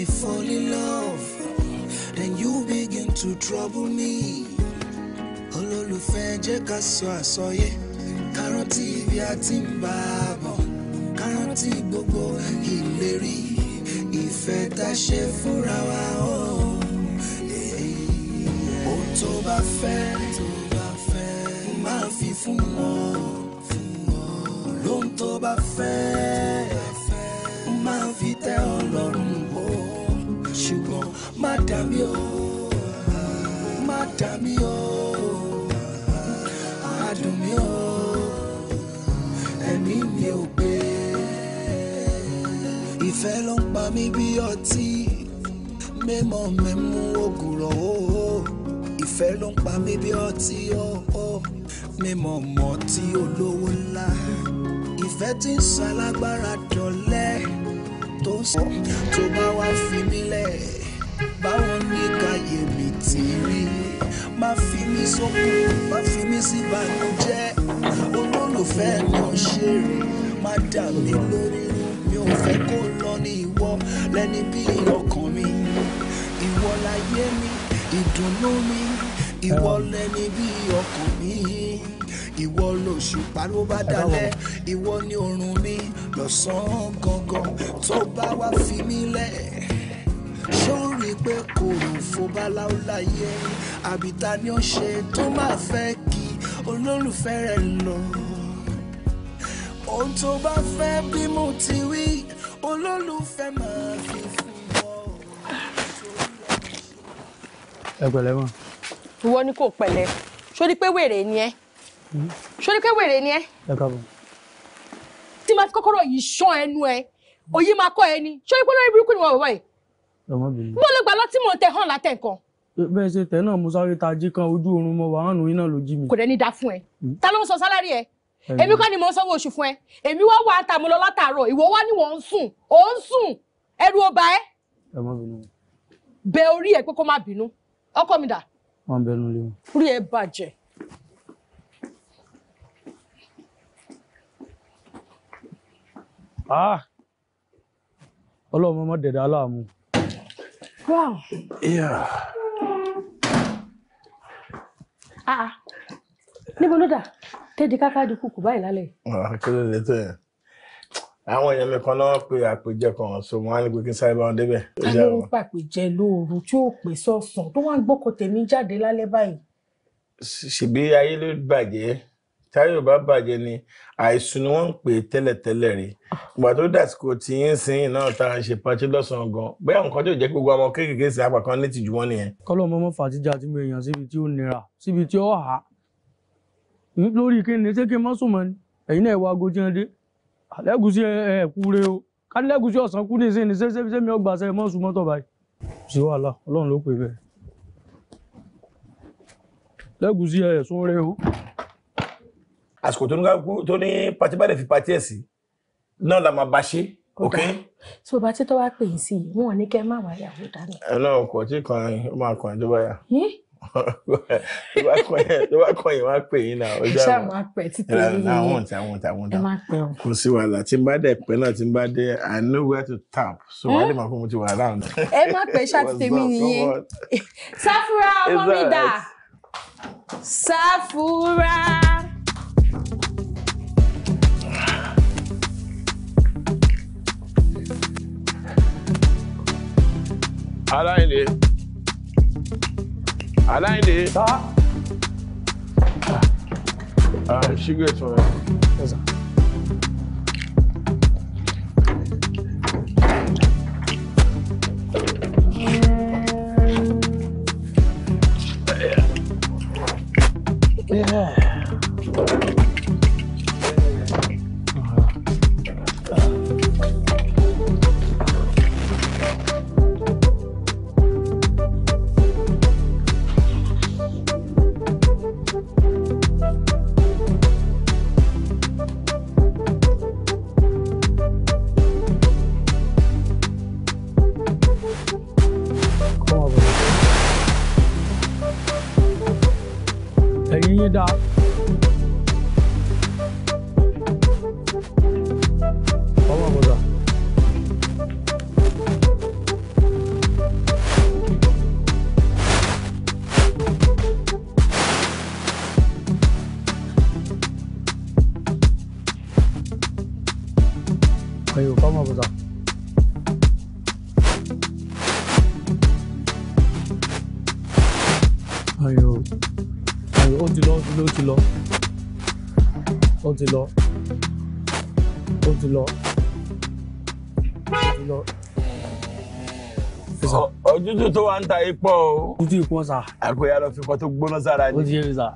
me fall in love, then you begin to trouble me. Olólùfẹ́ jẹ́ ká sọ àsọyé, ká rántí ibi a ti ń bá a bọ̀, ká gbogbo ìlérí, ìfẹ́ tá a ṣe fúnra wa o. Ohun tó bá fẹ́, máa fi fún wọn, lóhun tó bá fẹ́. dà mí o má dà mí o àdùn o ẹ̀mí mi ò gbé ìfẹ́ ló ń pa mí bí ọtí mímọ́ mi mú ògùrọ̀ o ìfẹ́ ló ń pa mí bí ọtí o mímọ́ mọ́ tí olówó ńlá ìfẹ́ tí ń salágbára dọ̀lẹ́ tó sọ tó bá wá fi mí lẹ̀ báwo ni káyé mi ti rí má fi mí sókun má fi mí síbànújẹ́ olólùfẹ́ ló ń ṣe rí má dà mí lórí mi ò fẹ́ kó lọ ní ìwọ lẹ́ni bí ọkàn mi ìwọ láyé mi ìdùnnú mi ìwọ lẹ́ni bí ọkàn mi ìwọ lòṣùpá ló bá dalẹ̀ ìwọ ni oorun mi lọ́sàn gangan tó bá wá fi mí lẹ̀ pé kò fòbá láúláyé àbíta ni ó ṣe tó máa fẹ́ kí olólùfẹ́ rẹ̀ lọ. ohun tó bá fẹ́ bí mo ti wí olólùfẹ́ máa fi fún ọ. ẹ pẹ̀lẹ́ mọ́. ìwọ ni kò pẹ̀lẹ́ sórí pé wèrè ni ẹ sórí hmm? pé wèrè ni ẹ. ẹ káàbọ̀. tí màá ti kọ́kọ́rọ́ yìí ṣán ẹnu ẹ òye máa kọ́ ẹ ni sórí pé lórí burúkú ni wọ́n bàbá yìí bó ló gbà lọtí mò ń tẹ hàn látẹ nǹkan. bẹ́ẹ̀ ṣe tẹ̀ náà mo sáré ta jí kan ojú oorun mo wà hànú iná ló jí mi. kò dẹ́ni dá fún ẹ mm. ta ló ń sọ sálárì ẹ èmi kọ́ ni mo ń sanwó oṣù fún ẹ èmi wá wà á ta mo lọ látàárọ̀ ìwọ wá ní wọ́n ń sùn ò ń sùn ẹrù ó bà ẹ́. ẹ má bínú. bẹ orí ẹ pé kó má bínú ọkọ mi dà. wọn bẹnu lé wọn. orí ẹ bàjẹ́. Ah! ọlọ́run mọ́ dẹ̀dá láàmú. Wow. Yeah. Ah, ah. Níbo ló dà? Tẹ́jì káká di kùkù báyìí lálẹ́. Ah, Kíló lè tó yẹn. Àwọn èèyàn mi kan náà pe àpèjẹ kan so wọ́n á ní pé kí n sáré bá wọn débẹ̀. Ayé ń pàpèjẹ lóru tí ó pè sọ̀sán tó wá ń gbọ́kọ̀ tèmi jáde lálẹ́ báyìí. Ṣèbí ayé ló bàjẹ́ táyé ò bá bàjẹ́ ni àìsùn ni wọ́n ń pè tẹ́lẹ̀tẹ́lẹ̀ rí ìgbà tó dàsìkò tí ń sin náà tá à ń ṣe patí lọ́sàn-án gan bẹ́ẹ̀ nǹkan tó jẹ́ pé gbogbo ọmọ kéékèèké sí apá kan létí wọn nìyẹn. kọ́lọ́ mọ́mọ́ fàtíjà tí mo èèyàn síbi tí ó nira síbi tí ó hà lórí kí ni ṣé kí n má sùn mọ́ ni ẹ̀yin náà ẹ̀ wá agojí ẹ̀ dé àlẹ́gùsí ẹ̀ kú re o kálẹ́gùsí ní lẹ́gùsí ẹ̀ sún re àsìkò tó ní tó ní pati bá dẹ̀ fi pati ẹ̀ sí náà la máa bá ṣe. ok tí o bá títọ́ wá pè é sí i wọn ò ní kẹ́ ẹ má wá yàwó dání. ẹ náà kò tí kan ó máa kàn án tó bá yà. tó bá kàn yín wá pè yín náà ó jà mọ́. ẹ pẹ títí yín náà àwọn tí àwọn tí àwọn tí. ẹ má pẹ o. kò sí wàhálà tí n bá dẹ̀ pẹ́ náà tí n bá dé I know where to tap so wàá lè máa fún mi ti wà láàánú. ẹ má pẹ ṣáàtì tèmi nìyẹn Safura ọmọ mi dà Safura. aláìlè aláìlè. sá. ṣígbẹ́ ìtọ́ rẹ̀. Yeah. ti lọ ó ti lọ ó ti lọ. ojútùú tó wà ń ta ipò o. ojú ipò sà. àkóyá lọ fi kọ́ tó gbóná sára ni. ó ti yé mi sà.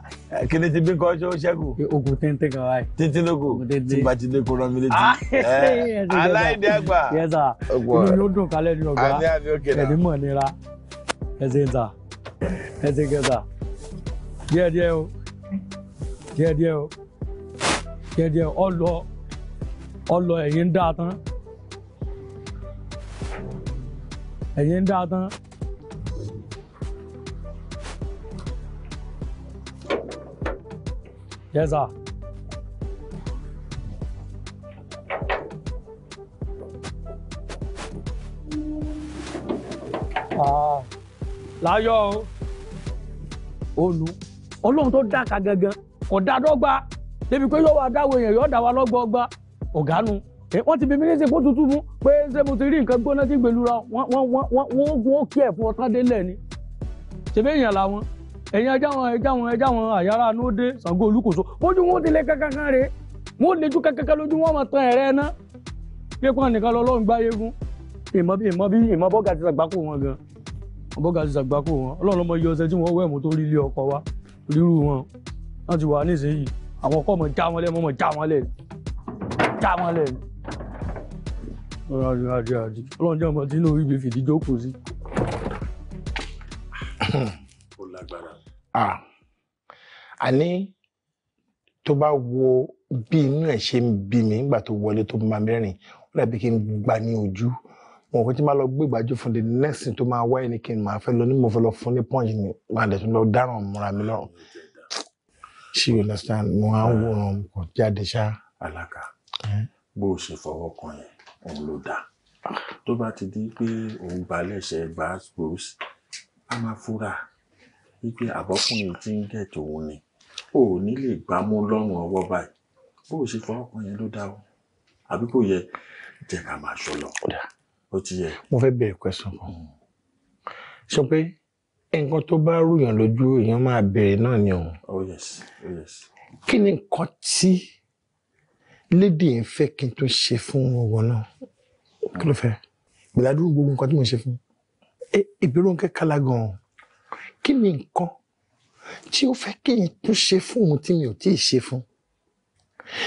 kí ni ti bí kọ́ ṣó ṣẹ́kù. oògùn téńté kan wáyé. títí ló kù tí bá ti dé kó rán mi létí. Ah, aláìdí àgbà. yẹ sà inú mi ó dùn kálẹ̀ ní ọgbà ẹ̀mí mọ̀ nira ẹ̀sìn sà ẹ̀sìn kẹsà díẹ̀díẹ̀ o díẹ̀díẹ̀ o jẹjẹ ọlọ ọlọ ẹ̀yin ń dáa tán ẹ̀yin ń dáa tán. Yes, sir. Ah, láyọ̀ o olù ọlọ́run tó dáka gangan kò dá dọ́gba débi pé yóò wá dáwọ èèyàn yóò dá wa lọ́gbọọgba ọ̀gá nu wọ́n ti bí mi léṣe kó tutù mú pé ṣé mo ti rí nǹkan gbóná tí gbèlúra wọ́n wọ́n kí ẹ̀ fún ọtán délẹ̀ ni ṣebí èèyàn làwọn ẹ̀yin ẹja wọn ẹja wọn ẹja wọn àyàrá ní ó dé Ṣàngó Olúkòso ojú wọn ti lé kankan rè wọn ò lejú kankan lójú wọn máa tan ẹ̀rẹ́ ná pé kàn nìkan lọ lọ́run gbáyé fún ìmọ̀ bí ìmọ̀ bí ìmọ̀ bọ́gà ti sàgbákò wọn gan bọ́gà ti sàgbákò wọn ọlọ́run lọ́mọ iye ọ̀sẹ̀ tí wọ́n wẹ̀ mú rí ilé ọkọ̀ wa rírú wọn láti wà nísìnyí àwọn ọkọ mọ̀ já wọn lẹ́nu mọ̀ já wọn lẹ́nu já wọn lẹ́nu. ọlọ́run adé adé ọlọ́run jẹ́ ọmọ tí ibi fìdí jókòó sí. ó lágbára. àní tó bá wo bí inú ẹ̀ ṣe ń bí mi nígbà tó wọlé tó máa mẹ́rin ó dàbí kí n gbà ní ojú wọn kò tí máa lọ gbé ìgbàjú fún the next thing tó máa wáyé ni kí n máa fẹ́ lọ ní mo fẹ́ lọ fún ní punch ni wàá dẹ̀ lọ dáràn múra mi lọ́rùn. She understand mo á ń wòran kò jáde ṣá. alaka bó o ṣe fọwọ́ kan yẹn òun ló dáa tó bá ti di pé òun balẹ̀ṣẹ̀ gba spurs a máa fura wípé àbọ̀kùnrin ti ń gẹ̀ tòun ni o ò ní lè gbámú lọ́rùn ọwọ́ báyìí bó o ṣe fọwọ́ kan yẹn ló dáa o àbí kò yẹ jẹ́ ká máa ṣọ lọ ó ti yẹ. mo fẹ́ bẹ̀rẹ̀ question kan hmm. ṣe pé nǹkan tó bá rúyàn lójú èèyàn máa béèrè náà ni òun. oh yes oh yes. kí ni nǹkan tí lédè ń fẹ́ kí n tó ṣe fún ọwọ́ náà kí ló fẹ́ gbìládùn gbogbo nǹkan tí mo ṣe fún ìbírò ń kẹ́kẹ́ la gan-an kí ni nǹkan tí ó fẹ́ kí n tó ṣe fún òun tí mi ò tí ì ṣe fún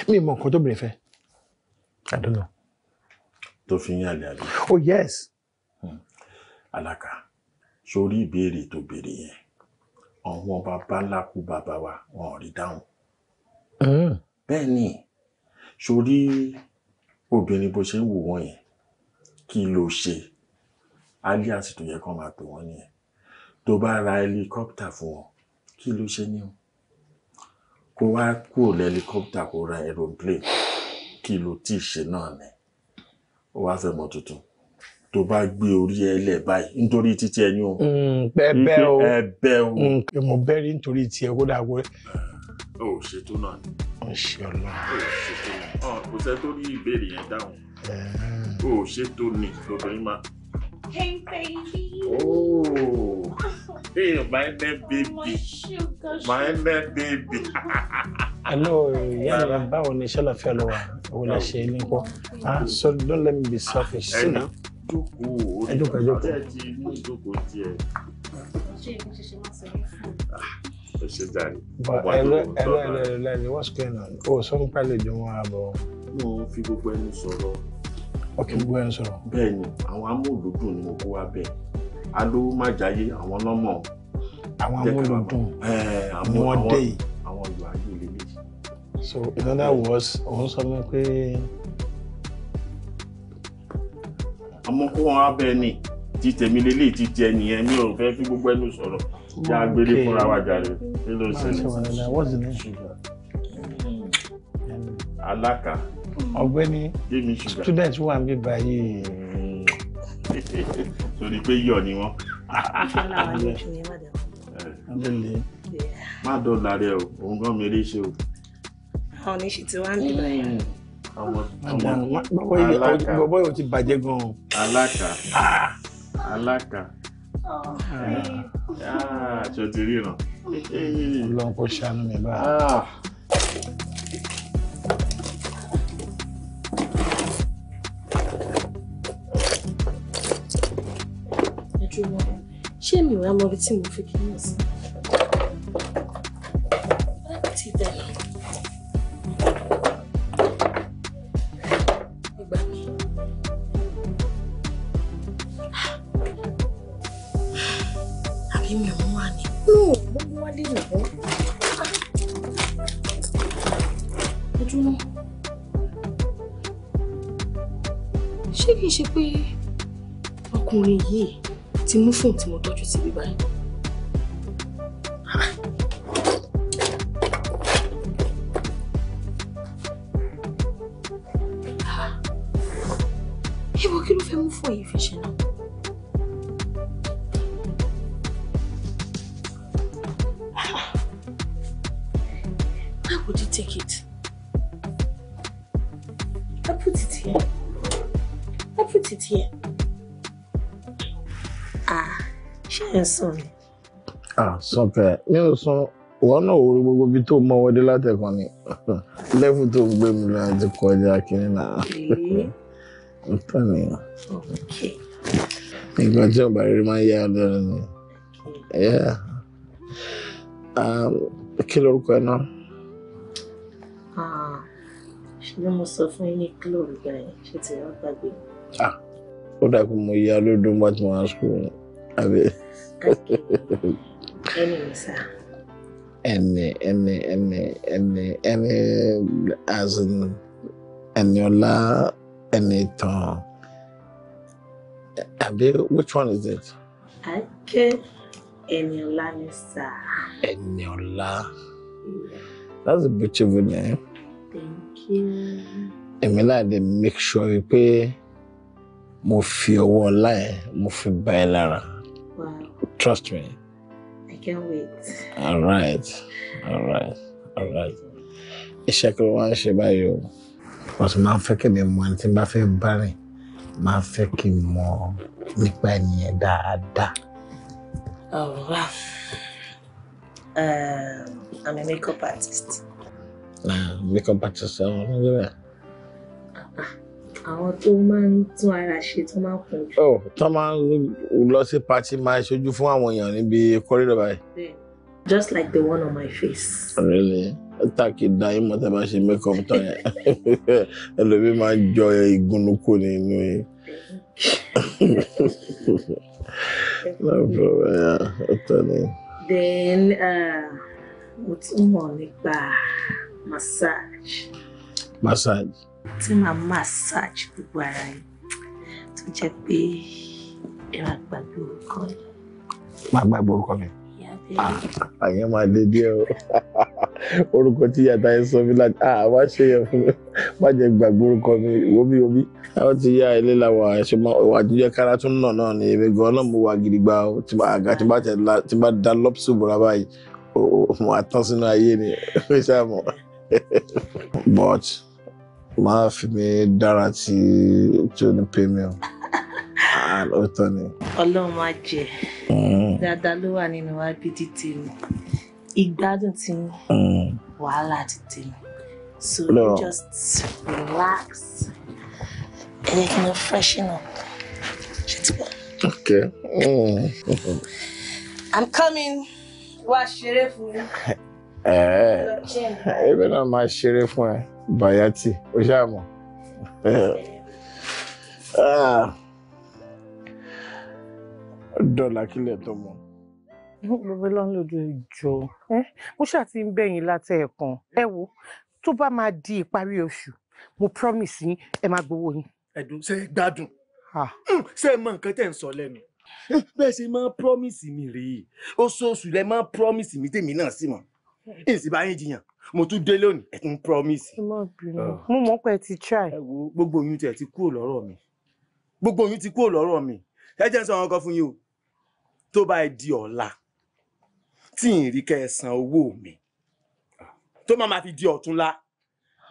mi mọ nǹkan tó bèrè fẹ́ tó fi ń yàlẹ́ àlè. oh yes. Hmm sórí ìbéèrè tó béèrè yẹn àwọn bàbá ńlá kú bàbá wa wọn ò rí dáhùn. Hmm. bẹ́ẹ̀ ni sórí obìnrin bó ṣe ń wò wọ́n yẹn kí ló ṣe alias tó yẹ kó máa pè wọ́n nìyẹn tó bá ra helicopter fún wọn kí ló ṣe ní o kó wá kúrò lẹ́ helicopter kó ra aeroplane kí ló tí ì ṣe náà ni ó wá fẹ́ mọ tuntun tó bá gbé orí ẹ báyìí nítorí títí ẹni o. Mm, ẹbẹ o o. Mm, mo bẹ́rí nítorí tí ẹ kó dà wọ. o ṣètò náà ni. o ṣe ọlọ. o ṣètò náà kò sẹ́ tó rí ìbéèrè yẹn dáhùn. o ṣètò ni lọ́dọ̀ máa. Hey, baby. Oh. Hey, my name baby. Oh, my name baby. Hello, yàrá báwo ni ṣé shall fẹ́ lọ wá? Owó la ṣe é ní Ah, so don't let me be selfish. Uh, jókòó orí ìpàdé ti mú jókòó tiẹ̀. ṣé ìbú máa sọ yẹn fún mi. ẹ ṣe jàre. ẹlẹ ẹlẹ ẹlẹ ni what's going on o sọ nípa àlejò wọn àbọ̀. mo fi gbogbo ẹnu sọ̀rọ̀. ok gbogbo ẹnu sọ̀rọ̀. bẹ́ẹ̀ni àwọn amóòlùdùn ni mo kó wa bẹ́ẹ̀ alówó má jayé àwọn lọmọ. àwọn amóòlùdùn ni wọn dé yìí. àwọn ìlú ayé lè méjì. so in other words òun sọ fún mi pé àmọ́ kó wọn á bẹ́ẹ̀ ni ti tèmi lélẹ̀ ti jẹ nìyẹn mi ò fẹ́ fi gbogbo ẹnu sọ̀rọ̀ kí a gbélé fúnra wa jàre kí ló ṣẹlẹ̀. Hmm. alaka. ọ̀gbẹ́ni student wà ń bí báyìí. Hmm. sori pé yọ ni wọn. Eh. má dọ̀ọ́ lárẹ́ o òun gan mi rí ṣe o. àwọn oníṣètò wa ń bí báyìí. Hmm bọ́bọ́ yóò ti bàjẹ́ gan-an. alaka ah. alaka ah. ah, ṣe ti rí iná. ọlọ́run kò ṣàánú mi báyìí. ṣé mi ò rá mọ ibi tí mo fi kí ní ọ̀sán. fóònù tí mo tọ́jú sí Sọ̀kẹ́ mi ò sun wọn náà wo gbogbo ibi tó mọ wọdé látẹkàn ni lẹ́fù tó ń gbé mi lọ àti kọjá kínní náà tán ni nǹkan tí ọba rere máa ń yá lẹ́nu ni um, kí lorúkọ ẹ náà. Ah, ṣùgbọ́n mo sọ fún yín ní kí lorúkọ ẹ ṣe ti wá gbàgbé. Ah, ó dà pé mo yá lódún bá ti wọn á àbí. And and and and and as in Eniola Enitan. Abi, which one is it? Ake Eniola Nisa. Eniola. That's a beautiful name. Thank you. Èmi náà make sure pé mo fi ọwọ́ ọlá ẹ̀ mo fi bá Wow. Trust me. can't wait. All right. All right. All right. Ishakuru wa ṣe báyìí o. Wọ́n you? máa ń fẹ́ kí ni mọ̀ ní tí n bá fẹ́ bárẹ̀, máa fẹ́ kí n mọ̀ nípa oh, um, I'm a makeup artist. Nah, makeup artist, àwọn tó máa ń tún ara ṣe tó máa ń kun jù. ọ oh, tó máa ń lọ sí pati máa ṣojú fún àwọn èèyàn níbi kọ́rẹ́dọ̀ báyìí. just like the one on my face. really táàkì dá yín mọ́ tá a bá ṣe makeup tán yẹn ẹlòmíín máa ń jọ ìgúnnukú nínú yìí. no problem yeah, ọ̀tọ̀ ni. then uh, mo tún mọ̀ nípa massage. massage tí màá massage gbogbo ara yín tó jẹ́ pé ẹ máa gbàgbé orúkọ yín. máa gbàgbé orúkọ mi. Ah, àyẹn máa lé díẹ̀ o orúkọ tí yàtá yẹn sọ mí láti ah wá ṣe yẹn fún mi má jẹ́ gbàgbé orúkọ mi wóbi wóbi. àwọn ti yá ilé làwọn àṣemọ àjíjẹ kára tún nà náà ni èmi gan náà mo wà gidigba o tí bá da lọ́pùsù bọ̀rọ̀ báyìí mo àtọ́ sínú ayé ni ṣáà mọ̀ but máa fi mi dára tí tí ò ní pè mí o ó tọ́ ni. ọlọ́run máa jẹ mm. dáadáa ló wà nínú wa bí títí mi ìgbádùn ti mm. wàhálà ti tèmi so no. you just relax ẹ jẹ́ kí n freshen up ṣe ti bọ̀. okay. Mm. i'm coming wá ṣeré fún mi. ebe eh, náà máa ṣeré fún ẹ bayati ó ṣáà mọ̀ ah. dọ̀là kílẹ̀ tó mọ̀. bàbá láńlọ́dún ìjọ eh, mo ṣáà ti ń bẹ̀yìn látẹ̀ ẹ̀kan ẹ wo tó bá máa di ìparí oṣù mo promise yín ẹ máa gbowó yín. ẹ̀dùn ṣe é gbádùn hmm, ṣe é mọ nǹkan tẹ̀ ń sọ lẹ́nu eh, bẹ́ẹ̀ ṣe máa promise mi rèé oṣooṣù lẹ máa promise mi tèmi náà sì mọ̀ èsì bá yín jiyàn mo tún dé lónìí ẹ tún promise. Ah. mo mọ̀ pé ti try. gbogbo oyún tiẹ̀ ti kúrò lọ́rọ̀ mi gbogbo oyún ti kúrò lọ́rọ̀ mi ẹ jẹ́ sọ àwọn kan fún yín o tó bá di ọ̀la tí n rí kẹ́ ẹ san owó mi ah, tó má ma fi di ọ̀túnla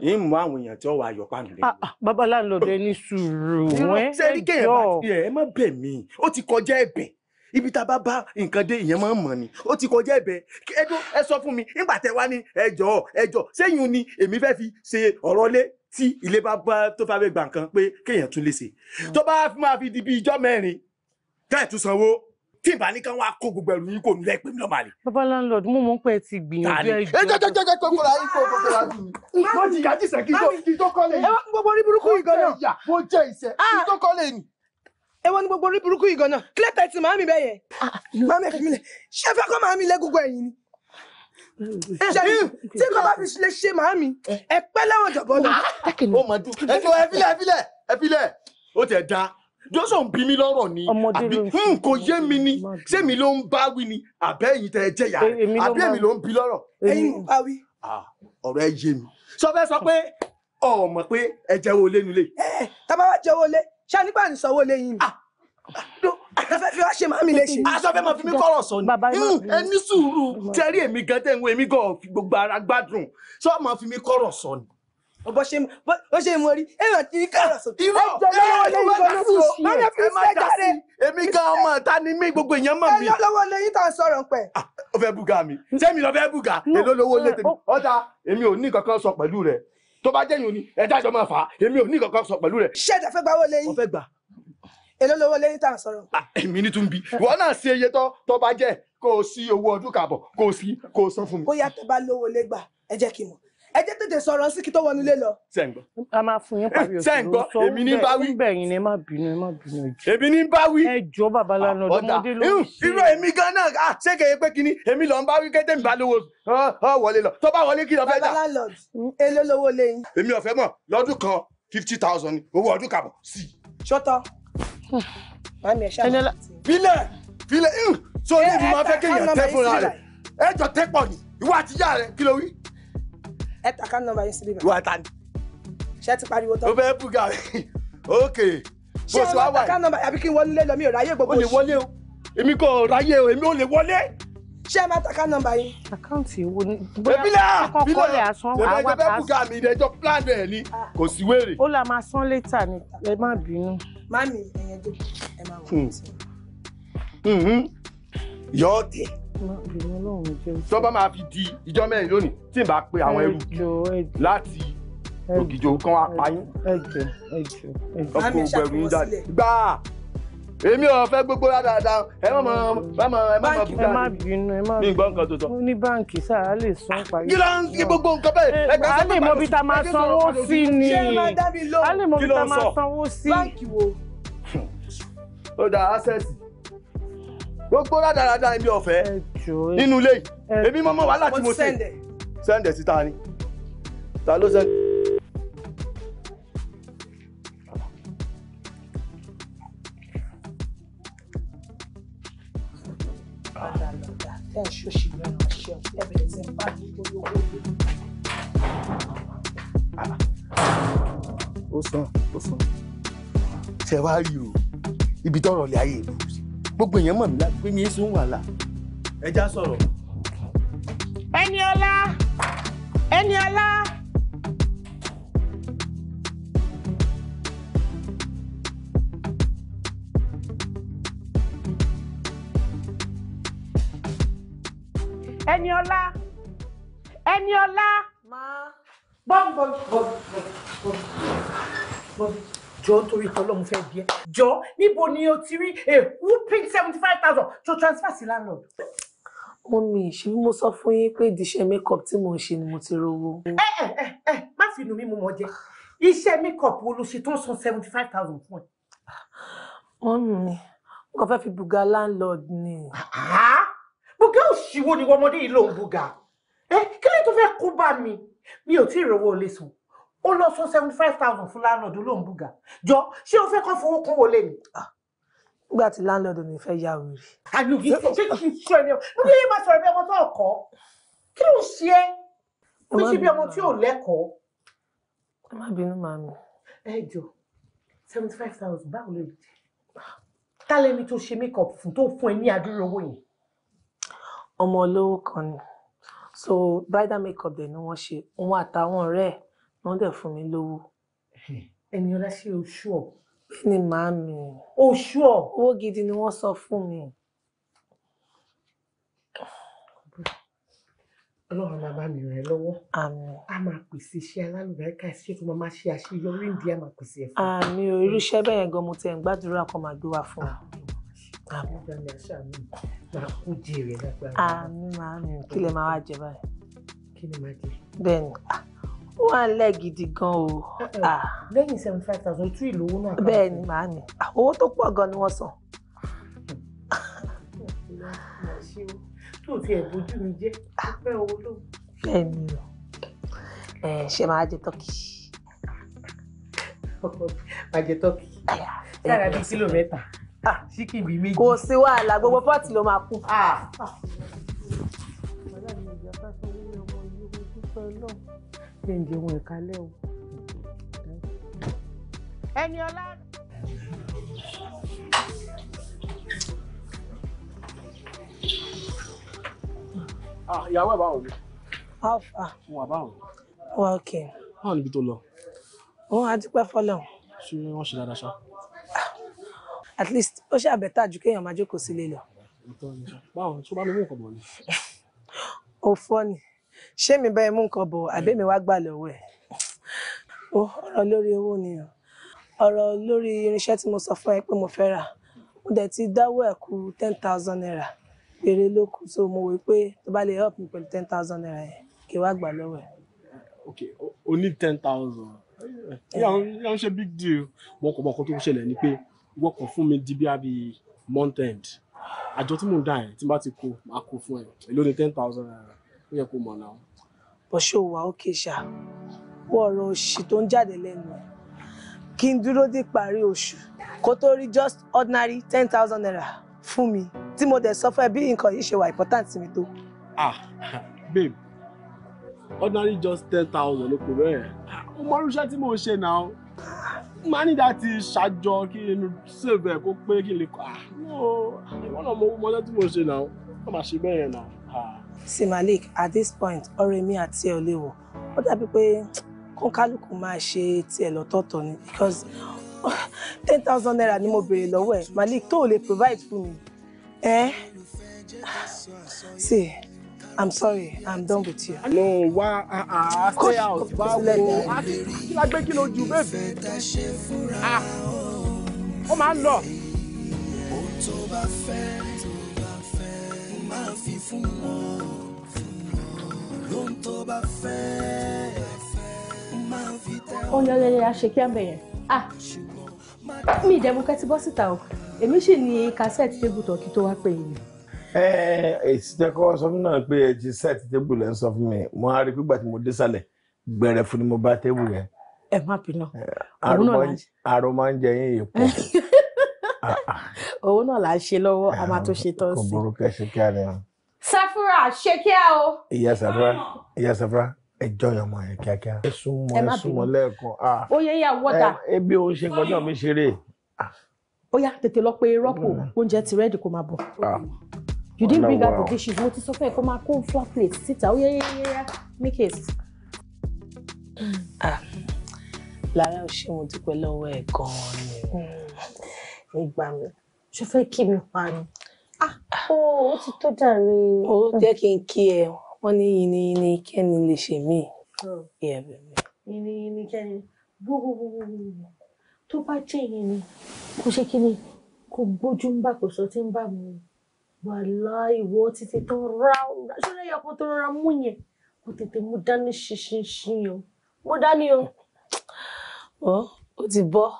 ń mú àwọn èèyàn tí ó wà yọpá nílé. Ah, babaláwo lọ́dọ̀ ẹni sùúrù. ṣé rí kéèyàn bá tiẹ̀ ẹ má bẹ̀ mí ó ti kọjá ẹ̀bẹ̀ ibi tá a bá bá nǹkan dé ìyẹn máa ń mọ̀ ni ó ti kọjá ẹ̀bẹ̀ ẹjọ́ ẹ sọ fún mi nígbà tẹ wá ní ẹjọ́ ẹjọ́ sẹ́yìn ni èmi fẹ́ fi ṣe ọ̀rọ̀ lé tí ilé bá bá tó fẹ́ fẹ́ gbà nǹkan pé kéèyàn tún lè ṣe tó bá máa fi di bí ijọ́ mẹ́rin tẹ́ ẹ̀ tún sanwó tí ìbá ní kán wá kó gbogbo ẹrù yín kò ní lẹ́pẹ́ mi lọ́màlè. bàbá landlord mú mú pé ti gbìyànjú ẹ jù. ẹ jẹ́ jẹ́ jẹ́ kókó la yín kó kókó la dùn mí. mo jìyà jìsẹ̀ kí tó kọ́lé yìí. ẹ wá gbogbo orí burúkú yìí gan náà. mo jẹ ìṣẹ́ kí tó kọ́lé yìí èwo ni gbogbo orí burúkú yìí gan-an kílẹ̀ tẹ̀ ti màámi bẹ́ẹ̀ yẹn ah, ah, màámi ẹ̀fí mi lẹ̀ ṣé ẹ fẹ́ kọ́ màámi lẹ́gùngùn ẹ̀yìn ni eh, eh, tí kò bá fi eh, lè ṣe màámi ẹ pẹ́ lẹ́wọ̀n jọ̀bọ́ ah, ó mà dùn ẹ fi lẹ̀ ẹ fi lẹ̀ ó tẹ̀ da jọ́sọ̀ ń bí mi lọ́rọ̀ ni àbí hmm, kò yé mi ni ṣé mi ló ń bá wí ni àbẹ́ yìí tẹ jẹ́yà àbí èmi ló ń bí lọ́rọ̀ ẹ̀yin ń bá wí. ọ̀rọ̀ ẹ yé mi sọ fẹ́ sọ pé ọmọ pé ẹ jẹ́wọ́ lé nulẹ̀. ẹ tábà wá jẹ́wọ́ lé ṣá nígbà ní sanwó lẹ́yìn mi. Ah, ẹ fẹ́ fi wá ṣe màmí léṣe. aṣọ fẹ́ máa fi mí kọ́rọ̀ sọ ni ẹ hmm, ní sùúrù tẹ́rí èmi gan tẹ́ ń wo èmi gan fi gbogbo ara gbádùn sọ máa fi mí kọ́rọ̀ sọ ni. bó ṣe bó ṣe mo rí èèyàn ti ní kọ́rọ̀ sọ. irọ́ ẹ ẹ má dà sí ẹ má dà sí èmi gan ọmọ ta ni mí gbogbo èèyàn mọ̀ mi. ẹ lọ́wọ́ lẹ́yìn tá à ń sọ̀rọ̀ pẹ̀. Ah, ó fẹ́ búga mi sẹ́mi lọ fẹ́ búga èló lówó lé tèmi tó bá jẹ́yìn òní ẹja ìjọba fà á èmi ò ní kankan sọ pẹ̀lú rẹ̀. ṣé ẹ̀jẹ̀ fẹ́ gbà owó lẹ́yìn. mo fẹ́ gbà. èló lówó lẹ́yìn tá à ń sọ̀rọ̀. Ah, èmi ní tún bí wọn náà ṣe iye tó bá jẹ́ kó o sí owó ọdún kàbọ̀ kó o sí kó o san fún mi. bóyá tó bá lówó lé gbà ẹ jẹ́ kí n mọ̀ ẹ jẹ́ tètè sọ̀rọ̀ sí kí tó wọnú ilé lọ. sẹ́ǹgbọ́. a máa fún yín pàbí òṣèlú sọ èmi ní báwí. níbẹ̀ yín ni ẹ má bínú ẹ má bínú ẹjọ́. èmi ní báwí. ẹjọ́ babaláwo ọdọmọdé ah, ló ń ṣe. irú èmi gan náà à ah, ṣé kèye pé kínní èmi lọ ń bá wí kété mi bá lówó ọ wọlé lọ tó bá wọlé kí lọ fẹ́ dà. babaláwo èló lówó lẹ́yìn. èmi ò mọ̀ lọ́dún kan fifty thousand owó ọdún kàbọ̀ sí. ṣọ́tọ̀ bílẹ̀ bílẹ̀ sórí èmi máa fẹ́ kéèyàn tẹ́ fúnra rẹ̀ ẹjọ́ tẹ́ pọ̀ ní ìwọ àtijọ́ rẹ̀ kí ló wí ẹ ta account number yín síbí mi. wà á ta ni. ṣé ti pariwo tán. o fẹ́ bù gà ok. ṣé ẹ wá ta account number àbí kí n wọlé lọ mi ò ráyè gbogbo o lè wọlé o èmi kò ráyè o èmi ò lè wọlé. ṣé ẹ máa ta account number yín. àkáǹtì wo ni. bílẹ̀ bílẹ̀ lẹ́mẹ̀jọ bẹ́ẹ̀ bù gà mí ìdẹ́jọ́ plan ẹ̀ ni ah. kò sí wèrè. ó là máa san létà ni ẹ má bínú. má mi ẹ̀yẹ́dẹ́ ẹ má wọ hmm tó bá máa fi di ìjọ mẹ́rin lónìí tí n bá pe àwọn ẹrú láti ògìjò kan apáyín ọkọ̀ ògbó ẹrù ń jáde gbà èmi ò fẹ́ gbogbo rárá ẹ má mọ ẹ má mọ ẹ má mọ bùkátà nǹkan tó ní báǹkì sáà lè san parí. kí ló ń kí gbogbo nǹkan bẹ́ẹ̀. ẹ gbà sọ́kọ̀ bá lọ máa sanwó sí ni a lè mọ bí ta máa sanwó sí. báǹkì wo. Hmm. ó dá access gbogbo rádaràda ibi ọ̀fẹ́ nínú ilé yìí èmi mọ́mọ́ wà láti mo ṣe sẹ́ndẹ̀ síta ni ta ló sẹ́ndẹ̀. ó sàn ó sàn ṣe rí o ibi tọrọ lè ayé ìlú gbogbo èèyàn mọ̀ mí láti pé mi èso ń wàhálà ẹ já sọ̀rọ̀. ẹni ọlá ẹni ọlá. ẹni ọlá ẹni ọlá. máa. bọ́m bọ́m bọ́m bọ́m bọ́m jọ nítorí tọ́lọ́ mo fẹ́ bí ẹ jọ níbo ni o ti rí èkú pink seventy five thousand tó transfer sí landlord. mo mi ṣe mo sọ fún yín pé ìdíṣẹ́ makeup tí mo ń ṣe ni mo ti rówó. ẹ ẹ ẹ ẹ má fi inú mi mo mọ jẹ iṣẹ́ makeup olùsí tó ń san seventy five thousand fún ẹ. wọ́n mi n kò fẹ́ fi buga landlord ni. buga òṣìwò ni ọmọdé yìí ló ń buga eh, kí ló tó fẹ́ kó bá mi mi ò tí ì rówó olè sùn ó lọ sún seventy five thousand fún láńlọ́ọ̀dù ló ń bùgà jọ ṣé o fẹ́ kọ́ fowó kún wọlé ni. nígbà tí láńlọ́ọ̀dù mi fẹ́ yá wèrè. àlùkí ṣé kì í sọ ẹni ọ níbi yẹn máa sọ̀rọ̀ bí ọmọ tó ọkọ kí ló ń ṣe é bí ṣe bí ọmọ tí ò lẹ́kọ̀ọ́. ẹ má bínú màmí. ẹ jọ seventy five thousand báwo ló lè jẹ tálẹ́ni tó makeup fún tó fún ẹ ní àdúrà owó yẹn. ọmọ olówó kan ni so bridal makeup dẹ̀ ni wọ́n ṣe òun àtàwọn ọ̀rẹ́ wọ́n dẹ̀ fún mi lówó. ẹni ọlá ṣe oṣù ọ. bẹ́ẹ̀ni màá mi. oṣù ọ. owó gidi ni wọ́n sọ fún mi. ọlọ́run máa bá mi ràn ẹ́ lọ́wọ́. àmín. a máa pèsè iṣẹ́ alálùbáríkà ṣé tó máa ṣe àṣeyọrí ìdí a máa pèsè ẹ̀fọ́. àmín o irú iṣẹ́ bẹ́ẹ̀ yẹn gan mo tẹ̀ ń gbàdúrà kan máa gbé wa fún wa. àmín àmín àṣàmì máa kú jèrè lágbára. àmín màámi kí lè máa wá jẹ báyìí. kí ni màá jẹ. bẹ́ẹ̀ni ó wà nílẹ̀ gidi gan o. Eh, eh, ah. lẹ́yìn seventy five thousand tú ìlówó náà. bẹ́ẹ̀ màá ní ah, owó tó pọ̀ gan ni wọ́n san. tó o ti ẹ̀ bójú mi jẹ́ pẹ́ owó ló. bẹ́ẹ̀ ni o ṣe máa jẹ tọ́kì. máa jẹ tọ́kì sára bíi kílò mẹ́ta ah, ṣíkì bíi méjì. kò sí wàhálà gbogbo pọ́ọ̀tì ló máa kú. ọ̀la mi ìjà fásitì ọmọ ìlú ojú pẹ̀lú ṣe ń jẹun ẹ̀ka lẹ́wọ̀. ẹni ọlá. Ah, ìyàwó ẹ̀ báwo ni. how ah. far. wà báwo. wà ok. báwo níbi tó lọ. wọn á dúpẹ́ fọlọ́. ṣé wọ́n ṣe dáadáa ṣá. Ah, at least ó ṣe àbẹ̀tà ju kéèyàn máa jókòó sílé lọ. báwo ṣé o bá mi mú nǹkan bọ̀ ni. ò fọ́ ni ṣé mi bá ẹ mú nǹkan bọ̀ àbẹ́mi hmm. wá gbà lọ́wọ́ ẹ̀ ọ̀rọ̀ lórí owó ni o ọ̀rọ̀ lórí irinṣẹ́ tí mo sọ fún ẹ pé mo fẹ́ rà mo dẹ̀ ti dáwọ́ ẹ̀ kù ten thousand naira péré ló kù so mo wí pé tó bá lè help mi pẹ̀lú ten thousand naira yẹn kí wàá gbà lọ́wọ́ ẹ̀. ok o ní ten thousand yà ń ṣe big deal mọ̀kọ̀mọ̀kọ̀ tó ń ṣẹlẹ̀ ni pé wọ́kọ̀ fún mi di bí i month end àjọ tí mò ń dà yẹn tí n bá ti kó máa kó fún ẹ èló ten thousand naira ó yẹ kó mọ̀ náà. bọ́ṣọ wà ókè ṣá wọ́n ọ̀rọ̀ òṣì tó ń jáde lẹ́nu ẹ̀ kí n dúró dé parí oṣù kó tó rí just ordinary ten thousand naira fún mi tí mo dẹ̀ sọ fún ẹ bí nǹkan yìí ṣe wà important sí mi tó. ah babe ordinary just ten thousand ló kò bẹ́ẹ̀ ó mọ irúṣẹ́ tí mò ń ṣe náà máa ní láti ṣàjọ kí n ṣèbẹ̀ kó pé kí n lè kọ́ ah no ìwọ́n náà mo mọ ọjọ́ tí mò ń ṣe náà wọ́n máa ṣe bẹ́ẹ̀ náà sí Malik at this point ọ̀rẹ́ mi àti ẹ ò lè wọ ó dàbí pé kọńkálùkù máa ṣe tiẹ̀ lọ́tọ̀ọ̀tọ̀ ni because ten thousand naira ni mo béèrè lọ́wọ́ ẹ Malik tó o lè provide fún mi ẹ sí. I'm sorry, I'm done with you. No, wá a ah, ah, stay out. Báwo a kí la gbé kí ló ju bébì? Ah, ó máa ń lọ. tó bá fẹ́, tó bá fẹ́, máa fi fún wọn oúnjẹ ọlẹ́lẹ́ aṣè kí yẹn ah mi ìdẹ́mu kẹ́tí bọ́ síta o èmi sì ní kásẹ̀tì tébù tọ́kì tó wá pè é ni. ẹ ẹ èsì tẹ kọ́ sọ fún náà pé ẹ ti sẹ́ẹ̀tì tébù ń sọ fún mi mo á rí pé gbàtí mo dé sálẹ̀ gbẹ̀rẹ̀ fún ni mo bá tébù yẹn. ẹ má bínú òun náà là ń ṣe. àrùn máa ń jẹ yín yìí pọ̀. Ah, ah. òun náà là ṣe lọ́wọ́ a máa tó ṣe tán sí. kò burúkẹ́ ṣe rẹ̀ hàn. Safura shake kíá o. Yes, Safura Yes, Safura ẹjọ́ yẹn mọ̀ yẹn kíákíá. ẹ súnmọ́ ẹ súnmọ́ lẹ́ẹ̀kan. Ah. ó yẹ yà wọ́tà. ẹ bí o ṣe gbọ́dọ̀ mi ṣeré. ó yá tètè lọ pé rọ́pò mm. oúnjẹ ti rẹ́ẹ̀dì kó máa bọ̀. Ah. you didn't bring out the dishes mo ti sọ fún ẹ kó máa kó flat plate síta ó yẹ yẹ yẹ yẹ make it. Ah. lára ò ṣe mo dúpẹ́ lọ́wọ́ ẹ̀ gan-an ni. nígbà mm. mi ṣe fẹ́ kí mi pa ó ti tó dàrí. ó jẹ́ kí n kí ẹ wọ́n ní yiniyini kẹ́ni lè ṣe mí. yiniyini kẹ́ni gbogbogbogbogbò tó bá jẹ́ yẹn ni kò ṣe kí ni kò gbójú ń bà kò sọ tí ń bà mí wà láìwọ títí tó ra ṣọlá ìyá kan tó rọra mú yẹn kò tètè mú dání ṣinṣin o mú dání o. ó ti bọ́.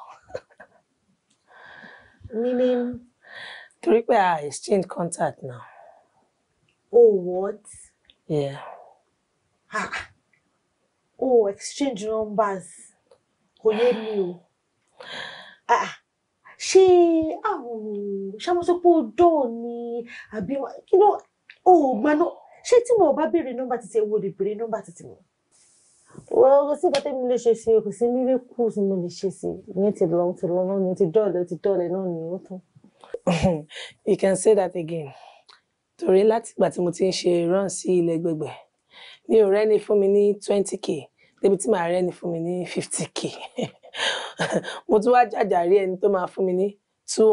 mi ni torí pé a exchange contact now. oh what. yeah. ah oh exchange numbers kò yé mi o ah ṣé àwọn ṣàmúṣepọ̀ dọ́ọ̀ ni àbí kí ló ò gbaná ṣé tí mo bá béèrè nọ́mbà títí ewu lè béèrè nọ́mbà títí mo. wọ́n kò sí bàtẹ́ mi lè ṣe sí o kò sí mílíkù tí mo lè ṣe sí ní ti lọ́n ti lọ́n náà ní ti dọ́ọ̀lẹ̀ ti dọ́ọ̀lẹ̀ náà ní ó tán you can say that again torí látìgbà tí mo ti ń ṣe run sí ilé gbẹgbẹ mi ò rẹ́ni fún mi ní twenty k débi tí màá rẹ́ni fún mi ní 50 k mo tún wá jàjà rí ẹni tó máa fún mi ní two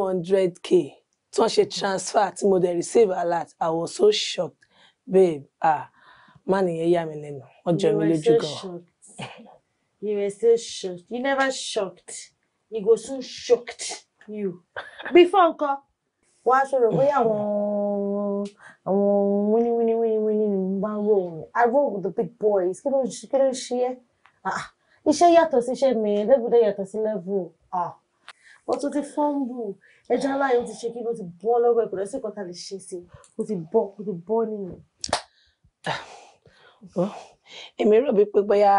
k tí wọ́n ṣe transfer tí mo dẹ̀ receive alert I was so shocked babe ah má nìyẹn yà mí lẹ́nu wọ́n jọ mí lójú gan. you were so shocked you never shocked you go soon shocked you before nǹkan wọ́n á sọ̀rọ̀ bóyá àwọn àwọn wíní wíní wíní wíní ni mo bá ń rò wọn I roll with the big boys kí ló ń ṣe kí ló ń ṣe ẹ́ ah, ah. iṣẹ́ yàtọ̀ sí iṣẹ́ mi lẹ́gbẹ̀dẹ̀ yàtọ̀ sí lẹ́vù ah. wọ́n tún ti fọ́ǹbù ẹja láyé ó ti ṣe kí ló ti bọ́ lọ́wọ́ ẹ̀kọ́ lẹ́sìn kan tá lè ṣe sí ó ti bọ́ ó ti bọ́ nìyẹn. èmi rò bíi pé bóyá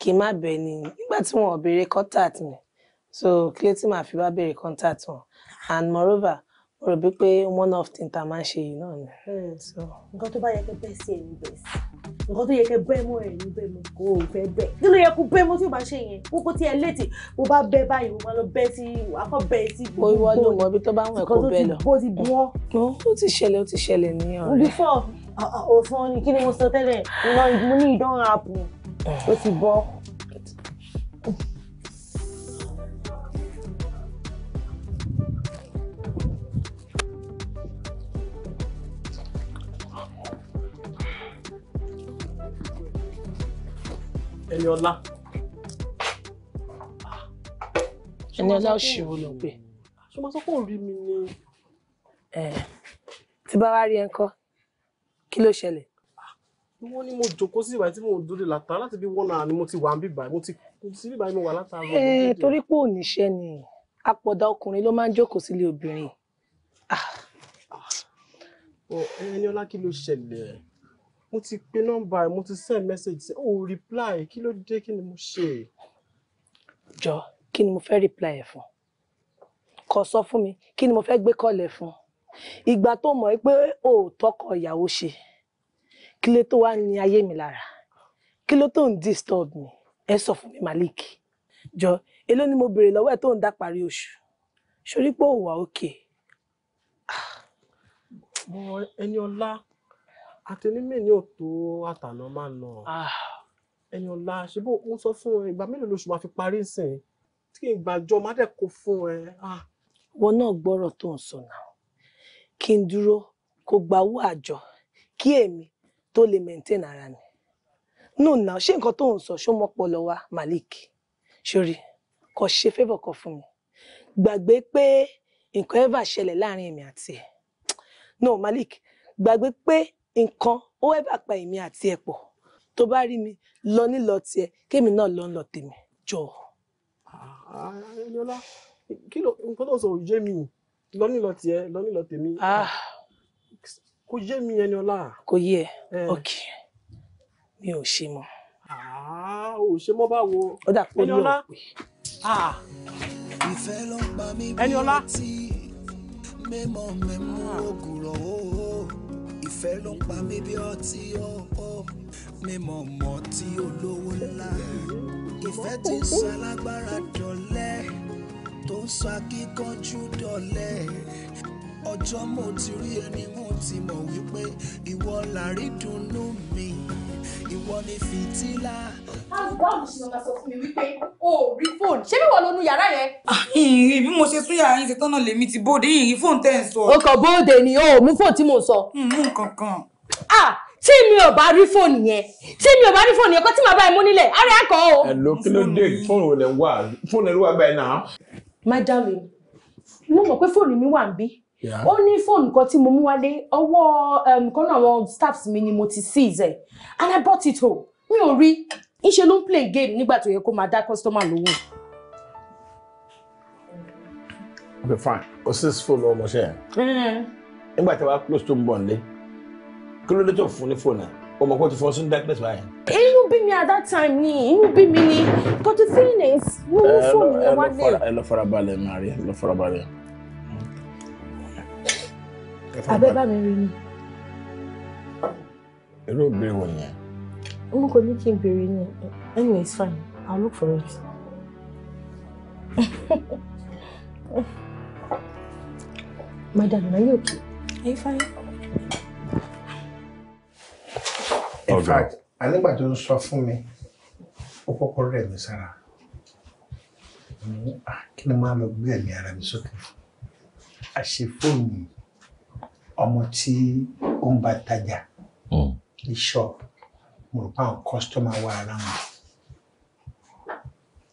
kí n má bẹ̀ ni nígbà tí wọn ò béèrè kọ́tà tì mí so kí ló tí màá fi wá béèrè contact wọn and moreover mo rò bí pé one of thing ta máa ń ṣe yìí náà ni. Hmm, nǹkan tó bá yẹ kẹ bẹ́ẹ̀ sí ẹ̀yìn bẹ́ẹ̀ sí nǹkan tó yẹ kẹ bẹ́ẹ̀ mọ́ ẹ̀yìn bẹ́ẹ̀ mọ́ kó o fẹ́ bẹ́ẹ̀ kí ló yẹ kó bẹ́ẹ̀ mọ́ tí o bá ṣe yẹn kókó tí ẹ létí mo bá bẹ́ẹ̀ báyìí mo máa lọ bẹ́ẹ̀ sí akọ́ bẹ́ẹ̀ sí gbogbo ìwọ ló mọ ibi tó bá wọn kó bẹ́ẹ̀ lọ nǹkan tó ti bó ti bọ́. ó ti ṣẹlẹ̀ ó ti ṣẹlẹ̀ ní ọ̀rẹ́. before òfin ah, ah, kí ni mo sọ tẹ́lẹ̀ mo ní ìdánwò àpò ó ti bọ́. Ẹniọlá. Ẹniọlá òṣìwò ló pè. Ṣé o máa sọ pé òun rí mi ni? Tí bá wá rí ẹ ńkọ́, kí ló ṣẹlẹ̀? Wọ́n ní mo jókòó sí ìbàyí tí mò ń dúró látara láti bí wọ́n náà ni mo ti wà ń bíbà mo ti sí bíbà mo wà látara. Ẹ torí pé òníṣẹ́ ni àpọ̀dà ọkùnrin ló máa ń jókòó sílé obìnrin. Ah. Ẹniọlá kí ló ṣẹlẹ̀? mo ti pe nọ́mbà mo ti send message ṣe o reply kí ló dé kí ni mo ṣe. jọ kí ni mo fẹ́ reply ẹ̀ fún kò sọ fún mi kí ni mo fẹ́ gbé kọ́lẹ̀ fún ìgbà tó mọ̀ pé o ò tọkọ ìyàwó ṣe kí ló tó wá ní ayé mi lára kí ló tó ń disturb mi ẹ sọ fún mi Malik jọ èló ni mo béèrè lọ́wọ́ ẹ̀ tó ń dá parí oṣù sórí pé ò wà òkè. ẹni ọlá àtẹnímẹ̀ni ò tó àtàná máa nà ah. ẹ̀yàn ọ̀la ṣe bó ń sọ fún ẹ ìgbà mélòó lóṣù máa fi parí ìsìn tí kì í gbàjọ má dẹ̀ kó fún ẹ. Ah. wọn náà gbọ́rọ̀ tó ń sọ náà kí n dúró kó gbawó àjọ kí èmi tó lè maintain ara mi no now ṣé nǹkan tó ń sọ ṣó mọ́pọlọ wa Malik ṣorí kò ṣe favour kan fún mi gbàgbé pé nǹkan ever ṣẹlẹ̀ láàrin èmi àti ẹ̀ no Malik gbàgbé pé nǹkan ó wẹ́ bá pa èmi àti ẹ̀ pọ̀ tó bá rí mi lọ nílọ tiẹ̀ kémi náà lọ ń lọ tèmi jọ. Eniola kí ló nǹkan tó sọ ò yé mi lọ nílọ tiẹ̀ lọ nílọ tèmi ah. kò yé mi Eniola. kò yé ẹ eh. ok mi ò ṣe mọ. Ah, ò ṣe mọ báwo Eniola Eniola. Eniola ìfẹ́ ló pa mí bí ọtí ọkọ mi mọ̀ mọ́ tí olówó ńlá ìfẹ́ tí ń sọ dọ̀lẹ́ tó ń sọ akíkanjú dọ̀lẹ́ ọjọ́ mo ti rí ẹni mo ti mọ̀ wípé ìwọ làrí dunnú mi ìwọ ni fìtílà. báwo ṣe máa sọ fún mi wípé o ò rí fóònù ṣé bíwọ ló nu yàrá yẹn. Ah, ìrìn bí mo ṣe sún yàrá yín ṣe tán náà lèmi ti bóde ìrìn fóònù tẹ̀ ń sọ. o kàn bóde ni o ò mú fóònù tí mò sọ. mú nǹkan ah tí mi ò bá rí fóònù yẹn tí mi ò bá rí fóònù yẹn kó tí màá bá ẹ mú nílẹ̀ ara ẹ kọ o. ẹ ló kí ló dé fóònù rẹ wà fóònù rẹ wà báyìí náà. my darling mo mọ̀ pé fóònù mi wà ń bí ó ní fóònù kan tí mo mú wálé ọwọ́ um, kan náà àwọn staffs mi ni mo ti seize ẹ̀ and I bought it home mi ò rí ńṣe ló ń play game nígbà tó yẹ kó máa dá customer lóhùn. okay fine kò sí fóònù ọmọ ṣe yẹn nígbà tí a bá close to ń bọ̀ nílé kí ló dé tó fún ní fóònù ẹ̀ ọmọ kò ti fọ́ sínú darkness báyìí. inú bí mi at that time ni inú bí mi ni but the thing is mo mú fóònù yẹn wálé. ẹ lọ farabalẹ̀ Maria ẹ lọ farabalẹ̀ abẹ́ bá mi rí ni. irú ìbéèrè wo nìyẹn. n kò ní kí n anyway it's fine I'll look for it. My darling, are you okay? Are you fine? Oh, In okay. fact, I tó ń sọ fún mi, ó kọ́kọ́ rẹ̀ mí Sarah. Kí ni máa lọ gbé ẹ̀mí ara mi I should phone you ọmọ tí ó ń bá tajà hmm. ní ṣọ́ọ̀bù mo rò pé àwọn kọ́sítọ́mà wà ara wọn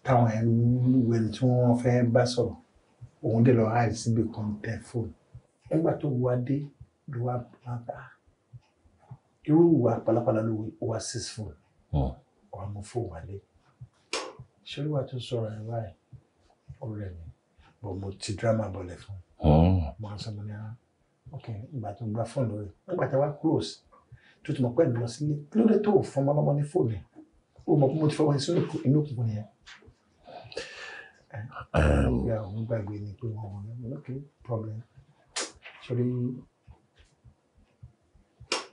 táwọn ẹ̀ ń wẹ̀lú tí wọ́n fẹ́ bá sọ̀rọ̀ òun dẹ̀ lọ háì síbi kan tẹ fóònù nígbà tó wá dé ló wá bá ah, irú ìwà pálapàla ló wá sí fóònù ọ̀rọ̀ àmọ́ fóònù wálé ṣé olúwa tó sọ̀rọ̀ ẹ̀ báyìí ó rẹ̀ mí bọ̀ mo ti dírámà bọ̀lẹ̀ fún un hmm. mo á sọ mo ní ara. Ah, ok ìgbà tó ń gba fóònù rẹ close tó ti mọ̀ pé ẹ̀mí lọ sílé kí ló dé tó fọmọ lọ́mọ ní fóònù yẹn ó mọ̀ pé mo ti fọmọ ehm. ní sínú ok problem sórí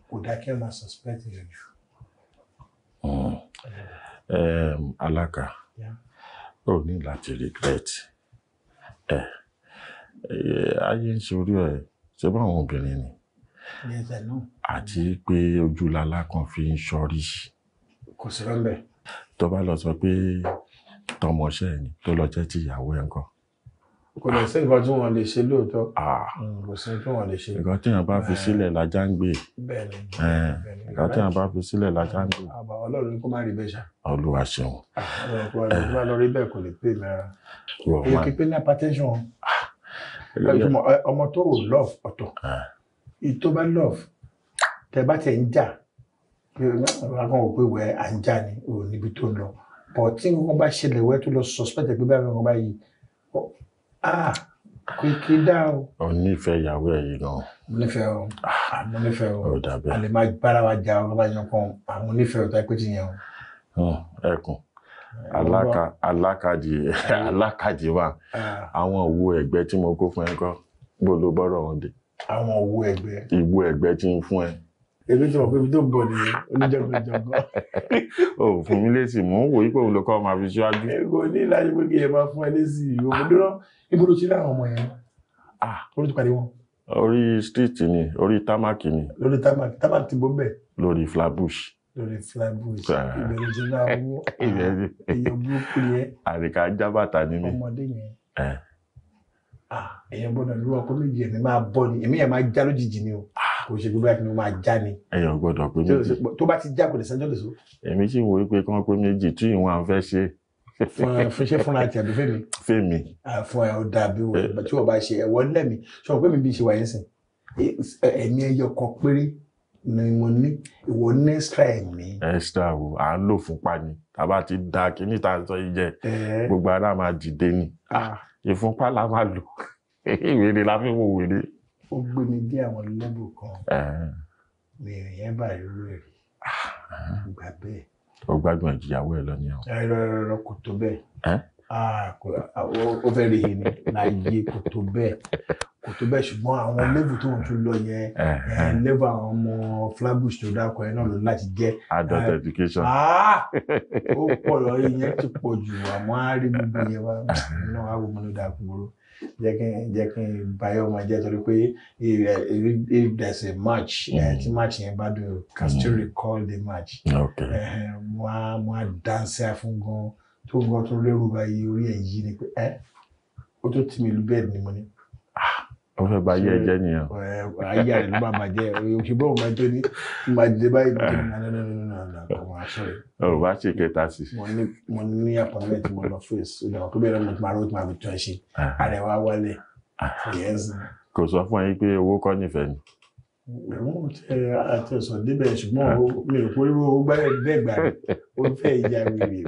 kò dá kí ẹ máa suspect hmm. ehm, alaka ó ní láti regret eh, eh, ayé ń ṣorí ẹ ṣé bá àwọn obìnrin ni àti pé ojú lala kan fi ń ṣọrí. kò sí rẹ́lẹ̀. tó bá lọ sọ pé tọmọṣẹ́ ni tó lọ jẹ́ ti ìyàwó ẹ̀ ńkọ́. kò lè sí nǹkan tí wọ́n lè ṣe lóòótọ́. kò sí tí wọ́n lè ṣe. nǹkan tí wọ́n bá fi sílẹ̀ lajá ń gbé. bẹ́ẹ̀ni nǹkan tí wọ́n bá fi sílẹ̀ lajá ń gbé. àbá ọlọ́run kó má rí bẹ́ẹ̀ ṣá. olúwa ṣeun. Ah, kó má rí bẹ́ẹ̀ kò lè pè mẹ́ra. kí pé ní hypertension ọmọ tó ò love ọ̀tọ̀ ìtò bá love tẹ bá tẹ ń jà àwọn òpè wẹ à ń jà ni ò níbi tó ń lọ bọ̀ tí wọ́n bá ṣẹlẹ̀ wẹ́ tó lọ suspect pé báyìí wọ́n bá yí ah kìkì dá o. o nífẹ̀ẹ́ ìyàwó ẹ̀ yìí gan. mo nífẹ̀ẹ́ o mo nífẹ̀ẹ́ o ò dàbí. a lè máa bára wa jà ọ bá yan kan àwọn onífẹ̀ẹ́ ọ̀tá pé ti yẹn o. ẹkùn. Eh, aláka alákàdì alákàdì eh, wa eh. àwọn òwò ẹgbẹ́ tí mo kó fún ẹ kọ́ bó ló bọ́rọ̀ wọn dé. àwọn òwò ẹgbẹ́. ìwò ẹgbẹ́ tí ń fún ẹ. èmi tí mo pè mí tó ń bọ̀ ni oníjàngbọ̀njàngbọ̀. o fún mi lésì mò ń wò yí pé òun ló kọ́ máa fi ṣíwájú. èkó ní láyé pé kí ẹ máa fún ẹ lésì òmùdúró ibo ló ti láwọn ọmọ yẹn. ah olú ti pàdé wọn. orí street ni orí támákì ni. lórí Tamaki támákì ti bọ́ bẹ́ẹ̀. lórí flabush lórí flyboys ìbẹ̀rù jìnnà owó èèyàn burúkú yẹn àríkà jábàtà ni mí ọmọdé yẹn ah, èèyàn gbọ́dọ̀ lórí ọkọ méjì ẹ̀mí máa bọ́ ni èmi yẹn máa já lójijì ni o ah. kò ṣe gbogbo àfihàn máa já ni. èèyàn gbọ́dọ̀ pé méjì tó bá ti já kò lè sanjọ́ lè so. èmi sì wò ó pé kán pé méjì tí ìwọ̀n à ń fẹ́ ṣe. fún ṣe fúnra tì àbí fẹ́mi. fẹ́mi. fún ẹ ọ dàbí o tí wọn bá ṣe ẹwọ lẹmi sọ pé mi bí ṣe wà yẹn sìn ẹmí ẹyọ péré ni mo ní ìwọ ní extra ẹ̀mí. extra o à ń lò fúnpá ni tàbá ti da kíní tá a sọ yìí jẹ gbogbo ara máa dìde ni ah, ìfúnpá la máa lò ìwèrè la fi wo wèrè. ó gbé mi dé àwọn lẹ́bù kan wèrè yẹn bà lórí rẹ̀ gbà bẹ́ẹ̀. ó gbádùn ìjìyàwó ẹ lọ ní ọ. ẹ lọ lọ lọ kò tó bẹ́ẹ̀ ah, ó fẹ́ rí i ní láyé kò tó bẹ́ẹ̀ kò tó bẹ́ẹ̀ ṣùgbọ́n àwọn level tó ń tún lọ yẹn eh, level àwọn ọmọ flybush tó dákọ̀ yẹn náà ló láti jẹ́. adult eh, education. Ah! ó pọ̀ lọ ìyẹn ti pọ̀ jù àmọ́ á rí gbogbo yẹn wá náà á wò mọ́ ló dáa jẹ́ kí jẹ́ kí n bayọ́ máa jẹ́ torí pé eh, if there's a match hmm. tí match yẹn bá dùn can still hmm. recall the match. wọ́n á wọ́n á dáńsẹ́ fún gan tó gan tó lérò báyìí orí ẹ̀ yí ni pé ẹ́ ó tó tì mí lú bẹ́ẹ̀ ni mo ní. Ah o fẹ́ bá yé ẹ jẹ́ nìyẹn. ayé àyè ló bá ma jẹ́ òṣèbọ̀ ọ̀ma tó ní ma jẹ báyìí ní ìlànà náà náà náà kò wá sọ̀rọ̀. ọ̀rọ̀ bá ṣe kẹta sí. mo ní apọ̀nmẹ́ntì mo lọ fèsì ó dàgbà tó bẹ̀rẹ̀ mo máa ròó tó máa fi tún ẹ ṣe ah. àrẹwà wálé. Ah. kò sọ fún ẹ pé owó kọ́ nífẹ̀ẹ́ ni òun tẹ àtẹsọ débẹ̀ ṣùgbọ́n mi ò polówó o gbálẹ̀ dẹgbà ó fẹ́ ìjà wèrè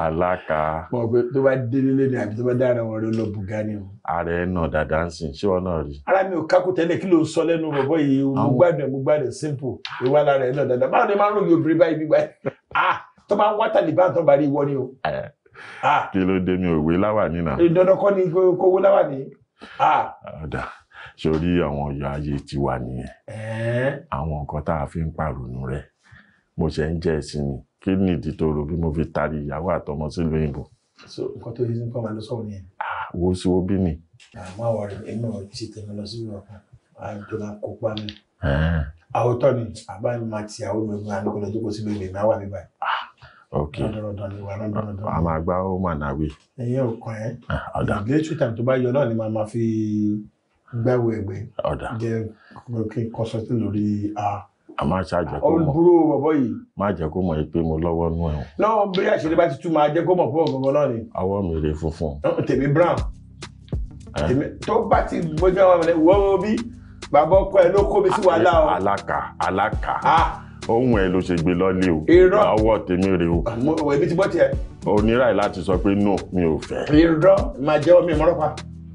alaka mọ̀ pé tó bá délé lé ní àbí tó bá dára wọn ló lọ bùgá ni o. ààrẹ náà dàda ń sìn ṣé wọn náà rí. ara mi ò kákó tẹ́lẹ̀ kí ló ń sọ lẹ́nu bọ̀bọ̀ yìí mo gbádùn ẹ̀ mo gbádùn simple ìwà lára ẹ̀ náà dàda báwo ni máa ń ròyìn obìnrin báyìí gbígbà ah tó bá ń wá tàlíbá tó bá rí ìwọ ni o. kí ló dé mi ò láwà nínà. ìdọ́dọ́kọ́ sórí àwọn ọ̀yọ́ ayé ti wà nìyẹn àwọn nǹkan tá a fi ń pàrònú rẹ mo ṣe ń jẹ ìsinmi kí nìdí tó rò bí mo fi taari ìyàwó àtọmọ sílùú òyìnbó. so nǹkan tó yẹ kí n kọ́ máa lọ sọ́wọ́ nìyẹn. wo sí wo bí ni. àmọ́ àwọn ọ̀rẹ́ èmi ò ti tẹ̀lé lọ síbi ọ̀kan àjọ máa kó pa mi. àwòtọ́ ni àbá mi máa ti àwọn ọmọ mi máa ń gbọ́dọ̀ sílùú òyìnbó náà wà mí ok a máa gbá ó mà náwé. ẹyẹ ò kàn ẹ́ ìdílé two tó bá yọ náà ni màá máa fi gbáwó ẹgbẹ́ jẹ́ kí n kọ́sọ́tì lórí a. a máa ṣe àjẹkó mọ olùbúrò bọ̀bọ̀ yìí. máa jẹ́ kó mọ̀ pé mo lọ́wọ́ nú ẹ̀. náà bí àṣírí bá ti tú máa jẹ́ kó mọ̀ fún ọ̀gbọ̀n náà ni. àwọ̀ mi rè funfun. tèmi brown tèmi tó bá ti gbójú àwọn ọmọdé wọ́n bí bàbá ọkọ ẹ ló kó sí wàhálà o. alaka alaka ohun ẹ ló ṣe gbé lọ́lé o àwọ̀ tèmi rè o. mo wọ ibi tí bọ́ tiẹ̀. oníráì láti sọ pé no mi ò fẹ́. irọ́ máa jẹ́wọ́ mi mọ́rọ́pàá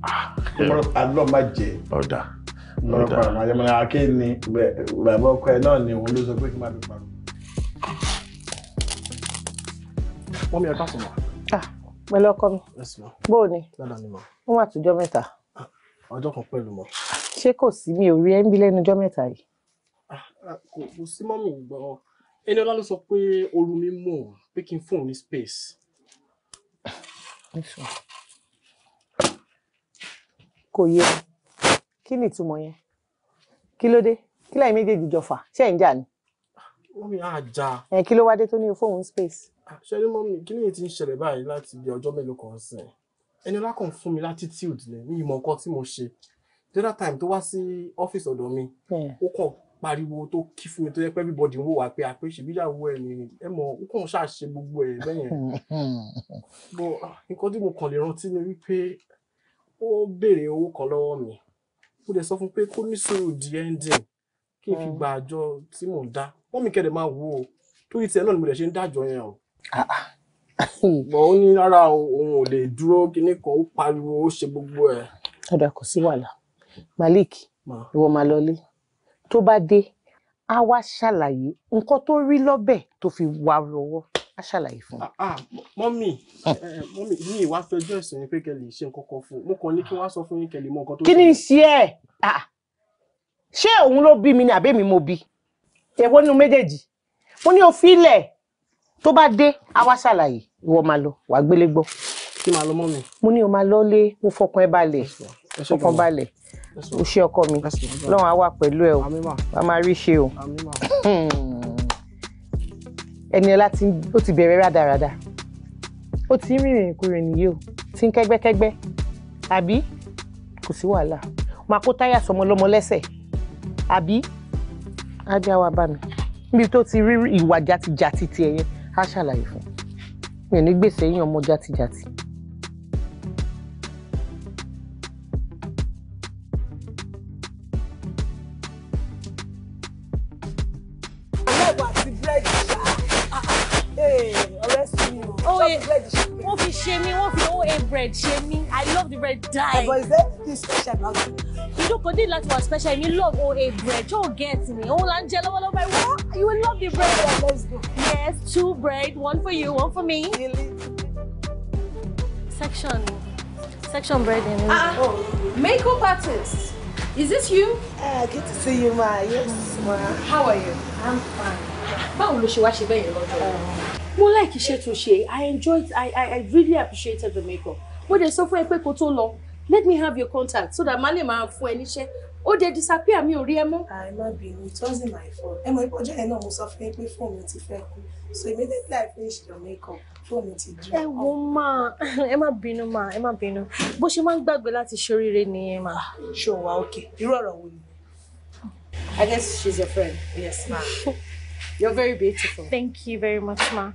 alọ́mà jẹ. ọ̀dà ọ̀dà lọ́pàá àyẹ̀mọ́ aké ni bàbá ọkọ ẹ náà ni òun ló sọ pé kí n má fi parọ́. wọ́n mi ẹ̀ ká sọ̀rọ̀. pẹ̀lú ọkọ mi bó o ní wọ́n wà tọ́jọ́ mẹ́ta. Ah, ọjọ́ kan pẹ̀lú mọ́. ṣé kò sí mi ò rí ẹ́ ń bí lẹ́nu ọjọ́ mẹ́ta yìí. Ah, kò sí mọ́mì gbọ́ Eniola ló sọ pé ooru mi mú pé kí n fóun ní space kò yé mi kí ni ìtumọ̀ yẹn kí ló dé kí lẹ́yìn méjèèjì jọ fà ṣé ẹ̀ ń jà ni. wọ́n mi á jà. ẹ̀ kí ló wá dé tó ní fóun space. ṣé ní mọ́mí kí ni ti ń ṣẹlẹ̀ báyìí láti bí ọjọ́ mélòó kan sẹ́yìn ẹni ọlá kan fún mi latitude ni mi ìmọ̀ nǹkan tí mo ṣe the time tó wá sí ọ́fíìsì ọ̀dọ̀ mi ó kàn pariwo tó kí fún mi tó yẹ pé everybody ń wò wá pé àpè ṣèbíyàwó ẹ ni ẹ mọ ó kàn ṣáà ṣe gbogbo ẹ bẹ́yẹn ah, nǹkan tí mo kàn lè rántí ni wípé ó béèrè owó kan lọ́wọ́ mi mo dẹ̀ sọ fún pé kó ní sùúrù di ending kí n fi hmm. gba àjọ tí mò ń dá wọ́n mi kẹ́dẹ̀ máa wo o torí tiẹ̀ náà ni mo dẹ̀ ṣe ń dájọ́ yẹn o. Ah, ah. bọ̀ ó ní rárá òun ò lè dúró kinní kan ó pariwo ó ṣe gbogbo ẹ̀. ọ̀dà kò sí wàhálà Malik ìwọ máa lọ lé tó bá dé a wá ṣàlàyé nǹkan tó rí lọ́bẹ̀ tó fi wá lọ́wọ́ á ṣàlàyé fún mi. Ah, mọ́mì eh, mọ́mì mi ìwà fẹjọ́ ẹ̀sùn yín pé kẹ́ lè ṣe nǹkan kan fún un mo kàn ní kí wọ́n á sọ fún yín kẹ́ lè mọ nǹkan tó ṣe. kí ni ṣe ẹ ah, ṣé òun ló bí mi ni àbí èmi mo bí èwo nínú méjèèjì mo ní òfin ilẹ̀ tó bá dé á wá ṣàlàyé ìwọ máa lọ wàá gbélé gbọ́. kí máa lọ mọ́mì. mo ní o máa lọ lé mo fọkàn ẹ balẹ̀ fọkàn balẹ̀ o ṣe ọkọ mi lọ́wọ́n á wà pẹ̀lú ẹ o wàá máa rí ṣe o. àmín Ẹniọlá ó ti bẹ̀rẹ̀ rádaràda ó ti ń rìnrìn ìkúrìn nìyí o ti ń kẹ́gbẹ́kẹ́gbẹ́ àbí kò sí wàhálà máa kó táyà sọmọlọmọ lẹ́sẹ̀ àbí ajá wa bá mi níbi tó ti rí ìwà jatijati tiẹ̀ yẹn á ṣàlàyé fún mi ò ní gbèsè yín ọmọ jatijati. bread ṣe mí i love the bread die. ẹ̀bọ̀ is there anything special about it. ìjókòó ní láti wà special èmi love oa bread ṣé get me òun là ń jẹ lọ́wọ́lọ́wọ́ ẹ̀ wá you will love the bread. Yeah, let's go. yes two bread one for you one for me. Really? section section bread and anyway. ah oh. makeup artist is this you. Uh, good to see you ma yes ma. how are you. i'm fine. báwo ló ṣe wá ṣe bẹ́ẹ̀ yẹn lọ́jọ́ mo like iṣẹ́ tó ṣe i enjoyed i i i really appreciated the makeup mo dẹ̀ sọ fún ẹ pé kó tó lọ let me have your contact so that ma lè máa fún ẹ níṣẹ́ ó dẹ̀ disappear mi ò rí ẹ mọ́. i má bínú it wasn't my phone. ẹ mọ ipò ọjọ́ yẹn náà mo sọ fún yín pé fóònù mi ti fẹ́ kú so immediately i finish your makeup fóònù mi ti dùn. ẹ wo máa ẹ má bínú máa ẹ má bínú bó ṣe máa ń gbàgbé láti ṣoríire nìyẹn máa. Ah, ṣòwò ok irú ọ̀rọ̀ wo ni. i guess she's your friend. yes ma. you're very beautiful. thank you very much ma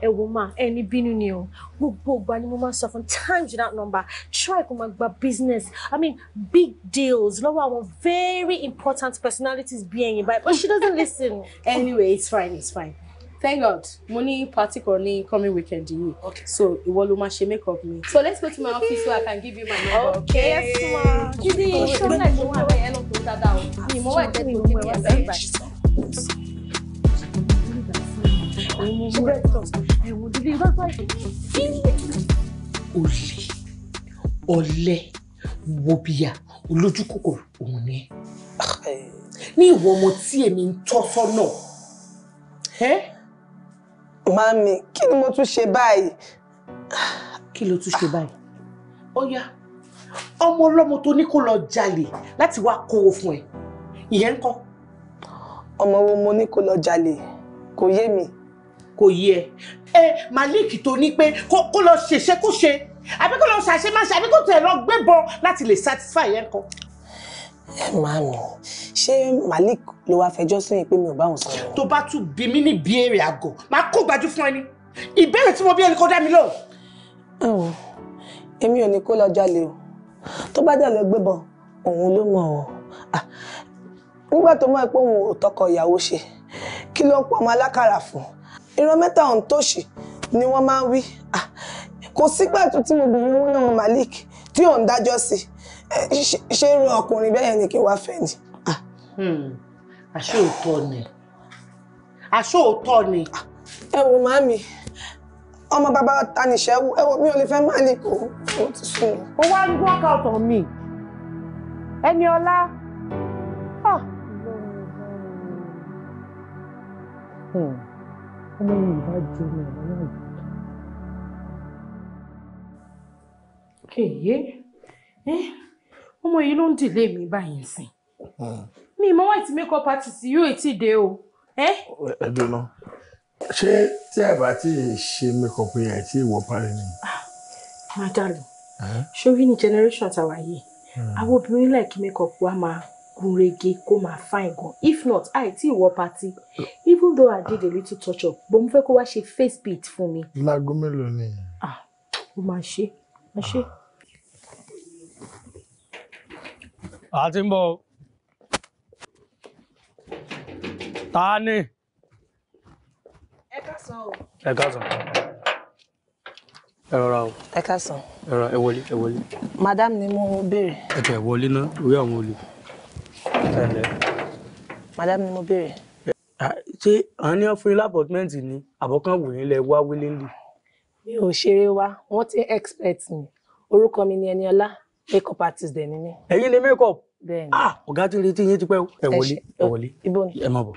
ẹ wò ma ẹni bínú ni o gbogbo ìgbà ni mo máa sọ fún times without number try kó máa gba business i mean big deals lọ́wọ́ àwọn very important personalities bí ẹ̀yin báyìí but she doesn't listen. anyway it's fine it's fine thank god mo ní party kan ní coming weekend yìí okay. so ìwọ ló máa ṣe make up me? so let's go to my office so i can give you my number. okay yes ma jíde ìṣọ́nà ìṣòwò àwọn ẹ̀yẹ́ ló kún dáadáa o ìmọ̀wá ìjẹ́ tó ń gbé mi ẹ̀sẹ̀ ìbàdàn òun mú breakfast ẹ̀wọ̀n dídí ìbáfà olè ọ̀lẹ wòbíà olójú kòkòrò òun ni ní ìwọ ọmọ tí èmi ń tọ́ sọ́nà. Mami, kí ni mo tún ṣe báyìí? Kí ló tún ṣe báyìí? Ó yá, ọmọ ọlọ́mọ tó ní kó lọ jalè láti wá kówó fún ẹ. Ìyẹn ń kọ́. Ọmọ wo mo ní kó lọ jalè? Kò yé mi kò yẹ ẹ Malik tó ní pé kó lọ ṣèṣe kó ṣe àbí kó lọ ṣàṣe má ṣe àbí kó tẹ̀ lọ gbébọn láti lè satisfy yẹn kan. ẹ máa mi ṣé Malik ló wáá fẹjọ́ sí yín pé mi ò bá òun sọ̀rọ̀. tó bá tún bí mi ní bí èrè àgọ́ máa kó gbájú fún ẹni ìbéèrè tí mo bí ẹni kó mi lọ. èmi ò ní kó lọ jalè o tó bá dẹ̀ lọ gbébọn òun ló mọ̀ ọ́ nígbà tó mọ̀ pé òun ò tọkọ ìyàwó ṣe kí ló ń pọ̀ ọmọ alákàrà fún un irọ́ mẹ́ta ọ̀hún tòṣì ni wọ́n máa ń wí kò sígbà tí mo bèrè owó náà Malik tí ò ń dájọ́ sí ṣé irú ọkùnrin bẹ́ẹ̀ ni kí wàá fẹ́ ni. àṣòótọ́ hmm, ni àṣòótọ́ ni. ẹ wo màmí ọmọ bàbá ta nìṣẹ́ ẹ wo mi ò lè fẹ́ Malik o ó ti sùn mí. ó wá ń gbọ́ kàtàn mi ẹni ọlá. Ah. Hmm ọmọ yorùbá jẹ ọmọ ìlú àjò. kèye ọmọ yìí ló ń dìlé mi báyìí sìn mi ìmọ̀ wáìtì makeup artist yóò ti dé o. ẹ dùnà ṣé tí ẹ bá ti ṣe makeup yẹn tí ìwọ parí ni. Ah, máa dàlù ṣorí ni generation tàwa yìí hmm. àwọn obìnrin láìkí makeup wa máa Gurege, kó máa fine gan if not àì tí ìwọ party even though i did a little touch up but mo fẹ́ kó wá ṣe face paint fún mi. láago mélòó ni. ah ó máa ṣe máa ṣe. a ti ń bọ̀ ta ni. ẹ káàsán o. ẹ káàsán ẹ rọra o. ẹ káàsán. ẹ rọra ẹ wọlé ẹ wọlé. madam ni mo béèrè. ẹ tẹ wọlé náà orí àwọn olè. Madame ni mo béèrè. ṣé à ń ní ọ́ fún yín lápọ̀tímẹ́ǹtì ni àbọ̀kán wò yín lẹ wá wílélì. mi ò ṣeré wa wọ́n ti expect mi orúkọ mi ni Ẹniọlá makeup artist dẹ̀ ni mí. ẹ̀yin ni makeup. bẹ́ẹ̀ni ah ọ̀gá ti retí yín tipẹ́ ẹ wọlé ẹ wọlé ẹ má bọ̀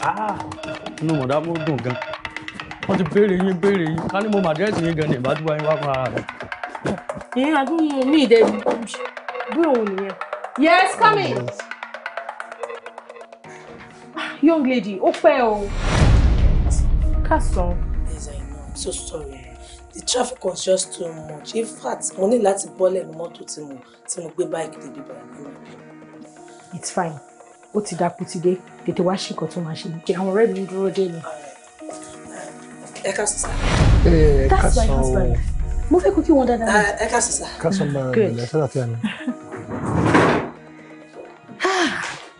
ah inú mọ̀dá mo dùn gan wọ́n ti béèrè yín béèrè yín ká ní mo mà dẹ́sì yín gan ni ìbá tí wọ́n wá fún ara rẹ̀. ìyẹn àdúgbò mi ìdẹ́bi bí òun nìyẹn. Yes, come in. Ah, young lady, ó pẹ́ Yes, I know. I'm so sorry. The traffic was just too much. In fact, mo ní láti bọ́lẹ̀ ní mọ́tò tí mo tí mo gbé báyìí débi báyìí. It's fine. What did I put today? Did wá ṣe nǹkan tó máa ṣe. Jẹ́ àwọn ọ̀rẹ́ mi ń dúró dé mi. Ẹ ká sọ sá. Ẹ eh, ká sọ. Mo fẹ́ kó kí wọn dáadáa. Eh, ẹ ká sọ sá. Ká sọ máa ń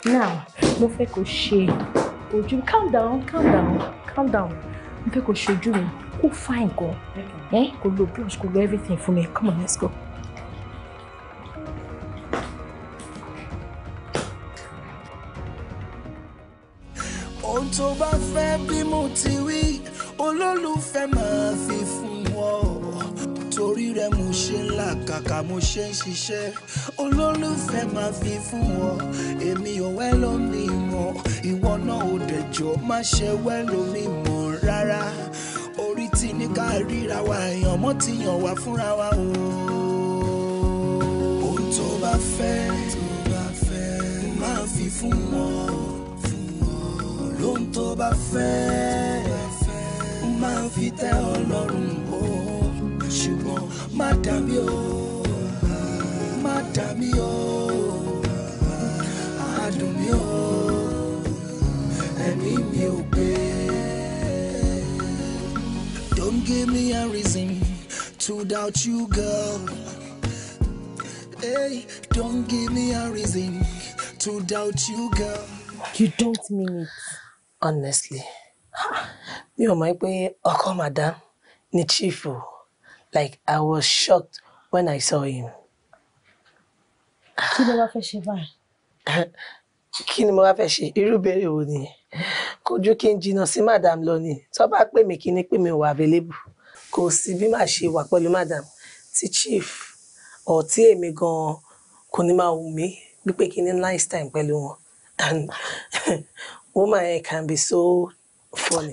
now mo fẹ́ kó ṣe ojú calm down calm down calm down mo fẹ́ kó ṣe ojú mi kó fine gan ẹ eh? kó lo blush kó lo everything fún mi come on let's go. ohun tó bá fẹ́ bí mo ti wí olólùfẹ́ máa fi fún wọn torí rẹ mo ṣe ń làkàkà mo ṣe ń ṣiṣẹ́ olólùfẹ́ máa fi fún ọ èmi ò wẹ́ lómi mọ́ ìwọ náà ò dẹ̀jọ́ má ṣe wẹ́ lómi mọ́ rárá orí ti ní ká ríra wa èèyàn mọ́ ti yàn wá fúnra wa o. ohun tó bá fẹ́ tó bá fẹ́ máa fi fún ọ lóhun tó bá fẹ́ máa fi tẹ́ ọ lọ́rùn o ṣùgbọ́n má dà o má dà o àdùn o ẹ̀mí mi ò pé. Don't give me a reason to doubt you girl. Hey, don't give me a reason to doubt you girl. You don't mean it. Honestly mi ò mọ̀ pé ọkọ madam ni chief o. Like I was shocked when I saw him. Kí ló wá fẹ́ ṣe báyìí? Kí ni mo wá fẹ́ ṣe? Irú ìbéèrè wo nìyẹn? Kò kí n jìnnà sí madam lọ ni. Tó bá pè mí kí ni pè mí wà available. Kò sí bí màá ṣe wà pẹ̀lú madam tí chief ọ̀ tí èmi gan-an kò ní máa wù mí wípé kí ni nice time pẹ̀lú wọn. And woman yẹn can be so funny.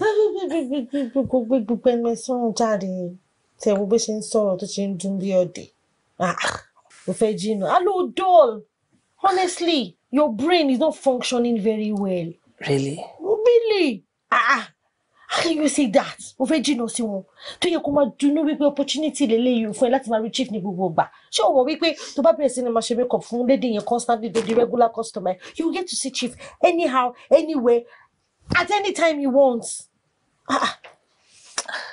Gbogbo gbogbo ẹni sọ́run jáde tẹ wo bó ṣe ń sọ̀rọ̀ tó ṣe ń dún bí ọ̀dẹ̀ ó ah, fẹ́ jìnnà alo doll honestly your brain is not functioning very well. really. really ah, ah. how can you say that ó fẹ́ jìnnà sí wọn tó yẹ kó máa dunú wípé opportunity lélẹ́yìn fún ẹ láti máa rí chief ní gbogbo ìgbà ṣé o mọ̀ wípé tó bá bẹ̀rẹ̀ sí ni máa ṣe make up fún lady yẹn constantly to the regular customer you get to see chief anyhow anywhere at any time you want. Ah, ah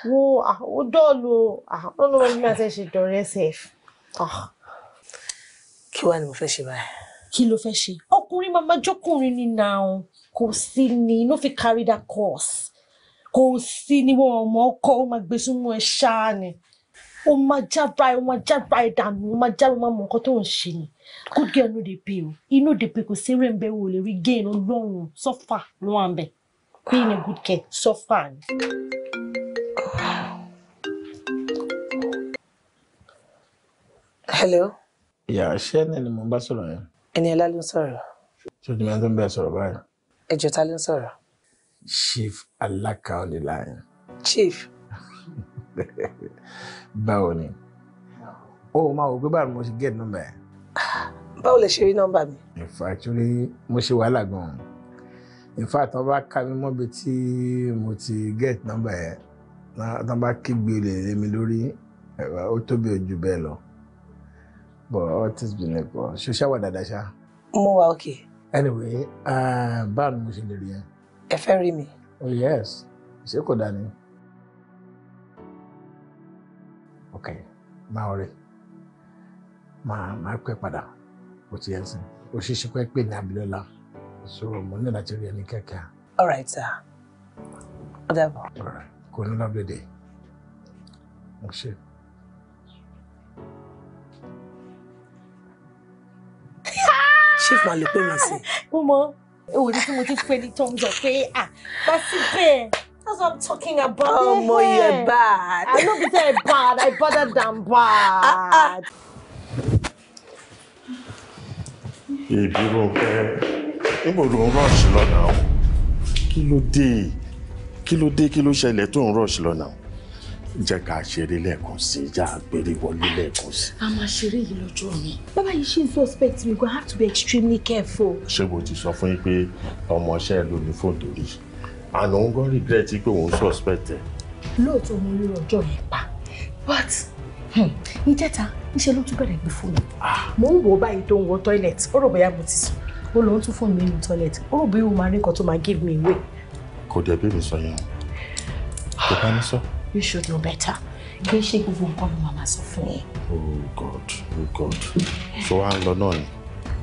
wo ó ah, dọ́ọ̀lù ọ̀nà wọn bí wọ́n ti ṣe dọ̀rẹ́ sef. kí wàá ni mo fẹ́ ṣe báyìí. kí ló fẹ́ ṣe ọkùnrin màmá jọkùnrin ni náà kò sí ni no fit carry that course kò sí ni wọn ọmọ ọkọ ó máa gbé súnmọ́ ẹ ṣáá ni ó máa jábra ẹ ó máa jábra ẹ dànù ó máa jábra ẹ máa mọ nǹkan tó ń ṣe ni good girl no dey pay o e no dey pay kò sí rèé ń bẹ wò lè rí gain ọlọ́run sọ́fà ló wà ń bẹ̀ being a good girl sọ́fà ni. hello. ìyá ṣẹ́ni ni mo bá sọ̀rọ̀ yẹn. ẹni ọlá ló ń sọ̀rọ̀. ṣojú mi tó ń bẹ sọ̀rọ̀ báyìí. ẹjọ ta ló ń sọ̀rọ̀. chief alaka on the line. chief. báwo ni o máa wò pé báwo ni mo ṣe get nọ́mbà ẹ. báwo lè ṣe rí nọ́mbà mi. in fact orí mo ṣe wàhálà gan-an in fact wọ́n bá ká mi mọ́bi tí mo ti get nọ́mbà yẹn wọ́n bá kígbe lè lé mi lórí ó tóbi ojú bẹ́ẹ̀ lọ. But bọ̀ ọtís bìnrin kọ ṣoṣẹ́ wà dáadáa ṣá. mo wà okay. anyway ah, ni mo ṣe lè rí ẹ. oh yes ṣé kò dání. Okay. Maori. Ma, máa máa pẹ́ padà yes, tiẹ̀ sìn ó ṣe ṣe pé pé ní abilọ́lá so mo ní láti rí ẹni all right sir ó dàbọ̀. kò ní lọ́bẹ̀dẹ̀ mo ṣe. ṣé ìfà lè pè mí sí. mo mọ ewì tí mo ti fẹ́ ní tó ń jọ pé à bá sí That's what I'm talking about. Oh, mo, you're bad. I'm not bitter bad. I better than bad. Ìbírò pẹ́, níbo ló ń rush lọ́nà? Kí ló dé? Kí ló dé? Kí ló ṣẹlẹ̀ tó ń rush now jẹ́ ká ṣeré lẹ́ẹ̀kan sí i já gbére wọlé lẹ́ẹ̀kan sí i. a máa ṣeré yìí lọ́jọ́ mi. bàbá yìí ṣì ń suspect me go have to be extremely careful. ṣé mo ti sọ fún yín pé ọmọọṣẹ́ ló ní fóònù rí àná ń gán regret pé òun suspect ẹ̀. lóòótọ́ mo rí ọjọ́ yẹn pa but níjẹta hmm, níṣẹ́ ló tún bẹ̀rẹ̀ gbé fóònù. Ah. mo ń wò báyìí tó ń wọ toilet ó rò bóyá mo ti sùn ó lọ tún fóònù mi nínú toilet ó rò bóyá ó máa rí nǹkan tó máa give me away. kò dẹ̀ bí mi sọ yẹn o kò bá mi sọ. So you should know better kì í ṣe gbogbo nǹkan ni màmá sọ fún yín. oh god oh god So wàá ń lọ náà ni.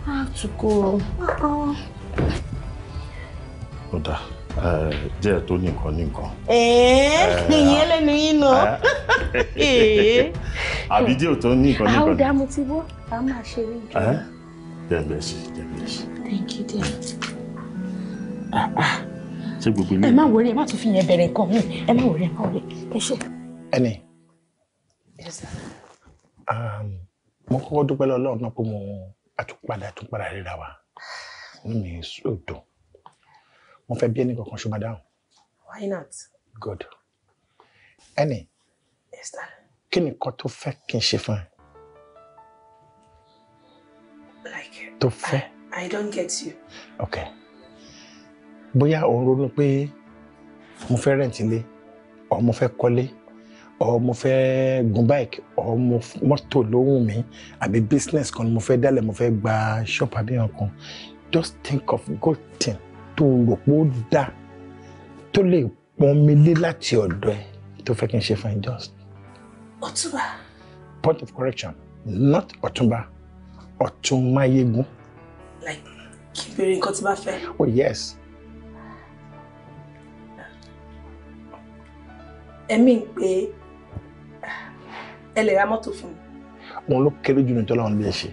a tù kú o. ó dáa díẹ̀ tó ní nǹkan ní nǹkan. ìyẹn lẹ́nu yín náà. àbí díẹ̀ tó ní nǹkan ní nǹkan. àwòdà mo ti bọ́ a máa ṣe rí jù. jẹ́ bẹ́ẹ̀ thank you dear. Ah, ah ṣé gbogbo ilé. ẹ má wọrí ẹ má tún fi yẹn bẹ̀rẹ̀ nǹkan mi ẹ má wọrí ẹ má wọrí ẹ ṣe. ẹnì um, mo kọ́kọ́ dúpẹ́ lọ́lọ́run náà pé mo àtúpadà àtúpadà ríra wa inú mi ò dùn mo fẹ́ bí ẹnì kankan ṣùgbọ́n dáhùn. why not. good ẹnì kí ni nǹkan tó fẹ́ kí n ṣe fún ẹ. like tó fẹ́. I don't get you. okay bóyá òun ronú pé mo fẹ́ rẹ̀ǹtì lé ọ̀ mo fẹ́ kọ́lé ọ̀ mo fẹ́ gun bike ọ̀ mo mọ́tò ló wù mí àbí business kan mo fẹ́ dálẹ̀ mo fẹ́ gba shop àbí nǹkan just think of good thing tó rò pé ó dá tó lè pọn mi lé láti ọ̀dọ̀ ẹ tó fẹ́ kí n ṣe fún ẹ just. ọ̀túnba. point of correction not ọ̀túnba ọ̀tún máyégún. like kí n béèrè nǹkan tí bá fẹ́. oh yes. ẹ̀mí ń pé ẹ lè ra mọ́tò fún mi. òun ló kéré jù ní tọ́lá òun ṣe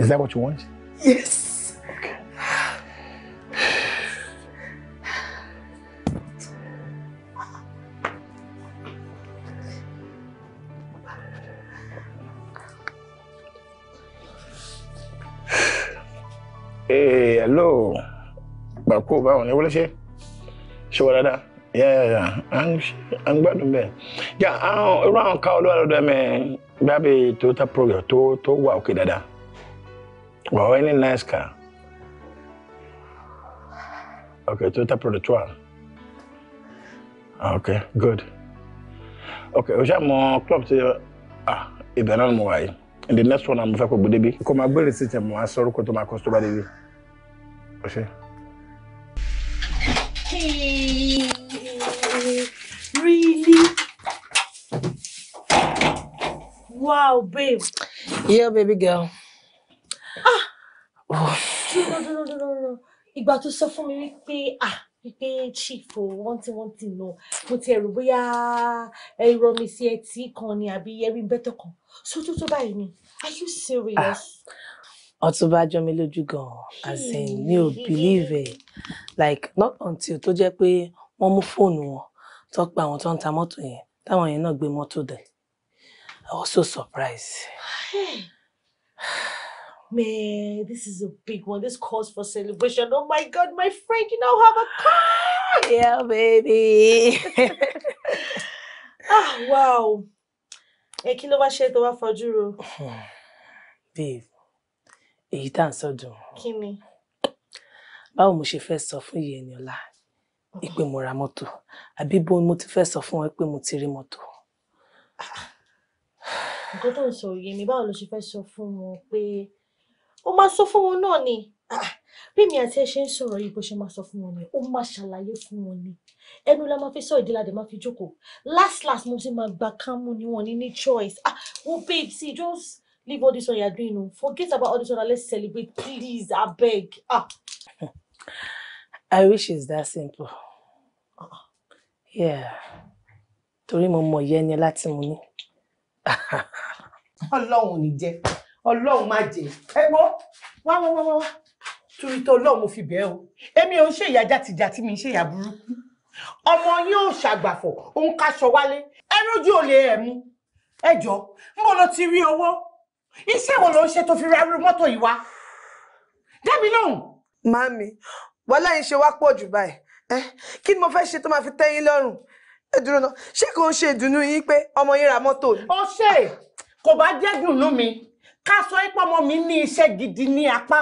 is that what you want? yes. okay. Hey, hello. Bàkú báwo ni wọ́n lè ṣe? Ṣé wọ́n dáadáa? yeah yeah. ń gbádùn bẹ́ẹ̀ yà àwọn irú àwọn ká olúwa lọ́dọ̀ mi gbàgbé toyota program tó tó wà òkè dáadáa wà ó ní nice car ok toyota program tó wà ok good ok o ṣe club ti ah ibẹ̀ mo wà yìí the next one àmọ́ fẹ́ kó gbé débi kó máa gbé rìsíìtì àmọ́ asọ́rùkọ tó máa kọ́ sọ́ba débi o ṣe. Okay. Wow, babe. Yeah, baby girl. Ah! Oh. No, no, no, no, no, no. Ìgbà tó sọ fún mi wípé ah wípé chief o wọ́n ti wọ́n ti nà mo ti ẹ̀rù bóyá ẹ̀rọ mi sí ẹtì kan ni àbí ẹ̀rí bẹ́tọ̀ kan sótú tó báyìí ni are you serious? Ah. ọtúnba jọ mi lójú gan-an as in mi ò believe it like not until tó jẹ́ pé wọ́n mú fóònù wọn tó pa àwọn tó ń ta mọ́tò yẹn táwọn yẹn náà gbé mọ́tò dẹ̀ also surprised. Hey. Man, this is a big one. This calls for celebration. Oh my God, my friend, you now have a car. Yeah, baby. ah, wow. Ẹ kí ló wá ṣe tó wá fojú ro? Babe, èyí tá à ń sọ̀dùn. Kí ni? mo ṣe fẹ́ sọ fún ìyẹn ni ọ̀la? Ìpè mo ra mọ́tò. Àbí bó mo ti fẹ́ sọ fún wọn mo ti rí mọ́tò nǹkan tó ń sọ òye mi báwo ló ṣe fẹ́ sọ fún wọn pé ó máa sọ fún wọn náà ni ah, bí mi àti ẹ ṣe ń sọ̀rọ̀ yìí bó ṣe máa sọ fún wọn ni ó máa ṣàlàyé fún wọn ni ẹnu la máa fi sọ ìdílé àdè máa fi jókòó last last mo ti máa gba kámú ni wọn ní ní choice ah wo babe see just leave all this one you are o forget about all this one let's celebrate please abeg ah. I wish it's that simple. Ah, ah. Yeah. Torí mo mọ̀ yẹn ni láti mú ní ọlọ́run ní jẹ́ ọlọ́run má jẹ́ ẹ gbọ́ wá wá wá wá torí tó ọlọ́run fi bẹ́ẹ̀ o èmi ò ń ṣe ìyá jàtìjàtì mi ń ṣe ìyá burúkú ọmọ yín ò ṣàgbàfọ̀ òun kaṣọ wálé ẹrújú ò lè ẹ̀ mú ẹjọ́ ń bọ̀ lọ ti rí owó iṣẹ́ wo ló ń ṣe tó fi ra irú mọ́tò yìí wá dá mi lóhùn. màmí wàhálà yìí ṣe wá pọ̀ jù báyìí kí ni mo fẹ́ ṣe tó máa fi tẹ́yìn lọ́rùn ẹ dúró náà ṣé kò ń ṣe ìdùnnú yín pé ọmọ yín ra mọ́tò ni. ó ṣe kò bá jẹ́ mi ká sọ pé ọmọ mi ní iṣẹ́ gidi ní apá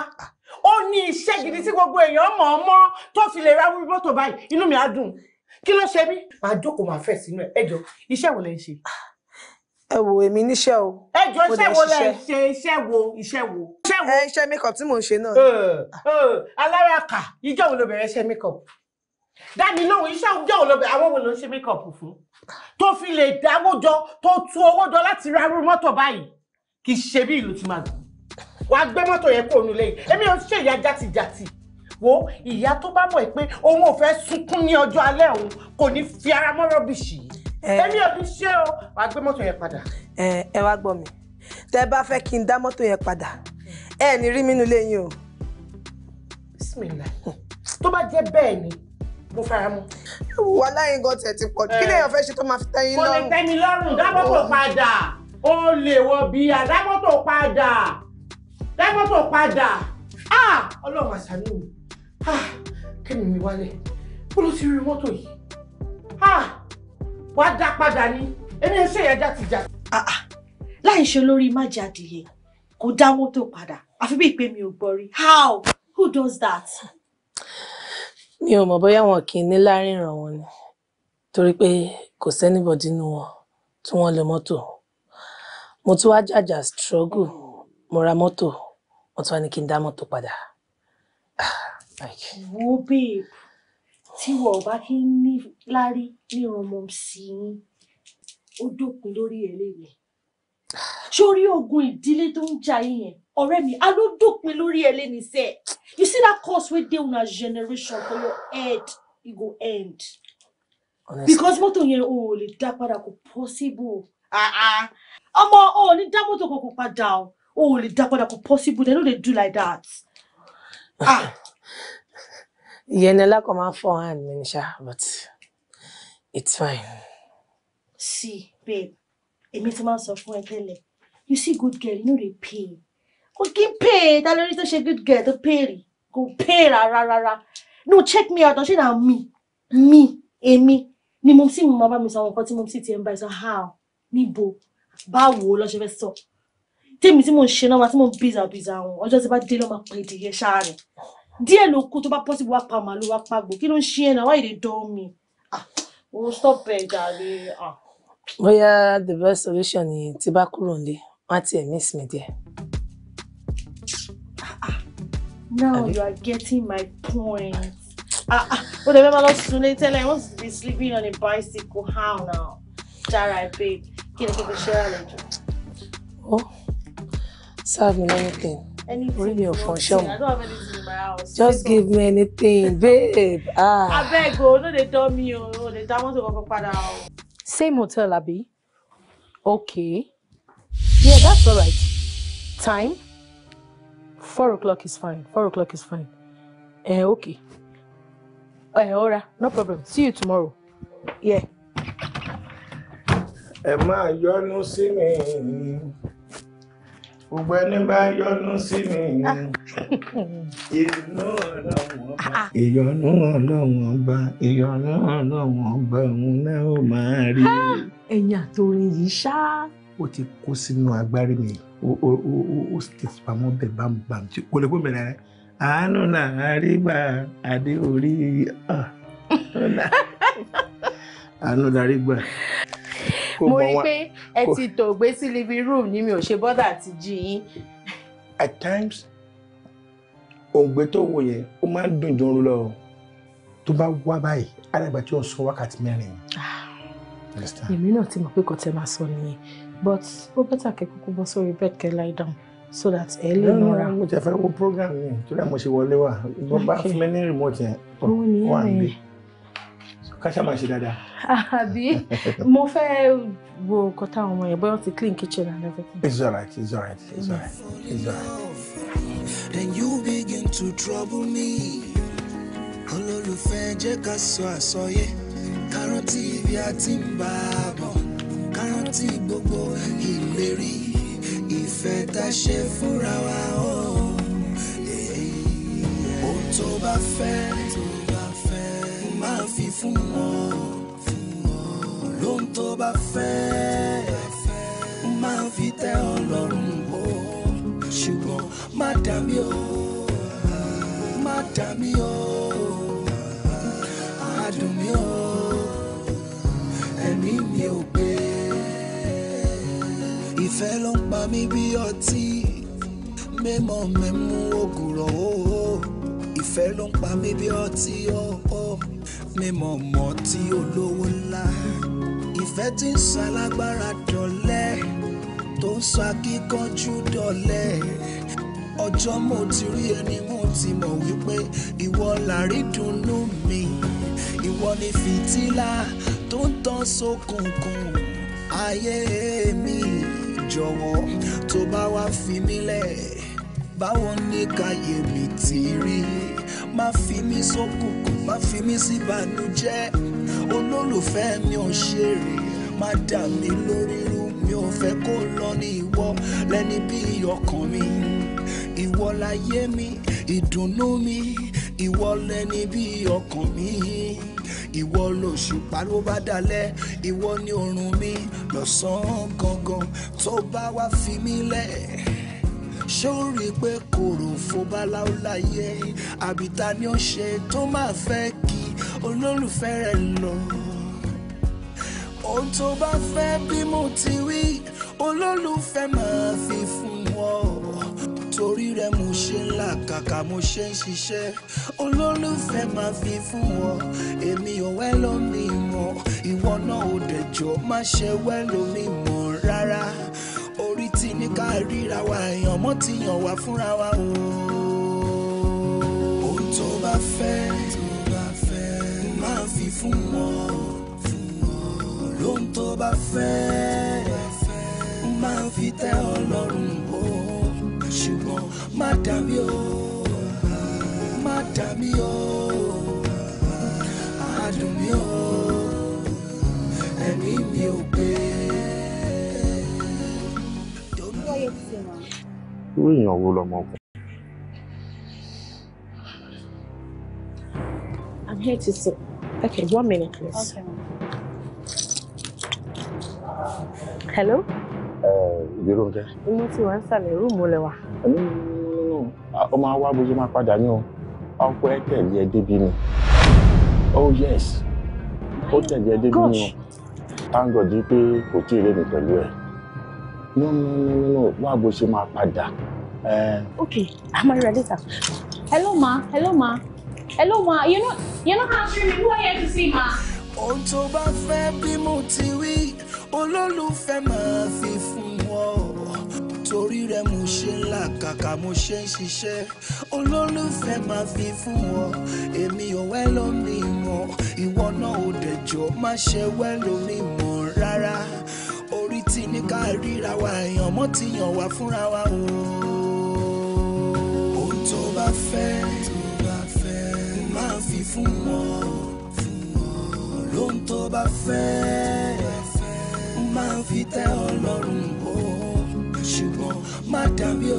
ó ní iṣẹ́ gidi tí gbogbo èèyàn mọ̀ ọ́ mọ́ tó fi lè ra wí mọ́tò báyìí inú mi á dùn kí ló ṣe mí. màá jókòó màá fẹ̀ sínú ẹ ẹ jọ iṣẹ́ wo lẹ ń ṣe. ẹ wo èmi níṣẹ́ o. ẹ jọ iṣẹ́ wo lẹ ń ṣe iṣẹ́ wo iṣẹ́ wo. ẹ iṣẹ́ makeup tí mò ń ṣe náà. alára kà ìjọ wo ló bẹ̀rẹ̀ iṣẹ́ makeup dáàdi lóhùn iṣẹ́ ọjọ́ òlọ́bẹ̀ àwọn wo ló ń ṣe mékọ̀pù fún tó fi lè dáwó jọ tó tú owó jọ láti ra irú mọ́tò báyìí kì í ṣe bí ìlú ti máa dùn wàá gbé mọ́tò yẹn kúrò nílé yìí èmi ò ṣe ìyá játijàti wo ìyá tó bá mọ̀ pé òun ò fẹ́ sunkún ní ọjọ́ alẹ́ òun kò ní fi ara mọ́ rọ́bìṣì èmi ò fi ṣe o wàá gbé mọ́tò yẹn padà. ẹ ẹ wá gbọ́ mi tẹ́ bá fẹ́ kí n dá mọ́tò yẹn padà ẹ ní rí mi lẹ́yìn o. bísí mi là tó bá jẹ́ bẹ́ẹ̀ ni mo fara mu. wà láyé gan tẹ̀ ti pọ̀ kí lèèyàn fẹ́ ṣe tó máa fi tẹ́yìn lọ́rùn. kò lè tẹ́ni lọ́rùn dábọ́tò padà ó lè wọ bíyà dábọ́tò padà dábọ́tò padà ọlọ́run àṣàánú kẹ́mi mi wálẹ̀ kó ló ti rí mọ́tò yìí wàá dá padà ni èmi ń ṣe ìyájà ti jà. láì ṣe lórí má jáde yẹn kò dá mọ́tò padà àfi bí ìpè mi ò gbọ́ rí how who does that. Mi ò mọ̀ bóyá wọn kì í ní láríran wọn ni, torí pé kò sí anybody wọn tí wọ́n lo mọ́tò. Mo tún wá jàjà struggle, mo ra mọ́tò, wọ́n tún wá ní kí n dá mọ́tò padà. Ah, like, Wo babe, tí wọ́n ò bá kí ń ní lárí níran mọ́ sí yín, ó dópin lórí ẹ̀ léèrè. ogun ìdílé tó ń jà yẹn? ọ̀rẹ́ mi a ló dópin lórí ẹ lẹ́ni sẹ́ you see that curse wey dey una generation for your head e go end Honestly. because mọ́tò yẹn o ò da dá padà kò possible ah, ah. ọmọ o ò ní dá mọ́tò kankan padà o o ò da dá padà kò possible they no dey do like that. Ah. ìyẹn ni lákọ̀ máa ń fọ́ mi ní ṣá but it's fine. see babe èmi ti máa ń sọ fún ẹ tẹ́lẹ̀ you see good girl you no know dey pay kò kí pay? That e, é ta lórí tó ṣe good girl tó pèrè kò ra ra. rárá no check me out ṣé na me. Me, Amy. ni mum, sì máa bá mi sọ àwọn nǹkan tí mo sì ti So how? ẹ sọ how wo. báwo lọ ṣe fẹ́ sọ tèmi tí mo ń ṣe náà tí mo ń bíza bíza àwọn ọjọ́ tí bá dé lọ́ọ́ máa pè dìyẹ ṣáàrin díẹ̀ ló kú tó bá possible wá pa màálù wá pa gbò kí ló ń ṣe ẹ̀ náà why you dey dun me ah, o stop ẹ̀ jàre. Ah. bóyá the best solution ni tí bá kúrò nílé wọn á miss me there. Now you are getting my point. Ah, ah. Ó dẹ̀ fẹ́ máa lọ I want to be sleeping on a bicycle. How now? Jara I babe, kí ni kí n Oh, serve me anything. Anything. Bring Really your function. I don't have anything in my house. Just give me anything, babe. Ah. I beg o, oh, no they tell me Oh, no dey tell me to oh, go padà o. Oh. Same hotel, Abby. Okay. Yeah, that's all right. Time? four o'clock is fine four o'clock is fine eh uh, okay eh uh, ora no problem see you tomorrow yeah. ẹ máa yọnu sí mi gbogbo ẹni bá yọnu sí mi ìyọnu ọlọ́run ọba ìyọnu ọlọ́run ọba ìyọnu ọlọ́run ọba òun náà ó máa rí. ẹ̀yin àtòrin yìí ṣáá ó ti kó sínú agbárí mi ó ti pamọ́ bẹ̀ bámbàm tí kò lè gbọ́ mi rẹ̀ àánú náà àríwá adé orí ah, àánú darí gbà. mo rí pé ẹ ti tòògbé sí living room ni mi ò ṣe bọ́dà àti jí yín. at times òǹgbẹ tó wò yẹn ó máa ń dùn jọrun lọ tó bá wá báyìí alàgbà tí ó ń sọ wákàtí mẹ́rin. Ah. èmi náà ti mọ̀ pé kò tẹ́ máa sọ nìyẹn but ó bẹ́tà kẹ́ kúkú bọ́ sórí bed kẹ́ lie down so that early. No, no, no. mo ti fẹ́ wo program No, torí àmọ́ ṣe wọlé wa mo bá fún mi ní remote yẹn wà ń gbé káṣá máa ṣe dáadáa. àbí mo fẹ́ wo nǹkan táwọn ọmọ yẹn bóyá clean kitchen and everything. it's alright it's alright it's alright it's alright. then you begin to trouble me olólùfẹ́ jẹ́ ká sọ àsọyé ká rántí ibi a a bọ̀ rántí gbogbo ìlérí ìfẹ́ tá a ṣe fúnra wa ọ́ ohun tó bá fẹ́ máa fi fún wọn lóhun tó bá fẹ́ máa fi tẹ́ ọ lọ́rùn o ṣùgbọ́n má dà mí o má dà mí o àdùn mí o ẹ̀mí mi ò ìfẹ́ ló ń pa mí bí ọtí mímọ́ mi mú ògùrọ̀ ó ìfẹ́ ló ń pa mí bí ọtí ó mímọ́ mọ́ tí olówó ńlá ìfẹ́ tí ń sọ alágbára dọ̀lẹ tó ń sọ akíkanjú dọ̀lẹ ọjọ́ mo ti rí ẹni mo ti mọ̀ wípé ìwọ làrídùnnú mi ìwọ ni fìtílà tó ń tàn sókùnkùn ayé mi jọ̀wọ́ tó bá wá fi mí lẹ̀ báwo ni káyé mi ti rí má fi mí sókùnkùn má fi mí síbànújẹ́ olólùfẹ́ mi ò ṣe rè má dà mí lórí rú mi ò fẹ́ kó lọ ní ìwọ lẹ́ni bí ọkàn mi ìwọ láyé mi ìdùnnú mi ìwọ lẹ́ni bí ọkàn mi ìwọ lòṣùpá ló bá dalẹ̀ ìwọ ni oorun mi lọ́sàn-án gangan tó bá wá fi mí lẹ̀ ṣé ó rí i pé kòròfo báláwo láyé àbíta ni ó ṣe tó máa fẹ́ kí olólùfẹ́ rẹ̀ lọ ohun tó bá fẹ́ bí mo ti wí olólùfẹ́ máa fi fún un nítorí rẹ mo ṣe ń là kàkà mo ṣe ń ṣiṣẹ́ olólùfẹ́ máa fi fún ọ èmi ò wẹ́ lómi mọ́ ìwọ náà ò dẹ̀jọ́ má ṣe wẹ́ lómi mọ́ rárá orí ti ní ká ríra wa èèyàn mọ́ ti yàn wá fúnra wa o. ohun tó bá fẹ́ máa fi fún wọn lóhun tó bá fẹ́ máa fi tẹ́ ọ lọ́rùn má dà mí o má dà mí o I'm here to see. Okay, one minute, please. Okay. Hello? Uh, eh, Yorùbá. Mo ti wá ń sàlẹ̀ rúùmù lẹ́wà. Ah, ó máa wá bó ṣe máa padà ní o ọkọ ẹ tẹ̀lé ẹ débi ni oh yes ó tẹ̀lé ẹ débi ni o thank God pé kò tí ì rémi pẹ̀lú ẹ no no no no no. wá bó ṣe máa padà. Eh. okay i'm gonna read later hello ma hello ma hello ma you know you know how to me. who are here to see ma. ohun tó bá fẹ́ bí mo ti wí olólùfẹ́ máa fi fún wọn torí rẹ mo ṣe ń làkàkà mo ṣe ń ṣiṣẹ́ olólùfẹ́ máa fi fún ọ èmi ò wẹ́ lómi mọ́ ìwọ náà ò dẹ̀jọ́ má ṣe wẹ́ lómi mọ́ rárá orí ti ní ká ríra wa èèyàn mọ́ ti yàn wá fúnra wa o. ohun tó bá fẹ́ máa fi fún ọ lóhun tó bá fẹ́ máa fi tẹ́ ọ lọ́rùn o ṣùgbọ́n má dà o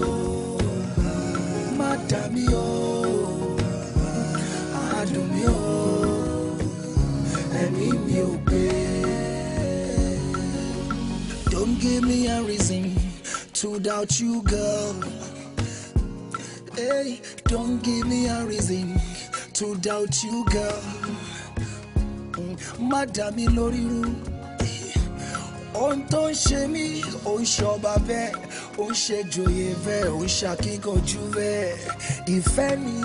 má dà o àdùn o ẹ̀mí mi ò pé. Don't give me a reason to doubt you girl. Hey, don't give me a reason to doubt you girl. Mm, má dà lórí rú ohun tó ń ṣe mí ò ń ṣọba bẹ́ẹ̀ ò ń ṣe joyè bẹ́ẹ̀ ò ń ṣàkíkanjú bẹ́ẹ̀ ìfẹ́ mi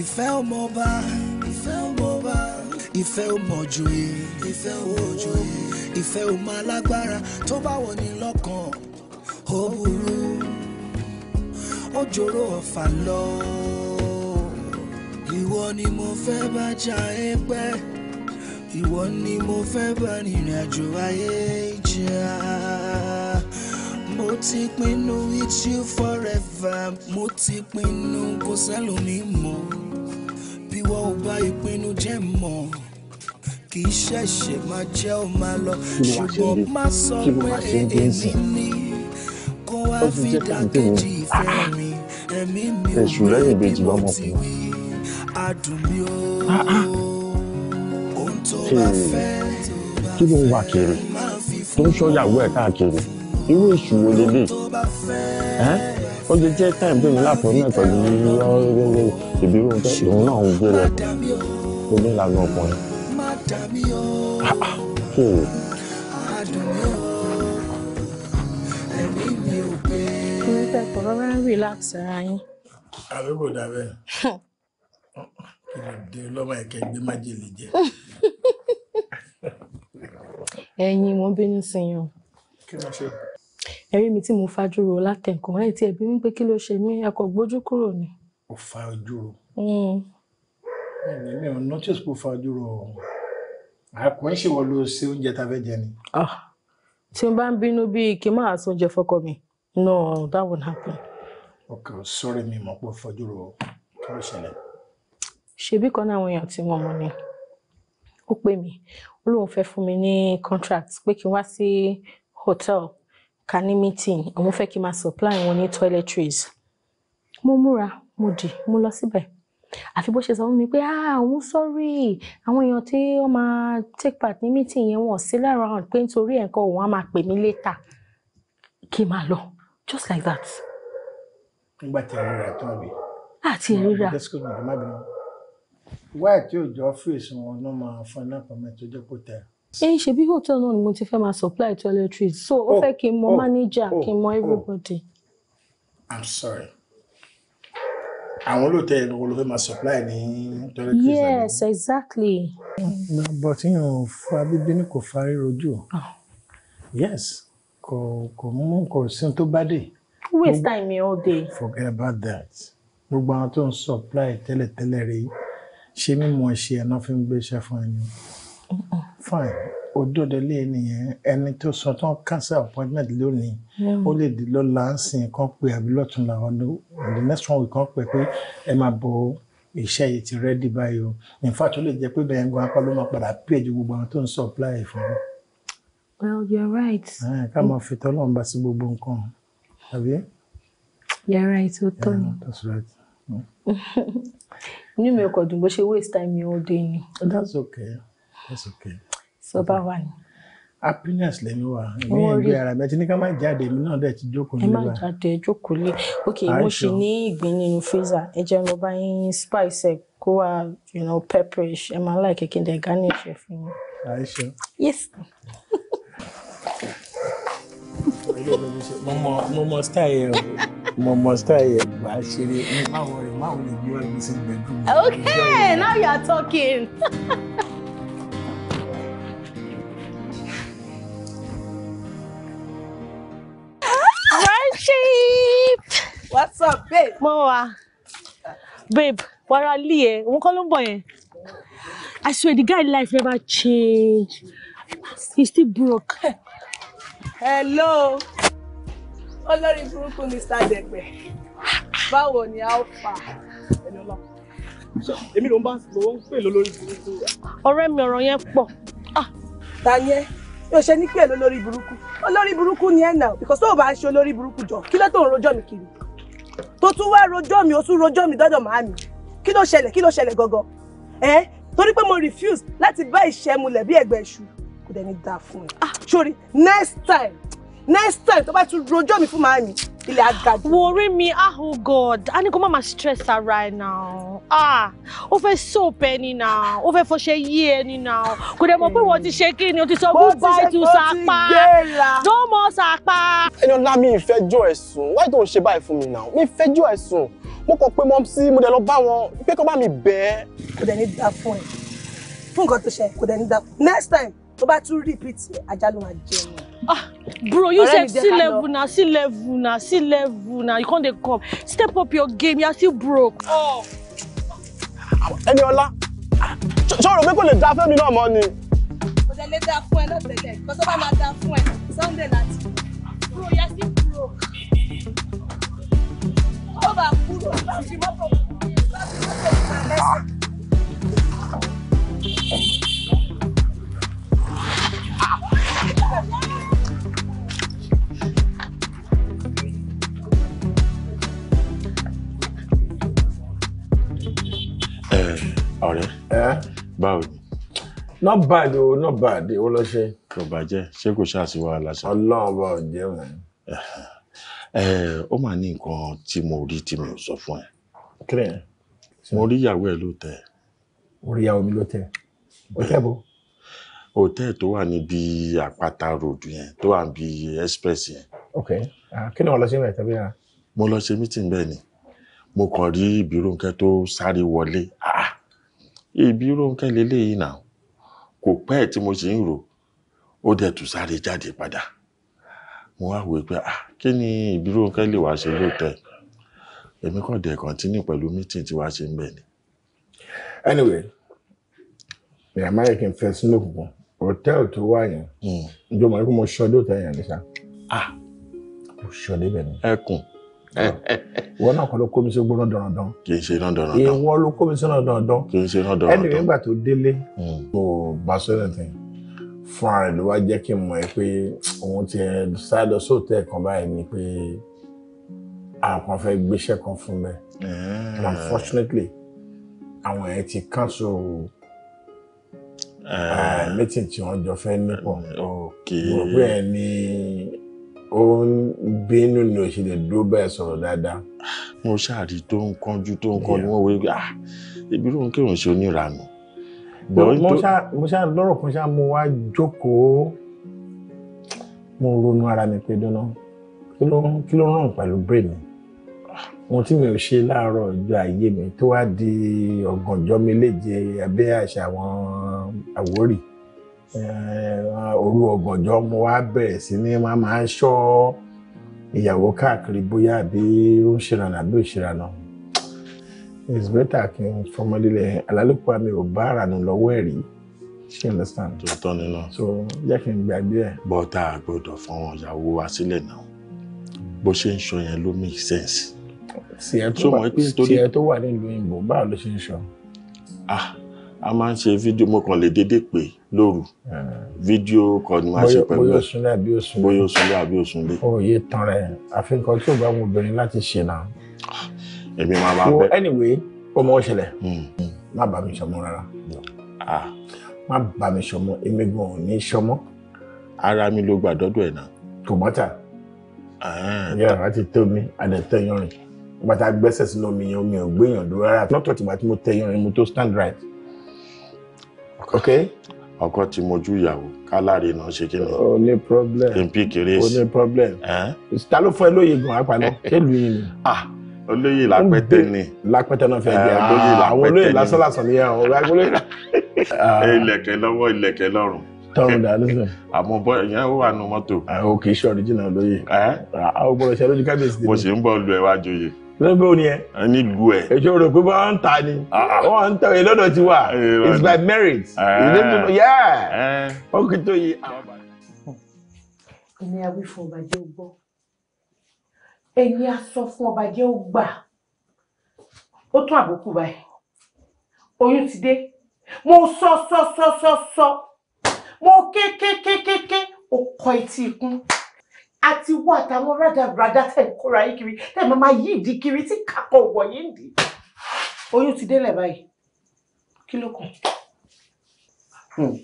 ìfẹ́ ọmọba ìfẹ́ ọmọba ìfẹ́ ọmọjoyè ìfẹ́ ọmọjoyè ìfẹ́ ọmọ alágbára tó bá wọ̀ ní lọ́kàn ó burú ó jòrò ọ̀fà lọ ìwọ ni mo fẹ́ bá jà ẹ pẹ́ ìwọ ni mo fẹ́ bá rìnrìn àjò ayé jà mo ti pinnu with you forever mo ti pinnu kò sẹ́lòmí mọ́ bí wọ́n ò bá ìpinnu jẹ́ mọ́ kì í ṣẹ̀ṣẹ̀ máa jẹ́ ò máa lọ ṣùgbọ́n má sọ pé èmi ni kó wá fi dákejì ìfẹ́ ah, mi ẹ̀mí mi ò gbé bí mo ti wí adùn mi ó. Ah, ah kí ló ń wà kiri tó ń ṣọ́yàwó ẹ̀ káàkiri irú èṣù wo lélẹ̀ ẹ́ ó lè jẹ́ táìm tó ní láàpọ̀ náà pẹ̀lú ìbírú ọjọ́ ìrún náà ń gbé lọ ó ní ìlànà ọkùnrin kò fẹ́ kọ̀ rọra relax ara yín. àbí kò dà kí ló dé lọ́wọ́ ẹ̀kẹ́ gbé májèlé jẹ. ẹ̀yin mo bínú sí yín o. kí ló ṣe. ẹ̀rí mi tí mo fajúro látẹ̀kọ́ ẹ̀ tí ẹ̀bí mi pé kí ló ṣe mí ẹ kò gbójú kúrò ni. Hmm. ò fa ojú ro. mi ò notice kó fa ojú ro àpò ń ṣèwọ ló ṣe oúnjẹ tá a fẹ́ jẹ ni. Ah. tí n bá ń bínú bíi kí n máa sọ oúnjẹ fọkọ mi no that won't happen. okay sorry mi mọ̀ pé fojú ro kí ló ṣẹlẹ̀ ṣebí kan náà àwọn èèyàn tí wọ́n mọ̀ ni ó pè mí ó lóun fẹ́ fún mi ní contract pé kí n wá sí hotel ká meeting òun fẹ́ kí n máa supply wọn ní toiletries mo múra mo dì mo lọ síbẹ̀ àfi bó ṣe sọ fún mi pé ah òun sọ́rí àwọn èèyàn tí wọ́n máa take part ní meeting yẹn wọ́n sí lára hàn pé nítorí ẹ̀kan òun á máa pè mí later kí n máa lọ just like that. nígbà tí a ríra tán àbí. àti ìríra wáì tí òjò ọ́fíìsì wọn ló máa fún iná kan mẹ́tò jẹ́ kó tẹ̀. ẹ ń ṣe bí hotel náà ni mo ti fẹ́ máa supply toiletries so ó fẹ́ kí n mọ oh, oh, manager oh, kí n mọ everybody. i'm sorry àwọn olóòtú ẹ̀ ló fẹ́ máa supply ní toiletries. yes exactly. na but yíyan fa bíbínú kò farí rojú o ah. yes kò kò mú kò sí ohun tó bá dé. waste time me all day. forget about that gbogbo àwọn tó ń supply tẹ́lẹ̀tẹ́lẹ̀ rèé ṣé mímọ ṣe ẹ̀ fi ń gbéṣẹ́ fún ẹni. fine òdodo lé nìyẹn ẹni tó sọ tán cancel appointment lónìí mm. ó lè di lọ́la ń kan pé àbí lọ́tún làwọn the next one kan pè pé ẹ máa bọ̀ iṣẹ́ yìí ti rẹ́dí báyìí o in fact ó lè jẹ́ pé bẹ́ẹ̀ ń gan apá ló máa padà pè gbogbo àwọn tó ń supply fún un. well you're right. ká máa fi tọ́lọ́ ń bá sí gbogbo nǹkan àbí. you're right ó tọ́ that's right. Mm. inú mi ò kọ̀ dùn bó ṣe waste time mi all day ni. that's okay that's okay. sọ bá wà ní. happiness lẹ́nu wa èmi ẹ̀ gbé ara mi ẹtí ní ká má jáde èmi náà dẹ̀ ti jókòó lé wa. ẹ má jáde jókòó lé ok mo ṣì ní ìgbín nínú freezer ẹ jẹ́ lọ bá yín spice kó wa you know, pepperish ẹ máa láì kékeré dẹ̀ garnish ẹ̀ fún mi. àìṣe. yes. mo mọ mo mọ style yẹn o. mo must try yẹ wàá ṣeré máwo rẹ máwo lè gbé wá gbèsè bedroom. okay now you are talking. Friendship. what's up babe. mo wa babe wàrà lì ẹ òun kọ́ ló ń bọ̀ yẹn I swear the guy life never change he still broke. hello olórí burúkú Mr. Dẹ̀pẹ̀ báwo ni alpha ẹnìọlá èmi ló ń bá ló ń pè lólórí burúkú. ọ̀rẹ́ mi ọ̀rọ̀ yẹn pọ̀. Ah, ta yẹn yóò ṣe ní pè lólórí burúkú olórí burúkú ni ẹ̀ because tó o bá ń ṣe olórí burúkú jọ kí ló tó ń rojọ́ mi kiri tó tún wá rojọ́ mi ó tún rojọ́ mi dọ́dọ̀ màá mi kí ló ṣẹlẹ̀ kí ló ṣẹlẹ̀ gangan ẹ torí pé mo refuse láti bá ìṣẹ́mulẹ̀ bí ẹgbẹ́ iṣu kò dẹ̀ ní dáa fún ẹ. Ah. sori next time next time tó bá tún rojọ́ mi fún màámi ilẹ̀ agadu. wòrí mi ah oh god a ní kó má máa stress ara ẹ now ah ó fẹ́ soap ẹni now ó fẹ́ fọṣẹ yí ẹni now kò dẹ̀ mọ̀ pé wọ́n ti ṣe kí ni o ti sọ goodbye to sapa no more sapa. ẹni ọlá mi ìfẹjọ́ ẹ̀sùn wáyé tó ń ṣe báyìí fún mi now mi ìfẹjọ́ ẹ̀sùn mo kàn pé mọ́ sí mo dẹ̀ lọ bá wọn pé kó bá mi bẹ́ẹ̀. kò dẹ̀ ní dá fún ẹ fún nǹkan tó ṣe kò dẹ̀ ní dá fún next time tó bá tún repeat àjálù máa jẹun. Ah, bro you sef see level na see level na see level na you come dey come step up your game you are still broke. Oh. ẹni ọlá ṣọ́ọ̀rọ̀ pé kò lè dá fẹ́mi náà mọ́ ni. kò tẹ̀lé dá fún ẹ lọ́tẹ̀lẹ̀ kò tó bá máa dá fún ẹ sunday láti bro you are still broke. ó bá kúrò bá mọ́tò bá mọ́tò gbà lẹ́sẹ̀. Ah! ọ̀rẹ́ báwo ni. not bad o not bad o lọ ṣe. kò bàjẹ́ ṣé kò ṣáàṣì wàhálà ṣe. ọlọ́run bá ò jẹ́ wọn. ó mà ní nǹkan tí mo rí tí mi ò sọ fún ẹ. kílẹ̀. mo rí ìyàwó ẹ lóòótẹ́. mo rí ìyàwó mi lóòótẹ́. òtẹ́ bo. òtẹ́ tó wà níbi àpáta road yẹn tó wà níbi express yẹn. ok kí ni wọn lọ sí ìwé tàbí ara. mo lọ ṣe mítìn bẹ́ẹ̀ ni mo kàn rí Bírọ́nkẹ́ tó sáré wọlé. Ah ebi irú yi na náà kò pẹ́ tí mo sì ń rò ó dẹ̀ tún sáré jáde mo wá wò pé ah kí ni ìbírò nǹkan lè wá ṣe lóòótọ́ èmi kàn dẹ̀ kọ́ntínú pẹ̀lú mítìn tí ṣe ni. anyway ní amárẹ́kì ń fẹ́ sínú òkùnkùn hòtẹ́ẹ̀lì tó wà yẹn hmm. ǹjọ́ mọ̀ ní kó mo ṣọ́ ah mo ṣọ́ débẹ̀ ìwọ náà kọ́ ló kó mi sí gbóná dandan. kì í ṣe iná dandan. ìwọ ló kó mi sí iná dandan. kì í ṣe iná dandan. ẹni nígbà tó délé. kò hmm. bá sọ́dọ̀ tẹ̀ fúnra rẹ̀ ló wá jẹ́ kí n mọ̀ ẹ́ pé òun ti sáré sóòtẹ́ kan báyìí ni pé àwọn fẹ́ gbéṣẹ́ kan fún mi. Hmm. unfortunately àwọn ẹ̀ ti cancel eh. Eh, meeting tí wọ́n jọ fẹ́ nípò. Hmm, ok. mo ní ó ń bínú ni ò ṣe lè dúró bẹ́ẹ̀ sọ̀rọ̀ dáadáa. mo ṣáàrí tó ń kánjú tó ń kánjú wọn wé ah ibi ló ń kírun ṣe oníranù. mo ṣáà lọ́rọ̀ kan ṣáà mo wá jókòó mo ronú ara mi pé dáná kí ló ràn pẹ̀lú brain mi ohun tí mi ò ṣe láàárọ̀ ọjọ́ ayé mi tó wá di ọ̀gànjọ́ mi léje abẹ́ àṣà àwọn àwórì òru eh, ọ̀gànjọ́ mo wá bẹ̀rẹ̀ sí ní máa máa ṣọ́ ìyàwó káàkiri bóyá àbí ó ń ṣèrànà àbí ò ṣèrànà it's better kí n fọmọlélẹ̀ alálùpàá mi ò bá ara nù lọ́wọ́ ẹ̀ rí ṣe understand. tó tọ́ ni náà. so jẹ́ kí n gbàgbé ẹ̀. bọ́tà gbọ́dọ̀ fún àwọn ìyàwó wa sílẹ̀ náà bó ṣe ń sọ yẹn ló make sense. tiẹ̀ tó wà nílùú òyìnbó báwo ló ṣe ń sọ. ah a máa ń ṣe fídíò mo kàn lè dédé pè lóru hmm. fídíò kọ ni máa ṣe pẹ̀lú ẹ̀ bóyá sunlé àbí òsùnlé bóyá sunlé àbí òsùnlé. o yé tán rẹ àfikún tí o bá wọn obìnrin láti ṣe náà. èmi máa bá bẹ. anyway ó mọ ṣẹlẹ̀ hmm. má bá mi ṣọmọ rárá má bá mi ṣọmọ èmi gan ò ní ṣọmọ. ara mi ló gbà dọ́dọ̀ ẹ̀ náà. tòmátà ah. yàrá ti tó mi àdẹ̀tẹ̀ yanrìn bàtà gbẹ́sẹ̀ sínú omi yẹn omi ò gbéyàn dúró rárá lọ́tọ̀ tìgbà tí stand right ok ọkọ ti mojú ìyàwó káláre náà ṣe kíni. o ní problem kí n pí kéré sí. o ní problem ta ló fún ẹ lóye gan apalọ kélu yìí ni. ah olóyè lápẹtẹ ni. lápẹtẹ náà fẹẹ jẹ àwọn olóyè lásánlásán ni àwọn olóyè. ilẹ̀kẹ̀ lọ́wọ́ ilẹ̀kẹ̀ lọ́rùn. tọrùn dà lóṣù. àmọ́ bọ ìyẹn ó wà nù mọ́tò. o kì í ṣe ọ̀ríjìnà olóyè. àwọn gbọ́dọ̀ ṣe lójú kábíyèsí. mo sì ń bọ̀ lu ẹwà joyè lọ́gbọ́n ni ẹ. a ní ìlú ẹ. èso rò pé wọ́n ń ta ni ah, ah. wọ́n ń ta ẹ lọ́dọ̀ ti wà eh, it's by merit ìdẹ́nu yẹ́ wọ́n kì í tó yé. Ah. ẹni awí fún ọba jẹ́ ó a sọ fún ọba jẹ́ ó tún àbùkù báyìí oyún ti dé mo sọ sọ sọ sọ sọ mo ké ké ké ké ké ó kọ etí ikún àti wọ àtàwọn rádaràdà tẹ̀ ń kóra yín kiri tẹ̀ máa máa yí ìdí kiri tí kàkọ́ wọ̀ yín dì í. oyún ti délẹ̀ báyìí kí ló kàn. Hmm,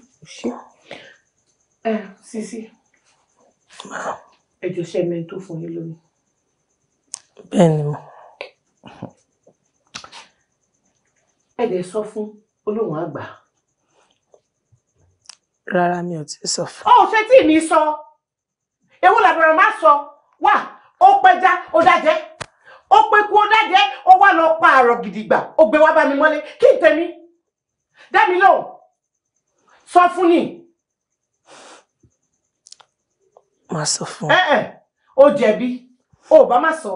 ẹ sisi ẹjọ ṣe mẹ tó fún yín lónìí. bẹ́ẹ̀ ni mo. ẹ dẹ̀ sọ fún olóhùn àgbà. rárá mi ò tí ì sọ fún. ó tí mi sọ. So ewu làbẹ̀rẹ̀ má sọ wà ó pẹja o dájẹ́ ó peku ó dájẹ́ ó wà lọ pa àrọ̀ gidigba ó gbé wá bá mi mọ́lé kí n tẹ̀mí dẹ́mi lóhùn sọ fún ni. má sọ fún. ẹ ẹ ó jẹ̀bi ó bá má sọ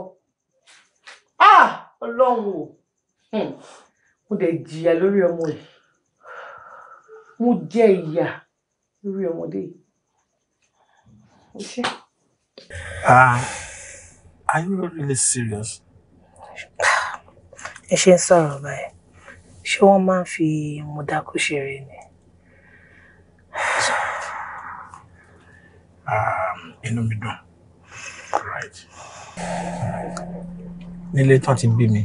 ah, ọlọ́run o hmm. mo dẹ̀ jìyà lórí ọmọ yìí mo jẹ ìyà lórí ọmọdé yìí. Okay. Uh, are you really serious? Ẹ ṣe ń sọ̀rọ̀ báyìí. Ṣé wọ́n máa ń fi mùdákù ṣeré ni? Ah, inú mi dùn. Nílé tán ti bí mi,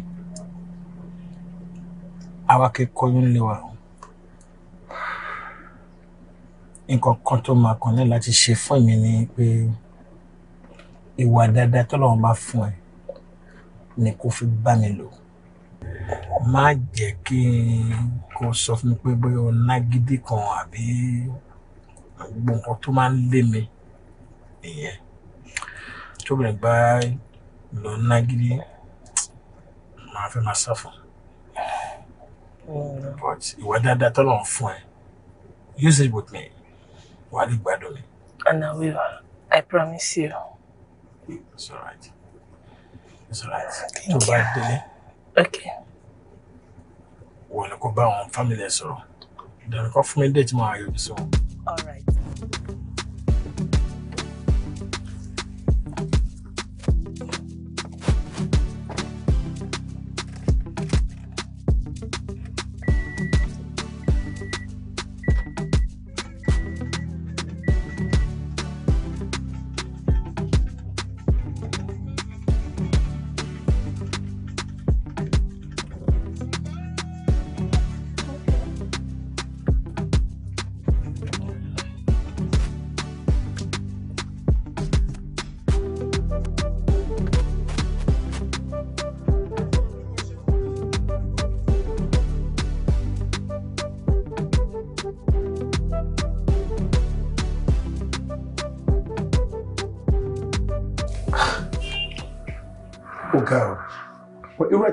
àwa kì í kọyún lé wa. nǹkan kan tó máa kàn náà láti ṣe fún mi ni pé ìwà dáadáa tọ́lọ́run bá fún ẹ ni kò fi bá mi lò má jẹ́ kí n kò sọ fún mi pé bóyá o nágídí kan àbí gbogbo nǹkan tó máa ń lé mi nìyẹn tó bẹ̀rẹ̀ bá lọ nágídí màá fẹ́ máa sá fún mm. but ìwà dáadáa tọ́lọ́run fún ẹ use it with me wà á and I will I promise you. it's right. it's alright tó bá délé. okay. wọ́n ní kó bá àwọn fámìlì ẹ̀ sọ̀rọ̀ ìdáni kan fún mi dé tí mo máa yọjú sí wọn. alright.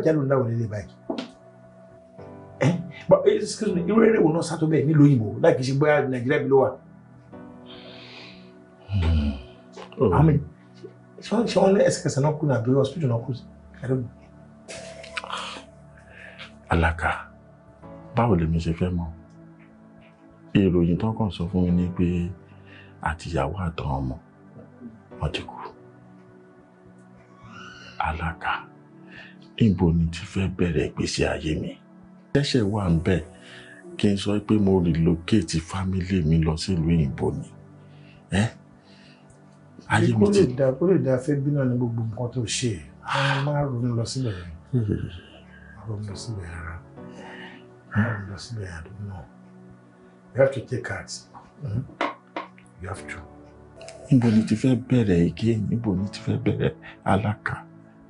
àjálù ńlá wọlé báyìí ẹ eh, excuse me irú eré wo náà sátọ bẹ́ẹ̀ nílùú òyìnbó láì ṣe bóyá nàìjíríà bí ló wà. àmì hmm. hmm. ṣé wọn ní ẹsẹ̀kẹsẹ̀ náà kú ní àbí hospital náà kú sí alaka báwo lèmi ṣe fẹ́ mọ̀ ìròyìn tó kàn sọ fún mi ni pé àtìyàwó àtọ̀ ọmọ wọn ti kú alaka níbo ni ti fẹ́ bẹ̀rẹ̀ ìgbésí ayé mi tẹ́sẹ̀ wà ń bẹ̀ kí n sọ pé mo relocate family mi lọ sílùú òyìnbó ni ayé mi ti. kó lè da fẹ́ bínú ní gbogbo nǹkan tó ṣe ẹ má ronú lọ síbẹ̀ má ronú lọ síbẹ̀ rárá má ronú lọ síbẹ̀ àdúgbò náà you have to take heart hmm? you have to. níbo ni ti fẹ́ bẹ̀rẹ̀ èké níbo ni ti fẹ́ bẹ̀rẹ̀ alaka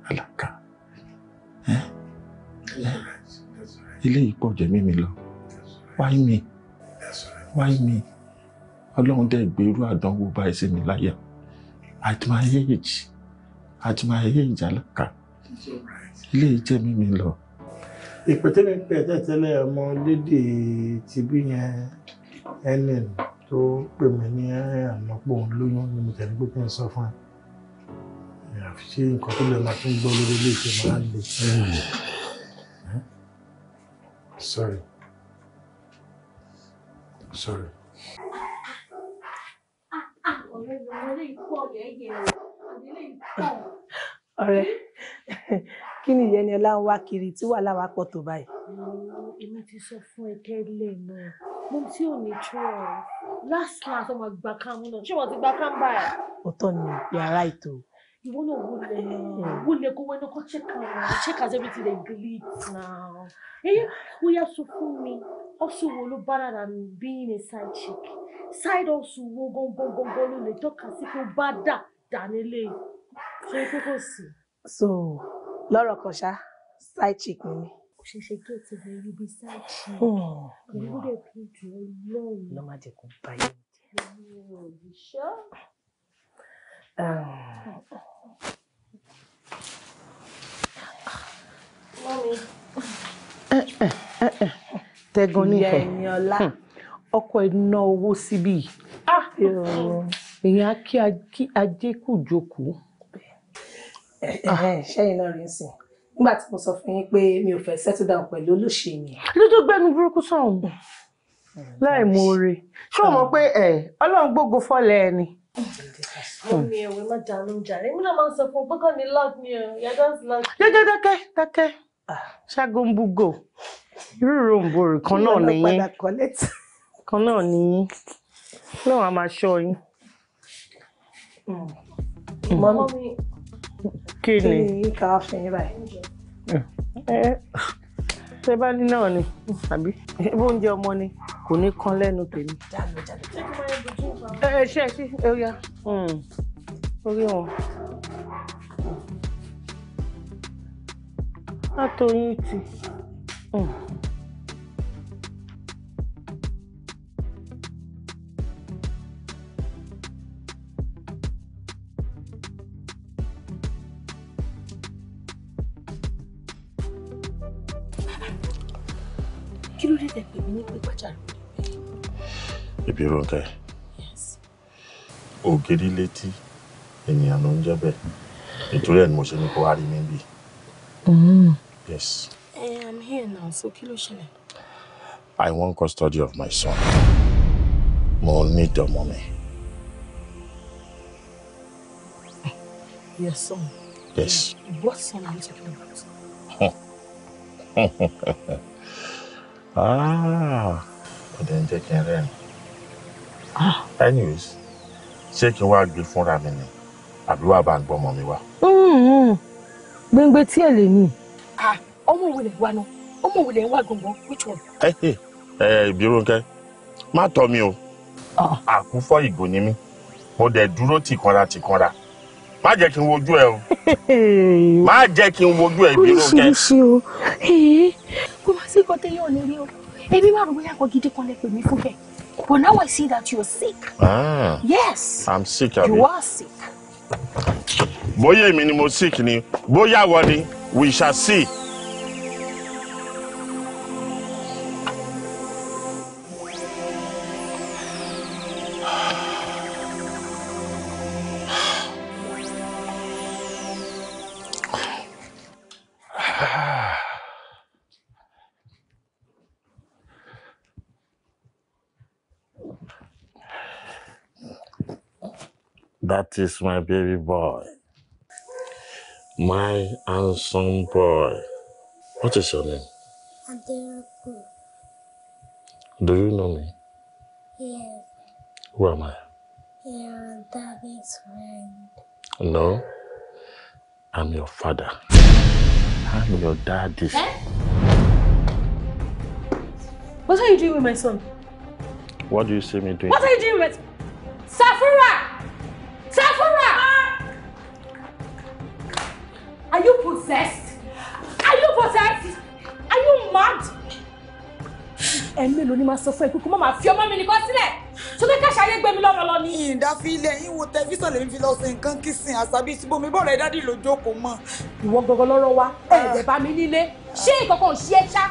alaka ilé yìí pọ̀ jẹ́ mímí lọ why me why me ọlọ́run dẹ̀ gbé irú àdánwò báyìí sí mi láyà at my age at my age alaka ilé yìí jẹ́ mímí lọ. ìpètèmí pẹ̀ tẹ́tẹ́lẹ̀ ọmọ lédè tìbí yẹn ellen tó pè mí ní ànàpọ̀ lóyún ni mo tẹ̀lé pé kí n sọ fún ẹ àfi ṣé nǹkan tó lè máa tún gbọ́ lórí ilé ìfẹ́ máa ń le. Eh? sorry sorry. ọ̀rẹ́ kí ni ìyẹn ni ọlá ń wá kiri tí wàhálà wa pọ̀ tó báyìí. èmi ti sọ fún ẹ tẹ́lẹ̀ náà mo tí ò ní tú ọ last last ọmọ gbàkámú náà ṣé wọn ti gbàkámú báyìí. òótọ́ ni yàrá ètò. You want to wule. Wule go when you go check out. Check out everything they delete now. Hey, We are so funny. Also, we look better than being a side chick. Side also, we go go go go go. They talk as if you bad that than a lay. So you go see. So, Laura kan side chick ni mí. Kò ṣe ṣe you be rẹ̀ yóò bí side chick. Ìwúlẹ̀ hmm. tó jù ọ lọ́rùn. Lọ́ máa jẹ kó báyìí. sure tẹ́gan nífẹ̀ẹ́ hmm. ọkọ ẹ̀ ná owó síbí èèyàn ah! á kí ajé kù jókòó. ṣẹ́yìn náà rí sí nígbà tí mo sọ fún yín pé mi ò fẹ́ settle down pẹ̀lú olóṣèlú. lójú gbẹ́nu burúkú sọ̀rọ̀ hmm. láì mú oore ṣé o mọ̀ pé ọlọ́run gbógo fọ́lẹ̀ ẹni. Mọ́mí ẹ̀wẹ̀ má jà ló ń jà rẹ̀. Mí náà máa ń sọ fún pé kàn ní lag ni ẹ̀. Yà dá sí lag. Dákẹ́ dákẹ́ dákẹ́. Ṣáàgùn búgò. Irú ròǹbòrò kan náà nìyẹn. Kan náà nìyẹn. Lọ́wọ́n a máa ṣọ́ yín. Mm. Mọ́mí. Kí ni? Kí ni bá ní náà ni? Àbí? Bóúnjẹ ọmọ ni kò ní kan lẹ́nu tèmi. Jàlọ ẹ ṣe sí ẹyà hmm. orí wọn látòyìn tì. Hmm. kí ló dé tẹ pè mí ní pé pàjáwìrì. ìbí ronke ògiri létí ènìyàn ló ń jẹ́ bẹ́ẹ̀ nítorí ẹ̀ ni mo ṣe ní kó wá rí mi bí. Mm. yes. Hey, I'm here now so kí ló ṣẹlẹ̀. I want custody of my son. Mo need ọmọ mi. Your son? Yes. What son are you talking about? ah, but then take care of him. Ah. Anyways ṣé kí n wá gbé fúnra mi ni àbí wàá bá ń gbọ́ ọmọ mi wá. Mm-hmm. gbẹngbẹ tí ẹ lè ní. ọmọ òwúlẹ̀ wa náà ọmọ òwúlẹ̀ wa gbọ̀ngàn which one. ẹ ẹ Ìbírúnkẹ́ má tọ́ mi o ah. àkúfọ́ ìgò ni mí mo dẹ̀ dúró tìkanra tìkanra má jẹ́ kí n wojú ẹ o má jẹ́ kí n wojú ẹ Ìbírúnkẹ́. oríṣiríṣi o kò má sí kọ́tẹ́lẹ́ ò ní rí o ebi má rò bóyá kò gidi kan lè pè mí fún bẹ́ẹ̀. Well, now I see that you're sick. Ah. Yes. I'm sick, abi. You are sick. Boye, èmi ni mo sick ni, Boya wọ́n ni, we shall see. That is my baby boy. My handsome boy. What is your name? Adiraku. Do you know me? Yes. Who am I? Your daddy's friend. No. I'm your father. I'm your daddy. Eh? What are you doing with my son? What do you see me doing? What are you doing with... Safura! Are you possessed? Are you possessed? Are you mad? Ẹ̀mélòó ni máa sọ fún ẹ pé kó má máa fi ọmọ mi nìkan sílẹ̀? Tó fẹ́ káṣá ayé mi lọ́rọ̀ lọ ni. Ìyìndá fi ilẹ̀ yín wo tẹlifíṣàn lèmi fi lọ sí nǹkan kìsìn àṣàbí ìṣubú mi bọ̀rọ̀ ẹ dádì lójó kò mọ̀. Ìwọ gọgọ lọ́rọ̀ wa, ẹ̀rẹ̀ ah. bá mi nílé. Ṣé ìkọ̀kọ̀ ò ṣí ẹ ṣá?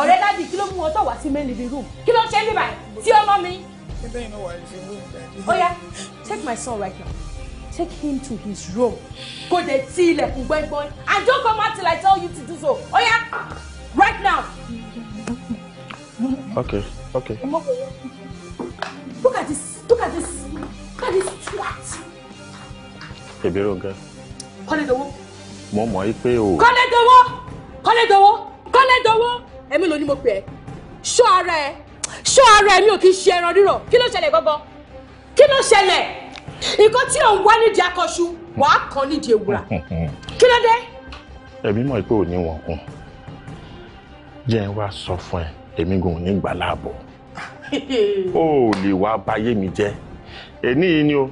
Ọ̀rẹ́ dádì kí ló mú ọtọ̀ wá sí main living room? Kí ló ń ṣe bíbà tí ọmọ mi? Ó yá, take my son right now take him to his room Go kó dé le ilẹ̀kùn gbẹ́ngbọ́n and don't come out till I tell you to do so oya oh, right now. okay okay. look at this look at this look at this twat. ìbéèrè ọ̀gá. kọ́lé dọ̀wọ́. mo mọ̀ ẹ́ pé o. kọ́lé dọ̀wọ́ kọ́lé dọ̀wọ́ kọ́lé dọ̀wọ́ èmi ló ní mo pè é ṣọ́ ara ẹ ṣọ́ ara ẹ mi ò kì í ṣe ẹran rírọ̀ kí ló ṣẹlẹ̀ gangan kí ló ṣẹlẹ̀ nǹkan tí òun wá nídìí akọṣu wàá kàn nídìí ewúra kí ló dé. ẹ̀mí mọ̀ pé ò ní wọn kún jẹ́ ẹ wá sọ fún ẹ èmi gan ò ní gbà láàbọ̀ ó lè wá báyé mi jẹ́ èní yìí ni o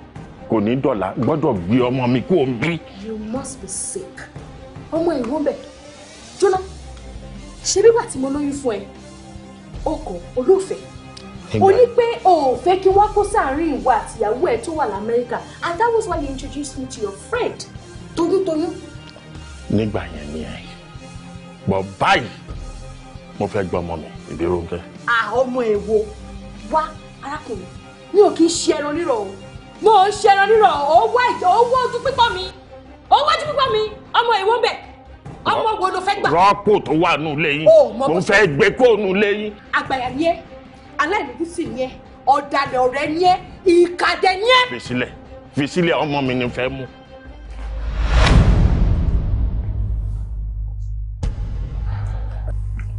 kò ní dọ̀là gbọ́dọ̀ gbé ọmọ mi kú òun you must be sick ọmọ ìwọ bẹ jóná ṣe bí wàá tí mo lóyún fún ẹ ọkọ olófẹ̀ẹ́ o ní pé o ò fẹ́ kí wọ́n kó sáàárín ìwà àtìyàwó ẹ̀ tó wà lamẹ́ríkà and that was why you introduced me to your friend toyúntoyún. nígbà yẹn ni ẹ bọ báyìí mo fẹ́ gbọ́ ọmọ mi ìbírú ń fẹ́. ọmọ ẹ wo wá arákùnrin mi ò kì í ṣe ẹran rírọ̀ o mo ò ṣe ẹran rírọ̀ o owó ẹ̀jẹ̀ owó ojú pípọ̀ mi owó ojú pípọ̀ mi ọmọ ìwọ ń bẹ̀ ọmọ wo ló fẹ́ gbà. rọ́pò tó wà nù lẹ́yìn mo fẹ́ gbé kó nù lẹ́yìn. àgbàyà ni ẹ aláìlójútì ni ẹ ọ̀dàlẹ̀ ọ̀rẹ́ ni ẹ ìkàdé ni ẹ. fi sílẹ̀ ọmọ mi ni fẹ́ mú.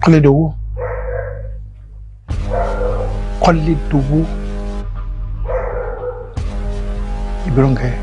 kọ́lédowó kọ́lédowó ìbírọ̀ǹkẹ́.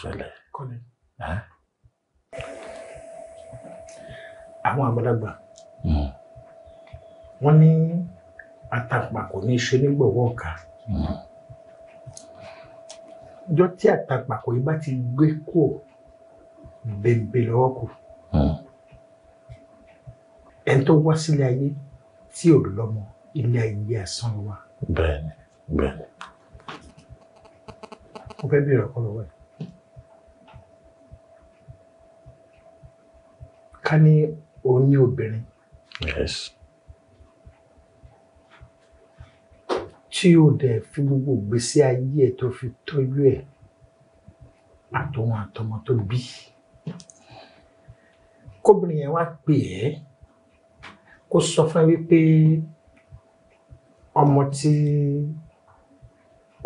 ṣẹlẹ̀. àwọn àgbàlagbà hmm. wọ́n ní àtàpà kò ní í ṣe nígbọ̀wọ́ ọ̀ka hmm. ọjọ́ tí àtàpà kò yí bá ti gbé kò bèbè lọ́wọ́ kù hmm. ẹni tó wá sílé ayé tí ò lọ́mọ ilé ayé asán wa. bẹ́ẹ̀ni bẹ́ẹ̀ni. mo fẹ́ bèrè ọkọ lọ́wọ́ ẹ̀. ká ní òun obìnrin. Yes. tí o dẹ̀ fi gbogbo gbèsè ayé ẹ̀ tó fi tọ́jú ẹ̀ àtọ̀wọn àtọmọ tó bí kóbìnrin yẹn wá pè ẹ́ kó sọ fún ẹ wípé ọmọ tí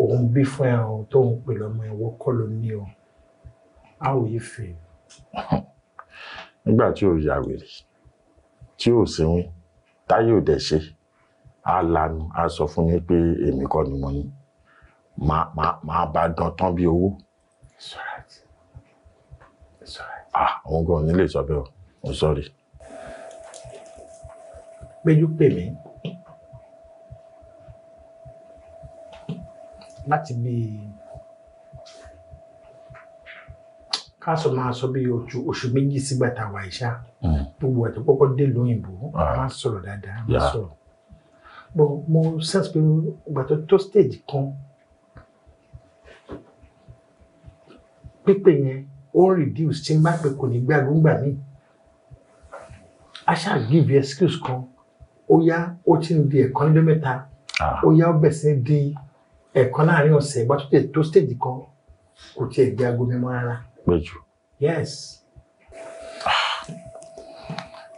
òun bí fún ẹ o tóun pè lọ́mọ ẹ wọ́kọ́ ló ní o how will you feel? nígbà tí ò ya wèrè tí ò sínwín táyé ò dẹ̀ ṣe á lanu á sọ fún mi pé èmi kọ́ ni mo ní màá bá dán tán bí owó. ah òun gan ní lè sọ bẹ́ẹ̀ o i'm sorry. péjú pè mí láti bíi. ká sọ máa sọ bí oṣù oṣù méjì sígbà tá a wà ìṣá hmm. gbogbo ẹ̀ tó kọ́kọ́ dé lóyìnbó máa sọ̀rọ̀ dáadáa máa sọ̀rọ̀ bọ́ mo sense pé ìgbà tó tó stage kan pípé yẹn ó reduce tí n bá pè kò ní gbàgbọ́ gbà mí a give you excuse kan ó yá ó ti ń di ẹ̀kan lé mẹ́ta ah. ó yá ó bẹ̀ sí di ẹ̀kan láàrin ọ̀sẹ̀ ìgbà tó tẹ̀ tó stage kan kò tiẹ̀ di aago mímọ́ rárá. Péjú. Yes.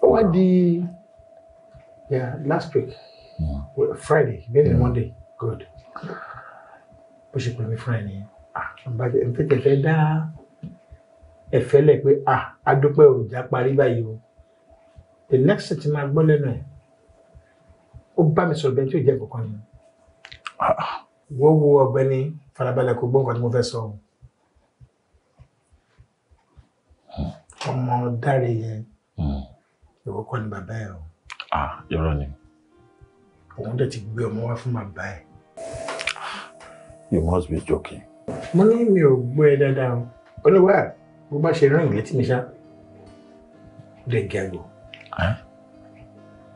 Ó wá di yeah, last week yeah. Hmm. Friday maybe yeah. Monday good. Bó ṣe pè mí fún ah, ẹ nìyẹn. Àbájá ẹ̀ ń tẹ̀tẹ̀ fẹ́ dá ẹ̀fẹ́ lẹ̀ pé à ah, á dúpẹ́ òòjà parí báyìí o. The next thing ti máa gbọ́ lẹ́nu ẹ̀ ó bá mi sọ̀rọ̀ bẹ́ẹ̀ tí ò jẹ́ kọ̀ọ̀kan ni. Ah, Wọ́n wo ọ̀gbẹ́ni farabalẹ̀ kó gbọ́ nǹkan tí mo fẹ́ sọ o. ọmọ dáre yẹn hmm. ìwọ kọ́ ni bàbá ẹ o. ah irọ́ ni. òun dẹ̀ ti gbé ọmọ wá fún bàbá ẹ. you must be joking. mo ní mi ò gbọ́ ẹ dáadáa o olówó ẹ bó bá ṣe rán ìlétí mi ṣá lè gẹ̀gọ̀.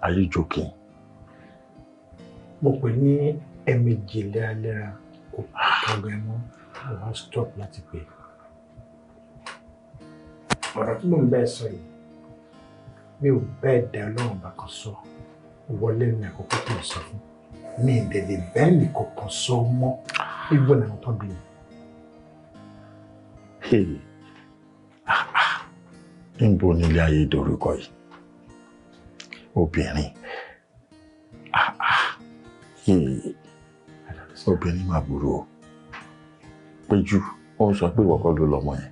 are you joking. mo pè ní ẹ̀mejì léraléra kò kẹgbẹ́ mọ́ mo stop láti pè é ọ̀rọ̀ tí mò ń bẹ́ẹ̀ sọ yìí mi ò bẹ́ẹ̀ dẹ ọlọ́run bá kan sọ wọlé ní àkókò tó ń sọ fún mi ì dẹ̀dẹ̀ bẹ́ẹ̀ lè kọ̀ọ̀kan sọ mọ́ ibo làwọn tó bí mi. Ah, ah. níbo nílé ayé dorúkọ yìí obìnrin ah, obìnrin máa burú o péjú ó ń sọ pé ìwọ kọ́ ló lọ́mọ yẹn.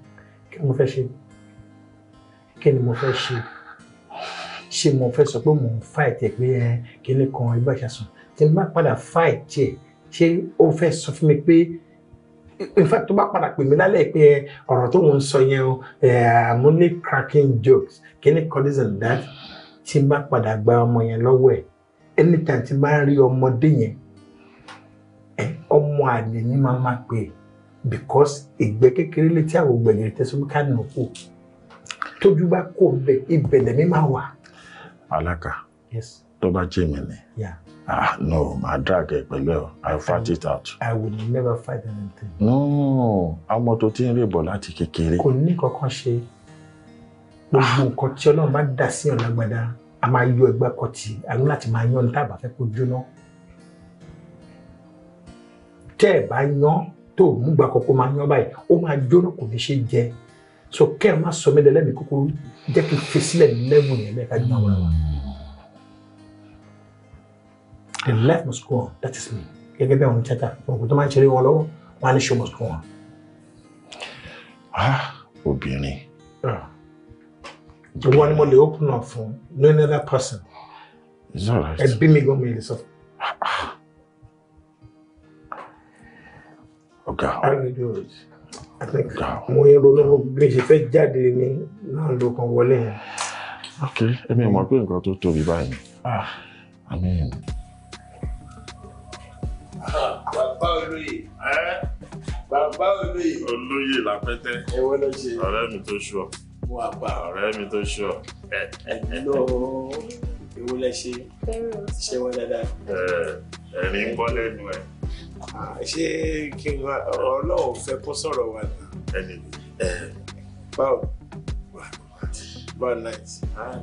kí ló fẹ́ ṣe é kí ni mo fẹ́ ṣe ṣé mo fẹ́ sọ pé mò ń fight ẹ̀ pé ẹ kíní kan ẹgbẹ́ ìṣàsùn tí n bá padà fight ẹ̀ ṣé ó fẹ́ sọ fún mi pé in fact tó bá padà pè mí lálẹ́ pé ọ̀rọ̀ tó ń sọ yẹn o mo cracking jokes kíní kan this and that tí n bá padà gba ọmọ yẹn lọ́wọ́ ẹ̀ anytime tí n bá rí ọmọdé yẹn ọmọ àlè ni màá máa pè because ìgbẹ́ kékeré létí àwọn ògbẹ̀yìn tẹ́sán ká nù kú tójú bá kò bẹ ibẹ̀ lẹ̀mí máa wà. alaka tó bá jẹ́ mi ni ah no ma drag ẹ ẹ i fight it out. i will never fight anything. no ọmọ tó ti ń rè bọ̀ láti kékeré. kò ní kankan ṣe gbogbo nǹkan tí ọlọ́run bá dà sí ọ̀nà gbàdá a máa yọ ẹgbẹ́ kọtì àní láti máa yan ní tábà fẹ́ kó jóná tẹ́ ẹ̀ bá yan tó mú gbàkọ́ kó máa yan báyìí ó máa jóná kò ní ṣe jẹ so kẹ́ẹ̀ má sọ mi dẹ lẹ́mi kúkúrú jẹ́ kí n fèsì lẹ̀ lẹ́wù yẹn lẹ́ka jù náà wọ́n. the life must go on that is me gẹ́gẹ́ bí àwọn tíátà òkú tó máa ń ṣeré wọn lọ́wọ́ wọn á ní show must go on. ah obìnrin. Ah. ìwọ ni mo lè open up fún no another person. it's alright. ẹbí mi gan mi lè sọ. Ah, ah. ọ̀gá. I mo yẹn ronú bí n ṣe fẹ́ jáde ní náà ló kan wọlé yẹn. ok èmi ò mọ̀ pé nǹkan tó tóbi báyìí àmín. Ah, ah, bàbá olóyè bàbá olóyè. olóyè làpẹtẹ ọ̀rẹ́ mi tó ṣù ọ. mo wà pa ọ̀rẹ́ mi tó ṣù ọ. lọ ewu lẹ ṣe ṣe wọn dáadáa. ẹ̀rín ń bọ́ lẹ́nu ẹ̀. Ah, ṣé kí n ọlọ́run fẹ́ kó sọ̀rọ̀ wa ni. ẹni ẹ eh, báwo báwo night ah,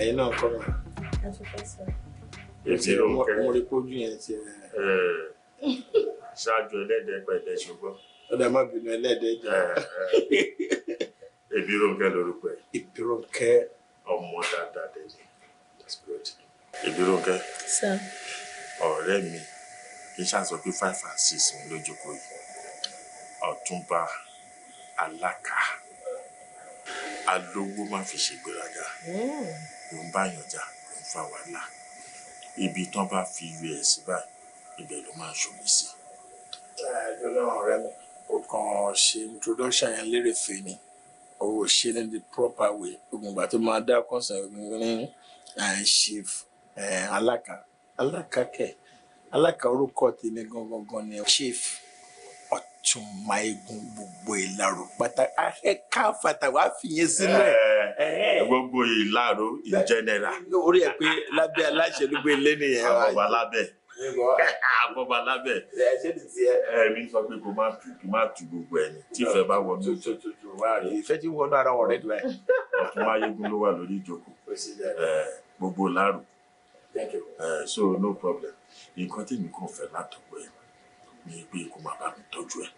ẹ̀yin náà kọ́ mi. ètò ìlú kẹ́kẹ́ mo rí kójú yẹn ti rẹ̀. Eh. Eh, ṣáájú ẹlẹ́dẹ̀ẹ́ pẹ̀lẹ́ ṣùgbọ́n. ọ̀dà má bínú ẹlẹ́dẹ̀ẹ́ jẹ́. Ìbíròǹkẹ́ lorúkọ ẹ̀. Ìbíròǹkẹ́. Ọmọ dáadáa dẹ̀ ni. That's good. Ìbíròǹkẹ́. Sir. Ọ̀rẹ́ mi kì í ṣàǹsọ five and six mi lójókòó yìí ọ̀túnba alaka, alówó má fi ṣègbéraga ló ń báyàn jà ló ń fa wàhálà ibi tán bá fi yọ ẹ̀ sí báyìí ibẹ̀ ló máa ń ṣomi sí. ẹ̀ẹ́dọ́lọ́run rẹ mi ó kàn ṣe introduction yẹn lérè fè ni ó ṣe ní the proper way ògùngbà tó máa dá kọ́sàn-án ní chief alaka alaka kẹ́ẹ̀ alákà orúkọ tèmi gangan ni chief ọ̀túnba eégún gbogbo ìlàró pátá ẹ̀ka fàtàwá fìyẹn sílẹ̀. gbogbo ìlàró in general. orí ẹ pé lábẹ́ aláṣẹ ló gbé ilé nìyẹn. àwọn ọba lábẹ́ àbọ̀bà lábẹ́ ẹ̀rí sọ pé kò má tù kò má tù gbogbo ẹ̀yìn tí ìfẹ́ bá wọ ní ojú ìfẹ́ tí wọ́n dára wọ̀rẹ́ dùn ẹ̀. ọ̀tún ayégún ló wà lórí ìjókòó gbogbo láàrú so no problem nǹkan tèmi kàn fẹ́ látọ̀gbọ́ ẹ̀ ni pé kó máa bá mi tọ́jú ẹ̀.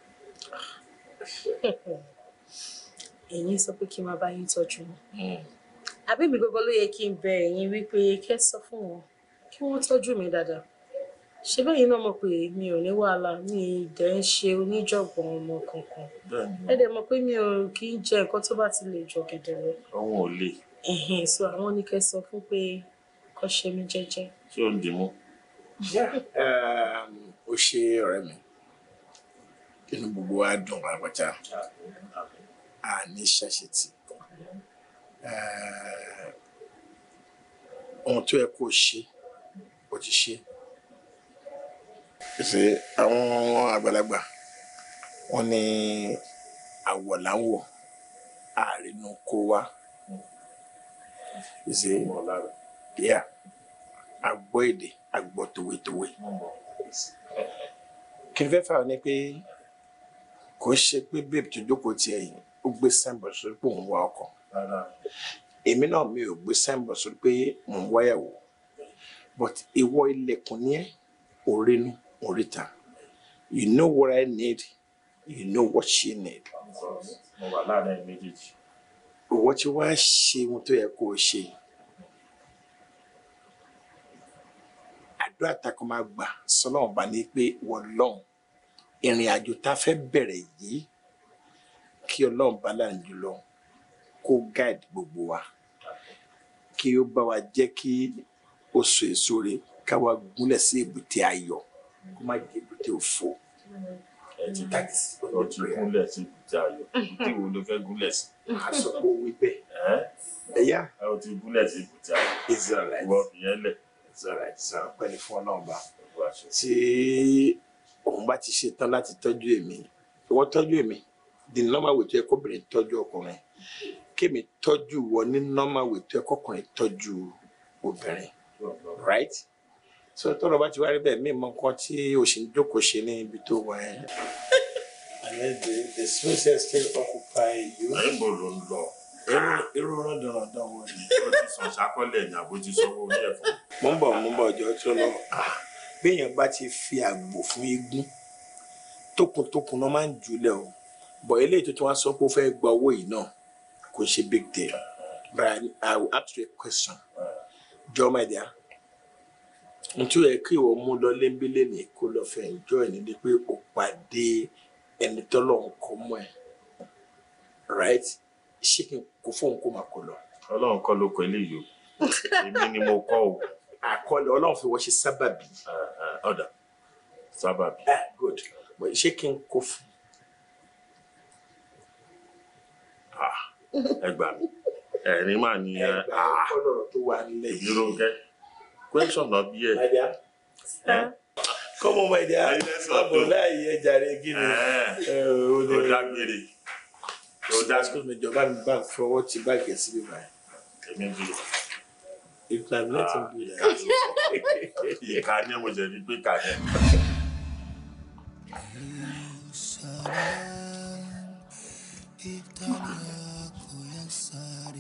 ẹ̀yin sọ pé kí n máa bá yín tọ́jú wọn hmm. àbí mi gbogbo ló yẹ kí n bẹ ẹ̀yin wípé kẹ́ sọ fún wọn kí wọ́n tọ́jú mi dáadáa ṣe bẹ́yìn náà mọ̀ pé mi ò ní wàhálà mi dẹ̀ ń ṣe oníjọ̀gbọ̀n ọmọ kankan ẹ dẹ̀ mọ̀ pé mi ò kí ń jẹ nǹkan tó bá ti lè jọ gẹ̀dẹ̀ lọ. ọ̀hún ò le. so àwọn oníkẹ́ sọ fún pé kọ́ ṣe mí jẹ́jẹ́. ṣé o ń dìmú o um, ṣe ọ̀rẹ́ mi inú gbogbo wa dùn rápájá a ní ṣàṣetì eh, ohun tó yẹ kó ṣe ó ti ṣe ṣe àwọn àgbàlagbà wọn ní àwọ̀ láwọ̀ àrínú kó wá ṣe àgbọ̀ èdè àgbọ̀ tòwétòwé kí n fẹ́ fà ní pé kò ṣe pé babe tó jókòó ti ẹ̀yìn ó gbé sẹ́ńbọ̀ sórí pé òun wá ọkọ èmi náà mi ò gbé sẹ́ńbọ̀ sórí pé mò ń wáyàwó but ìwọ ilẹ̀kùn ní ẹ̀ orinu oríta you know what I need you know what she need. mo wà láàrin méjèèjì. òwò tí wàá ṣe ohun tó yẹ kó o ṣe yìí àdúrà tá a kàn máa gbà sọ́lọ́run bá ní pé wọlọ́run ìrìn àjò tá a fẹ́ bẹ̀rẹ̀ yìí kí Ọlọ́run bá láàrin jùlọ kó guide gbogbo wa kí ó bá wa jẹ́ kí oṣù èso rẹ káwa gúnlẹ̀ sí èbúté ayọ̀ kó má jẹ́ èbúté òfo. ẹ ti tàkìsì ọtí gúnlẹ̀ sí èbúté ayọ̀ èbúté wo ló fẹ́ gúnlẹ̀ sí. a sọ pé ó wí bẹ́ẹ̀. ẹ yá. gúnlẹ̀ sí èbúté ayọ̀. israelite. wọ́n fi yẹn lẹ̀ pẹ̀lú fún ọlọ́run bá tí òun bá ti ṣe tán láti tọ́jú èmi ìwọ tọ́jú èmi the normal way tó yẹ kóbìnrin tọ́jú ọkùnrin kémi tọ́jú wọ ní normal way tó yẹ kọkùnrin tọ́jú obìnrin right so tọ́rọ̀ bá ti wá rí bẹ́ẹ̀ mí mọ nǹkan tí o ṣì ń jókòó ṣe ní ibi tó wà ẹ. and then the the Swiss is still occupying you. ẹ bò ló irú rẹ̀ dáradá wọ ni. ó ti sàn sákọ́lẹ̀ ní àbójú sọ́wọ́ orí ẹ̀ fún. mo ń bọ̀ mo ń bọ̀ ọjọ́ tó lọ béèyàn bá ti fi àgbò fún eégún tókùntókùn náà máa ń jùlẹ̀ o bọ̀ eléyìí tó ti wá sọ pé ó fẹ́ gba owó yìí náà kò ṣe big deal but I, will ask you a question jọ my dear nítorí ẹ kí ìwọ mú lọ lẹ́ńbílẹ̀ ní kó lọ fẹ́ enjoy ẹ̀ nílé pé o pàdé ẹni tọ́lọ̀ ń kọ́ mọ́ ẹ right ṣé kí n kò fóun kó máa kọ lọ. ọlọ́run kọ́ ló kọ eléyìí o èmi ni mo kọ́ o. àkọlẹ̀ ọlọ́run fi wọ́n ṣe sábàbí. ọ̀dà sábàbí. Ah, good ṣé kí n kó fún. Ah, ẹ gbà mí ẹ̀rín mà ní ẹ ah, ìdúrógẹ́ question náà bí ẹ. kọ́mọ ọmọ ìjà ọ̀bùn láàyè ẹja rẹ̀ gíní. ó dágbére broda school ìjọba mi bá fọwọ́ ti báàgì ẹ̀ síbí báyìí. èmi ń bí. if ìka ni mo jẹ ní pé ká ní.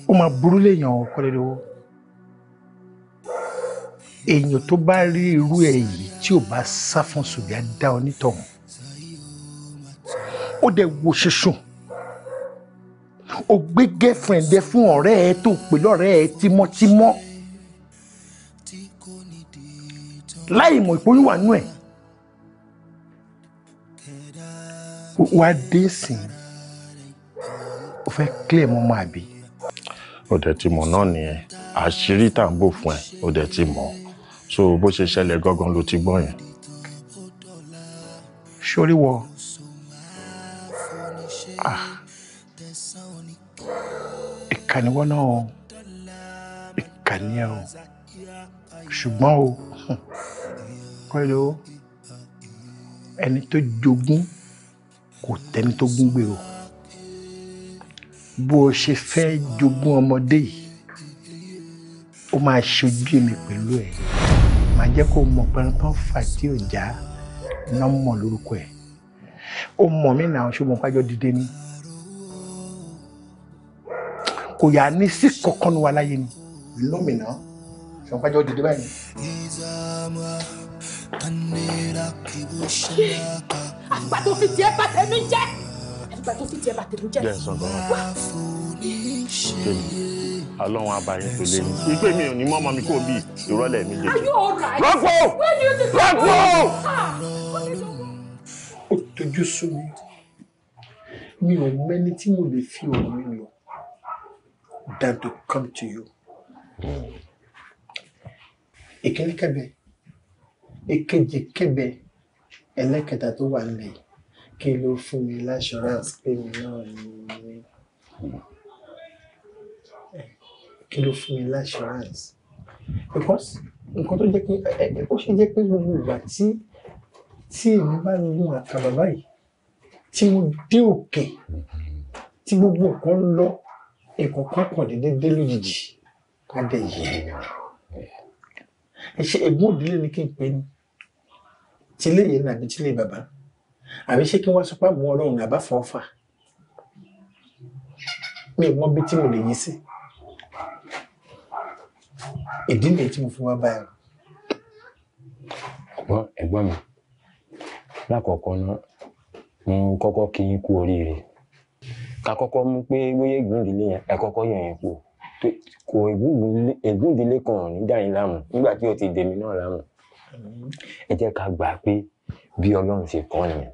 ó máa burú léèyàn ọ̀kọ́lẹ́ lọ́wọ́ èèyàn tó bá rí irú ẹ̀ yìí tí ò bá sá fún ṣùgbọ́n dá ọ nítọ̀hún ó dẹ̀ wo ṣe sùn o gbé girlfriend ẹ fún ọ̀rẹ́ ẹ tó pè lọ́rẹ́ ẹ tímọ́tímọ́ láì mọ̀ ìpóyún wà nú ẹ̀ wá dé sìn o fẹ́ clear mọ́ máa bí. o dẹ̀ ti mọ̀ náà nìyẹn àṣírí tá à ń bò fún ẹ o dẹ̀ ti mọ̀ so bó ṣe ṣẹlẹ̀ gangan ló ti gbọ́ yẹn. sórí wọ. ah ìkà ni wọ́n náà o ẹ o ṣùgbọ́n o pẹ̀lú ẹni tó jogún kò tẹ́ni tó gún gbé o bó o ṣe fẹ́ jogún ọmọdé yìí ó máa ṣojú èmi pẹ̀lú ẹ̀ màá jẹ́ kó mọ̀ pẹ́rẹ́ tán fà tí ò já náà mọ̀ lórúkọ ẹ̀ ó mọ̀ mí náà ṣùgbọ́n kájọ́ dìde ni kò yà ní sí kankan nu wa láyé ni. lómìnà sọ̀nkájọ́ dìde báyìí. àgbà tó fi tiẹ̀ bá tẹnu jẹ́ àgbà tó fi tiẹ̀ bá tẹnu jẹ́. jẹ́sán gan-an tó lé mi ìpè mi ò ní mọ́ ọmọ mi kò bí ìrọ́lẹ̀ mi lè. rọ́pò rọ́pò. ó tojú sú mi ò mẹ́ni tí mo lè fi òun lọ than to come to you. Ìkíní kẹ̀bẹ̀, ìkejì kẹ̀bẹ̀, ẹlẹ́kẹta tó wà nílẹ̀ kí ló fún mi láṣọ́ránsì pé mi náà ni kí ló fún mi láṣọ́ránsì. Because nǹkan tó jẹ́ pé ó ṣe jẹ́ pé gbogbo ìgbà tí tí èmi bá ní àkàbà báyìí tí mo dé òkè tí gbogbo nǹkan lọ ìkọ̀kan kan dédé dé lójijì ká dé yẹ ẹ ṣe ẹ̀gbọ́n òdílé ni kí n pè ní tilé yẹn ní àbí tilé bàbá àbí ṣé kí wọ́n sọ pé àwọn ọlọ́run àbá fọ́ fà mi mọ bí tí mo lè yí sí ìdí nìyẹn tí mo fi wá báyìí. ẹ̀gbọ́n ẹ̀gbọ́n mi lákọ̀ọ́kọ́ náà mo kọ́kọ́ kí n kú oríire ká kọ́kọ́ mú pé bóyá ègún ìdílé yẹn ẹ kọ́kọ́ yọ yẹn kú kò ègún ìdílé kan ò ní dá yín láàmú nígbà tí o ti dèmi náà láàmú ẹ jẹ́ ká gbà pé bí ọlọ́run ṣe kàn nìyẹn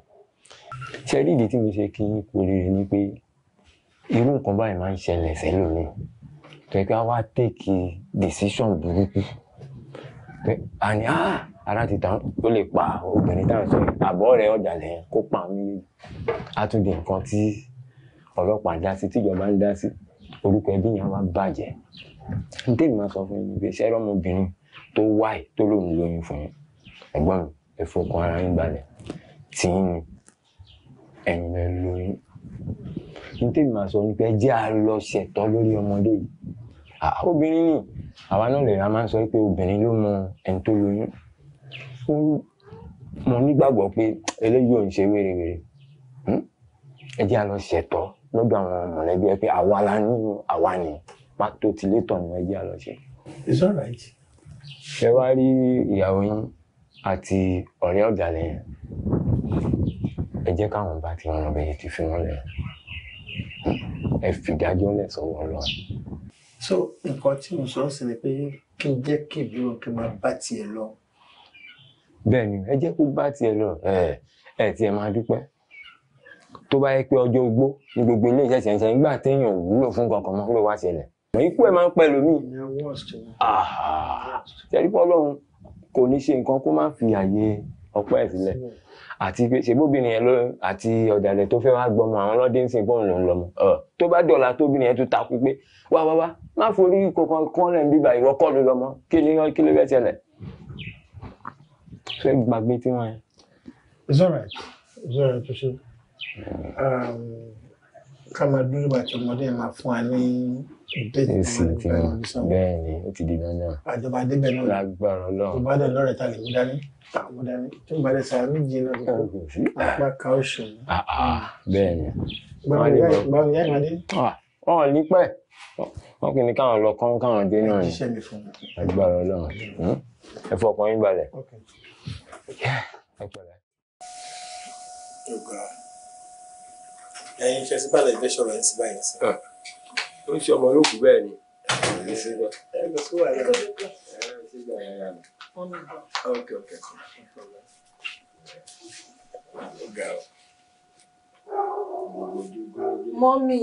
ṣe rí ìdí tí mo ṣe kí kú oríire ni pé irú nǹkan báyìí máa ń ṣẹlẹ̀ sẹ́lòmíì tó yẹ kí wá tèkì decision burúkú àní áà ah, ara ti tàn ó lè pa obìnrin táwọn sọ àbọ̀ rẹ̀ ọ̀dàlẹ̀ kó pa àwọn méjèèjì á nǹkan tí ọlọ́pàá dá sí tíjọba ń dá sí orúkọ ẹbí yẹn wá bàjẹ́ ntẹ́mi máa sọ fún yín pé ṣẹ́rọ́ ọmọbìnrin tó wáì tó lòun lóyún fún yín ẹ̀gbọ́n mi ẹ fọkàn ara yín balẹ̀ tí yín ni ẹ̀yin lẹ lóyún ntẹ́mi máa sọ nípa ẹ jẹ́ a lọ ṣẹ̀tọ́ lórí ọmọdé yìí obìnrin ni àwa náà lè ra máa ń sọ pé obìnrin ló mọ ẹni tó lóyún mo nígbàgbọ́ pé eléyìí ò ń ṣe wérewère hm? ẹ jẹ́ ṣẹ̀tọ́ lọ́dọ̀ àwọn mọ̀lẹ́bí ẹ pé àwa la ní àwa ni má tó ti létọ̀ nù ẹjẹ́ àlọ́ṣe. it's all right. ṣe wá rí ìyàwó yín àti ọ̀rẹ́ ọ̀gá lẹ́yìn ẹ jẹ́ káwọn bá ti rán bẹ́ẹ̀ ti fi wọ́n lẹ̀ ẹ fìdájọ́ lẹ̀ sọ́wọ́ lọ. so nǹkan tí mo sọ sí ni pé kí n jẹ́ kí ìbí wọn kí n máa bá tiẹ̀ lọ. bẹ́ẹ̀ ni ẹ jẹ́ kó bá tiẹ̀ lọ ẹ ẹ tiẹ̀ máa dúpẹ́ tó bá yẹ pé ọjọ́ ogbó ní gbogbo ilé ìṣẹ̀ṣẹ̀ ń ṣe nígbà téèyàn wúlò fún kankan mọ́ ló wá ṣẹlẹ̀ mọ̀ ikú ẹ̀ máa ń pẹ́ lómi. ṣẹ́rí fọlọ́run kò ní ṣe nǹkan kó má fi àyè ọpẹ́ ẹ̀ sílẹ̀ àti ṣèbóbìnrin yẹn ló àti ọ̀dàlẹ̀ tó fẹ́ wá gbọmọ àwọn ọlọ́dẹ ń sìn bọ́ọ̀lù ń tó bá dọ̀la tóbìnrin yẹn tún takú pé wá wá wá má forí kankan kán lẹ́nu bíbá ìwọ kọ́ ló kí ni kí ló fẹ́ ṣẹlẹ̀ fẹ́ gbàgbé tí wọ́n yẹn. it's alright it's alright to ṣe. Um, ká máa dúró bàtí ọmọdé máa fún wa ní èsì tí wọn bẹ́ẹ̀ ni ó ti di dandan. àjọba débẹ̀ náà lágbára Ọlọ́run tó bá dẹ̀ lọ́rẹ̀ ta lè mú dání àwọn dání tó ń balẹ̀ sàrà méjì náà kò apá ká oṣù. bẹ́ẹ̀ ni. báwo ni yáyà dé. Ah, wọn ò ní pẹ́ wọn kì í ní káwọn lọ kán káwọn dé náà ni lágbára Ọlọ́run hmm? ẹ fọ ọkàn yín balẹ̀. Okay. Yeah. Oh God ẹ̀yin fẹsí balẹ̀ ìfẹ́ sọ̀rọ̀ ẹ̀ sí báyìí sí. Ah. ó ń ṣe ọmọ yòókù bẹ́ẹ̀ ni. mọ́mì.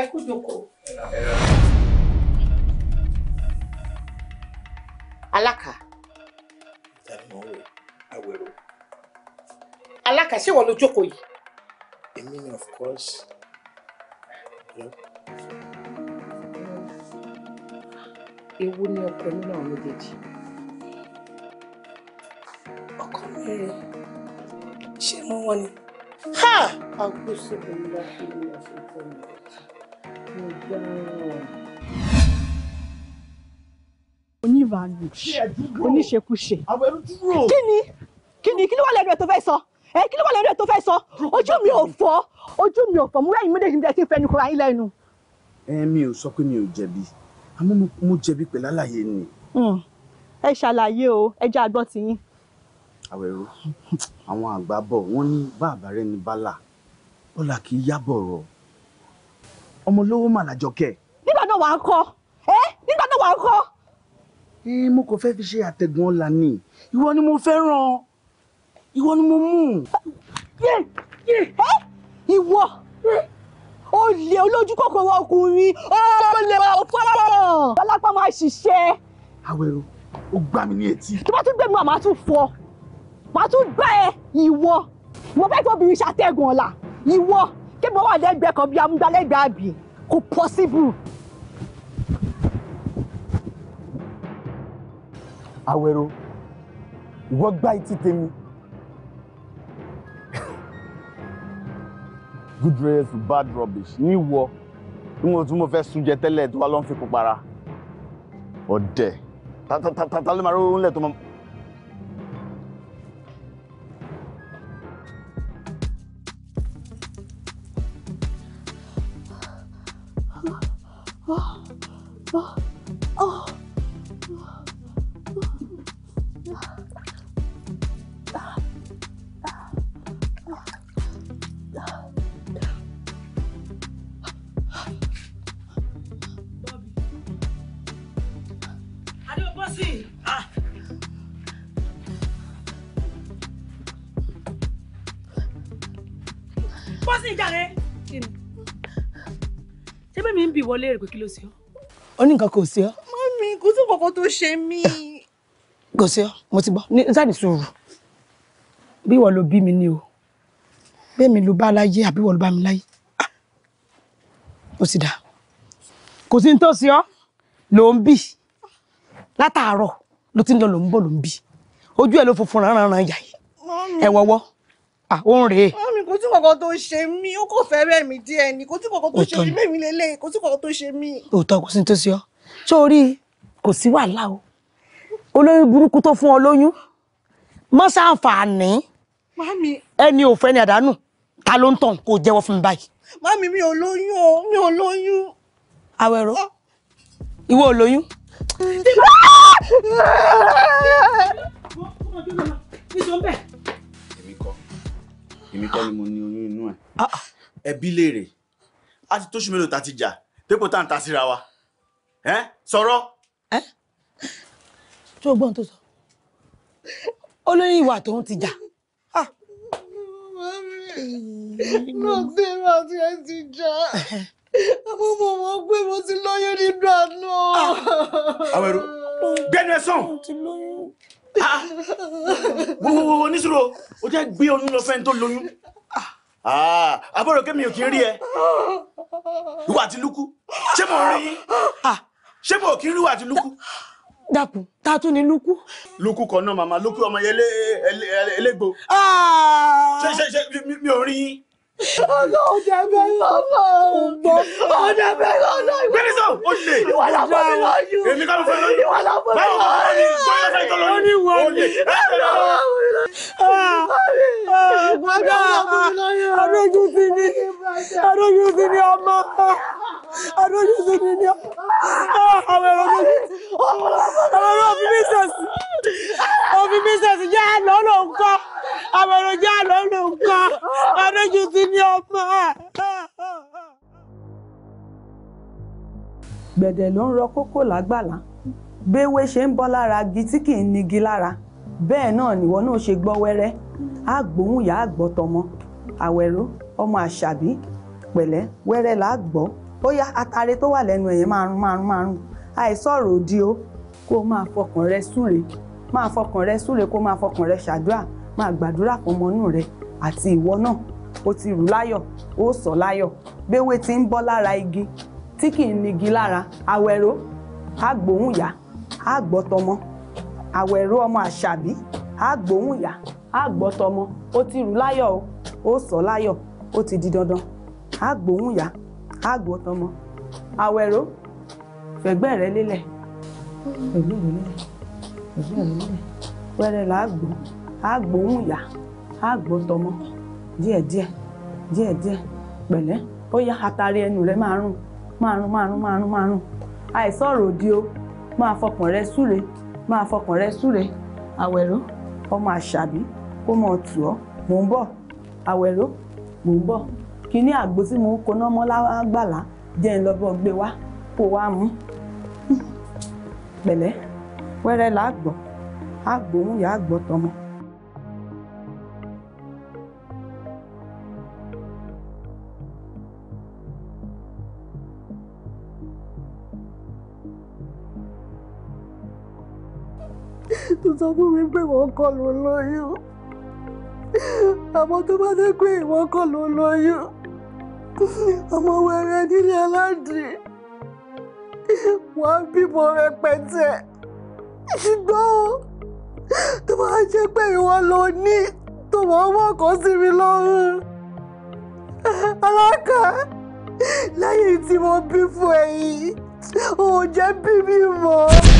ẹ kú jókòó. Alaka. Tàbí mo wò ó. Àwẹ̀rò. Alákàsí ìwọ ló jókòó yìí. Èmi ni of course. Ewu ni ọkọ nínú àwọn méjèèjì. Ọkọ mẹ́rin. Ṣé mú wọn ni? Ha! Agbésìkò ńlá fún mi àti ìtọ́ni. Mo gbá wọn ránúṣ oníṣekúṣe kí ni kí ni kí ni wà lẹ́nu ẹ̀ tó fẹ́ sọ ẹ kí ló wà lẹ́nu ẹ̀ tó fẹ́ sọ ojú mi ò fọ́ ojú mi ò fọ́ mo rẹ́yìn méjèèjì níbi tí fẹ́ni kura yín lẹ́nu. ẹ mi ò sọ pé mi ò jẹ̀bi àmọ́ mo jẹ̀bi pẹ̀lú àlàyé ni. Hmm. ẹ ṣàlàyé o ẹ jẹ́ àgbọ̀ tiyín. àwẹ̀rọ àwọn àgbà bọ̀ wọ́n ní bàbá rẹ̀ ní bálà bọ́là kì í yábọ̀ rọ̀ ọmọ lówó mà làjọkẹ́. nígbà náà wàá kọ́ ẹ nígbà náà wàá kọ́ mo kò fẹ́ fi ṣe àtẹ̀gùn ọ̀la ni ìwọ ni mo fẹ́ràn ìwọ ni mo mú. ìwọ o lè olójú kòkòrò ọkùnrin o lè fọlọ́rọ̀ bálápá máa ṣiṣẹ́. àwẹ̀rò ó gbá mi ní etí. tó bá tún gbẹ̀mí wa màá tún fọ màá tún gbá ẹ ìwọ ìwọ bẹ́ẹ̀ tó obìnrin ṣàtẹ̀gùn ọ̀la ìwọ kébì wọn wà lẹ́gbẹ̀ẹ́ kan bí amúgbálẹ́gbẹ̀ẹ́ àbí kò pọ́síbù. Awero ìwọ gbá etí tèmi good riddance bad rubbish ní ìwọ bí mo tún mo fẹ́ sunjẹ tẹ́lẹ̀ tó wá lọ́n fi kó para ọ̀dẹ̀ ta ta ta ta ló máa rówó tó máa. ìwọ léèrè pé kí ló ṣe ọ́. ó ní nǹkan kò ṣe ọ́. mami kò sí kankan tó ṣe mí. kò ṣe ọ́ mo ti gbọ́ ní sáàdì sùúrù bí ìwọ ló bí mi ni o bẹ́ẹ̀ mi ló bá láyé àbí ìwọ ló bá mi láyé ah! ó sì dáa kò sí ní tó ṣe ọ́ ló ń bì látàárọ̀ ló ti ń lọ ló ń bọ̀ ló ń bì ojú ẹ̀ ló funfun rán rán yàyí ẹ̀wọ̀wọ́ à ah, ó ń rèé tí kankan tó ṣe mí ó kò fẹ́ rẹ̀ mí díẹ̀ ni kò tí kankan tó ṣe mí mẹ́mi lélẹ̀ kò tí kankan tó ṣe mí. òótọ́ kò sí ní tó ọ́ sórí kò sí wàhálà o olórí burúkú tó fún ọ lóyún má ṣàǹfààní ẹni ò fẹ́ ni àdánù ta ló ń tàn kó jẹ́wọ́ fún mi báyìí. mami mi ò lóyún o mi ò lóyún. àwẹ̀rọ ìwọ ò lóyún. nítorí ah! bẹ́ẹ̀ èmi kọ́ ni mo ní oyún inú ẹ̀. Ah, ah. ẹbí léèrè a ti tóṣù mélòó ta ti jà dépò tá à ń ta síra wa sọ̀rọ̀. ẹ o gbọ́n tó sọ olórí ìwà tóun ti jà. Rọ̀dé ah. àti ẹ ti jà. Àmọ́ mo mọ̀ pé mo ti lóyún nínú àná. Àwọn ẹ̀rọ gbẹ́nu ẹ̀ sàn. Mo ti lóyún. Ah. wo oníṣòro o jẹ́ gbé oyún lọ fẹ́ni tó lóyún ah. Ah, àbọ̀rọ̀ kémi ò kí ń rí ẹ ìwà àti lúkú ṣé mo rí yín ṣé mo kí ń rí ìwà àti dàpọ̀ ta tún ni lúkú. lúkú kan náà màmá lúkú ọmọ yẹn elégbò ṣe ṣe ṣe mi ò rí yín ọlọ́ọ̀dẹ bẹ lọ́nà ọ̀dẹ bẹ lọ́nà gbẹ́rẹ́ sọ o lè ìwà làbọ̀ mi lọ́yún èmi kọ́ ló fẹ́ lọ́yún ìwà làbọ̀ mi lọ́yún báwo kọ́ ló fẹ́ tọ́ lọ́yún ó ní wọ́n ní ọ̀dà adójú sí ni adójú sí ni ọmọ adójú sí ni ni ọmọ àwọn ẹ̀rọ mi àwọn ẹ̀rọ mi mi sẹ̀sì òfin mi sẹ̀sì yá lọ́nà nǹkan àwọn ẹ̀rọ yá lọ́nà nǹkan adójú sí mi ọmọ ẹ̀. gbẹ̀dẹ̀ ló ń rọ kókò lágbàlá béwé ṣe ń bọ́ lára agi tí kì í nigi lára bẹ́ẹ̀ náà nìwọ náà ṣe gbọ́ wẹ́rẹ́ á gbóhùn yá àgbọ̀tọ̀mọ àwẹ̀rọ ọmọ àṣàbí pẹ̀lẹ́ wẹ́rẹ́ là á gbọ́ ó yá atare tó wà lẹ́nu ẹ̀yẹ márùn márùn márùn àìsọ̀rọ̀ òdi o kó o máa fọkàn rẹ súre máa fọkàn rẹ súre kó o máa fọkàn rẹ ṣàdúrà máa gbàdúrà fún inú rẹ àti ìwọ náà o ti rù láyọ̀ o sọ láyọ̀ béwé ti ń bọ́ lára igi tí kì í nigi lára àwẹ̀rọ àgbòhùn yá àgbọ́tọmọ àwẹ̀rọ ọmọ àṣàbí àgbòhùn yá àgbọ́tọmọ o ti rù láyọ̀ o o sọ láyọ̀ o ti di dandan àgbòhùn yá àgbọ́tọmọ àwẹ̀rọ fẹ̀gbẹ́ rẹ lélẹ̀ fẹ̀gbẹ́ rẹ lélẹ̀ wẹ́rẹ́ làá gbò àgbòhùn yá àgbọ́tọmọ díẹ̀díẹ̀ díẹ̀díẹ̀ pẹ̀lẹ́ ó yá àtàrí ẹnu rẹ máa rún máa rún máa rún máa rún máa rún àìsàn ọ̀rọ̀ òdi o máa fọkàn rẹ súre máa fọkàn rẹ súre àwẹ̀rọ ọmọ àṣàbí kó mọ̀ tù ọ́ mò ń bọ̀ àwẹ̀rọ mò ń bọ̀ kíní àgbo tí mo ń koná mọ́ lágbàlá jẹ́ ń lọ́bọ̀ gbé wá kó wá mú pẹ̀lẹ́ wẹ́rẹ́ làá gbọ́ àgbòhùn yàá gbọ́ tọmọ. tó sọ fún mi pé wọ́n kọ́ ló lóyún àmọ́ tó bá dé pé ìwọ́n kọ́ ló lóyún ọmọ wẹrẹ nílé aládìí wàá bímọ rẹpẹtẹ ṣùgbọ́n tó bá jẹ́ pé ìwọ ló ní tó wọ́n wọ́n kọ́ sí mi lọ́rùn alákà lẹ́yìn tí mo bí fún ẹ̀yìn ò jẹ́ bí mi mọ́.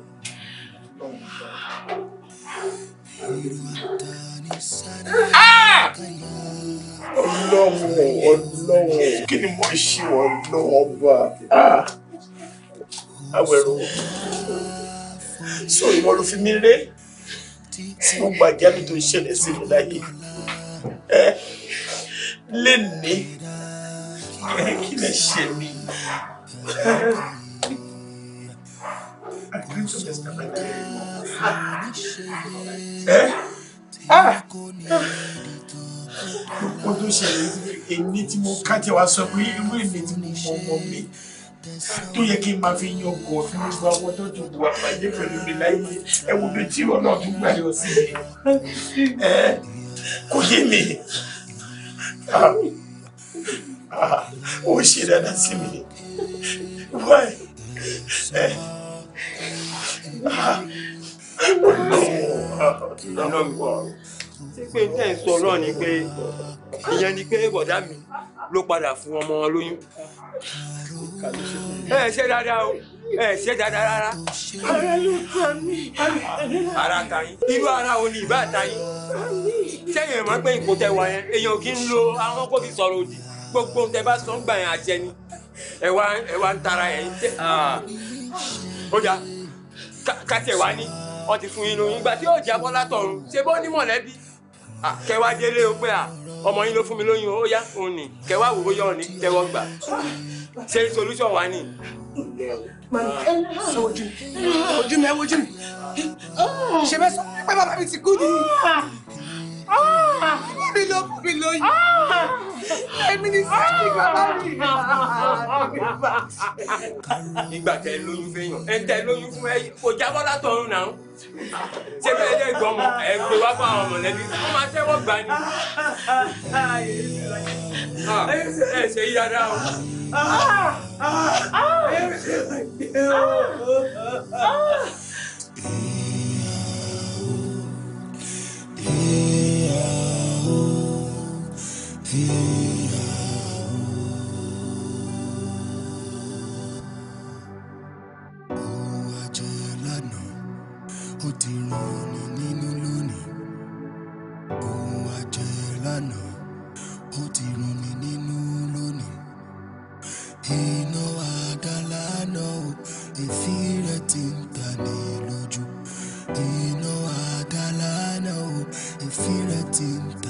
ọlọ́wọ́ ah! ọlọ́wọ́ kí ni mo ṣe ọlọ́wọ́ ọba ah! awẹ̀rọ sọ ìwọ ló fi mí ré tí mo gbàjẹ́ mi tó ṣẹlẹ̀ sí mi láyé ẹ lè ní kí lè ṣe mí àdúrà ìjọba ẹsẹ náà jẹ ẹ gbogbo tó ṣẹlẹ̀ ẹni tí mo ká tẹ wá sọ pé irú ẹni tí mo mọ ọmọ mi tó yẹ kí n máa fi yan ọgọ fún gbogbo àwọn tó tó wà pàdé pẹ̀lú mi láyé ẹ wo bí tí ọlọ́ọ̀ tó gbà yọ sí mi ẹ kò yé mi ó ṣe dáadáa sí mi wáyé ẹ ṣé ìyẹn ni pé bọ̀dá mi ló padà fún ọmọ lóyún ẹ ṣe dáadáa o ẹ ṣe dáadáa rárá. ara ló ta mí. ara ta yín irú ara o ni ìbá ta yín sẹ́yìn ẹ̀ máa ń ipò tẹ wá yẹn èèyàn kì í lo àwọn kó fi sọ̀rọ̀ òdì gbogbo tẹ bá sọ ń gbà yẹn àjẹni ẹ wá ń tara ẹ̀ ah. ó jà kátẹ̀ wá ní wọ́n fún inú yín gbà tí yóò jábọ́ látọ̀run ṣe bó ní mọ̀lẹ́bí kẹwàá délé o pé à ọmọ yín ló fún mi lóyún ó yá òun ni kẹwàá wò ó yọ ọ ní tẹ́wọ́ gbà ṣe solution wà ní. ojú mi ẹ wojú mi ṣe bẹ́ẹ̀ sọ pé bàbá mi ti kú ni. Ah, mi ló fún mi lóyún èmi ni sẹ́ẹ̀lì bàbá mi ìgbà tẹ lóyún fẹ́yàn ẹ tẹ lóyún fún ẹ kò jábọ́ látọ̀run náà ṣé bẹ́ẹ̀ lè gbọ́ ọmọ ẹ gbé wá fún àwọn mọ̀lẹ́bí wọ́n máa tẹ́wọ́ gbà ní. ẹ ṣe yí dáadáa o. Yeah. Fear a team.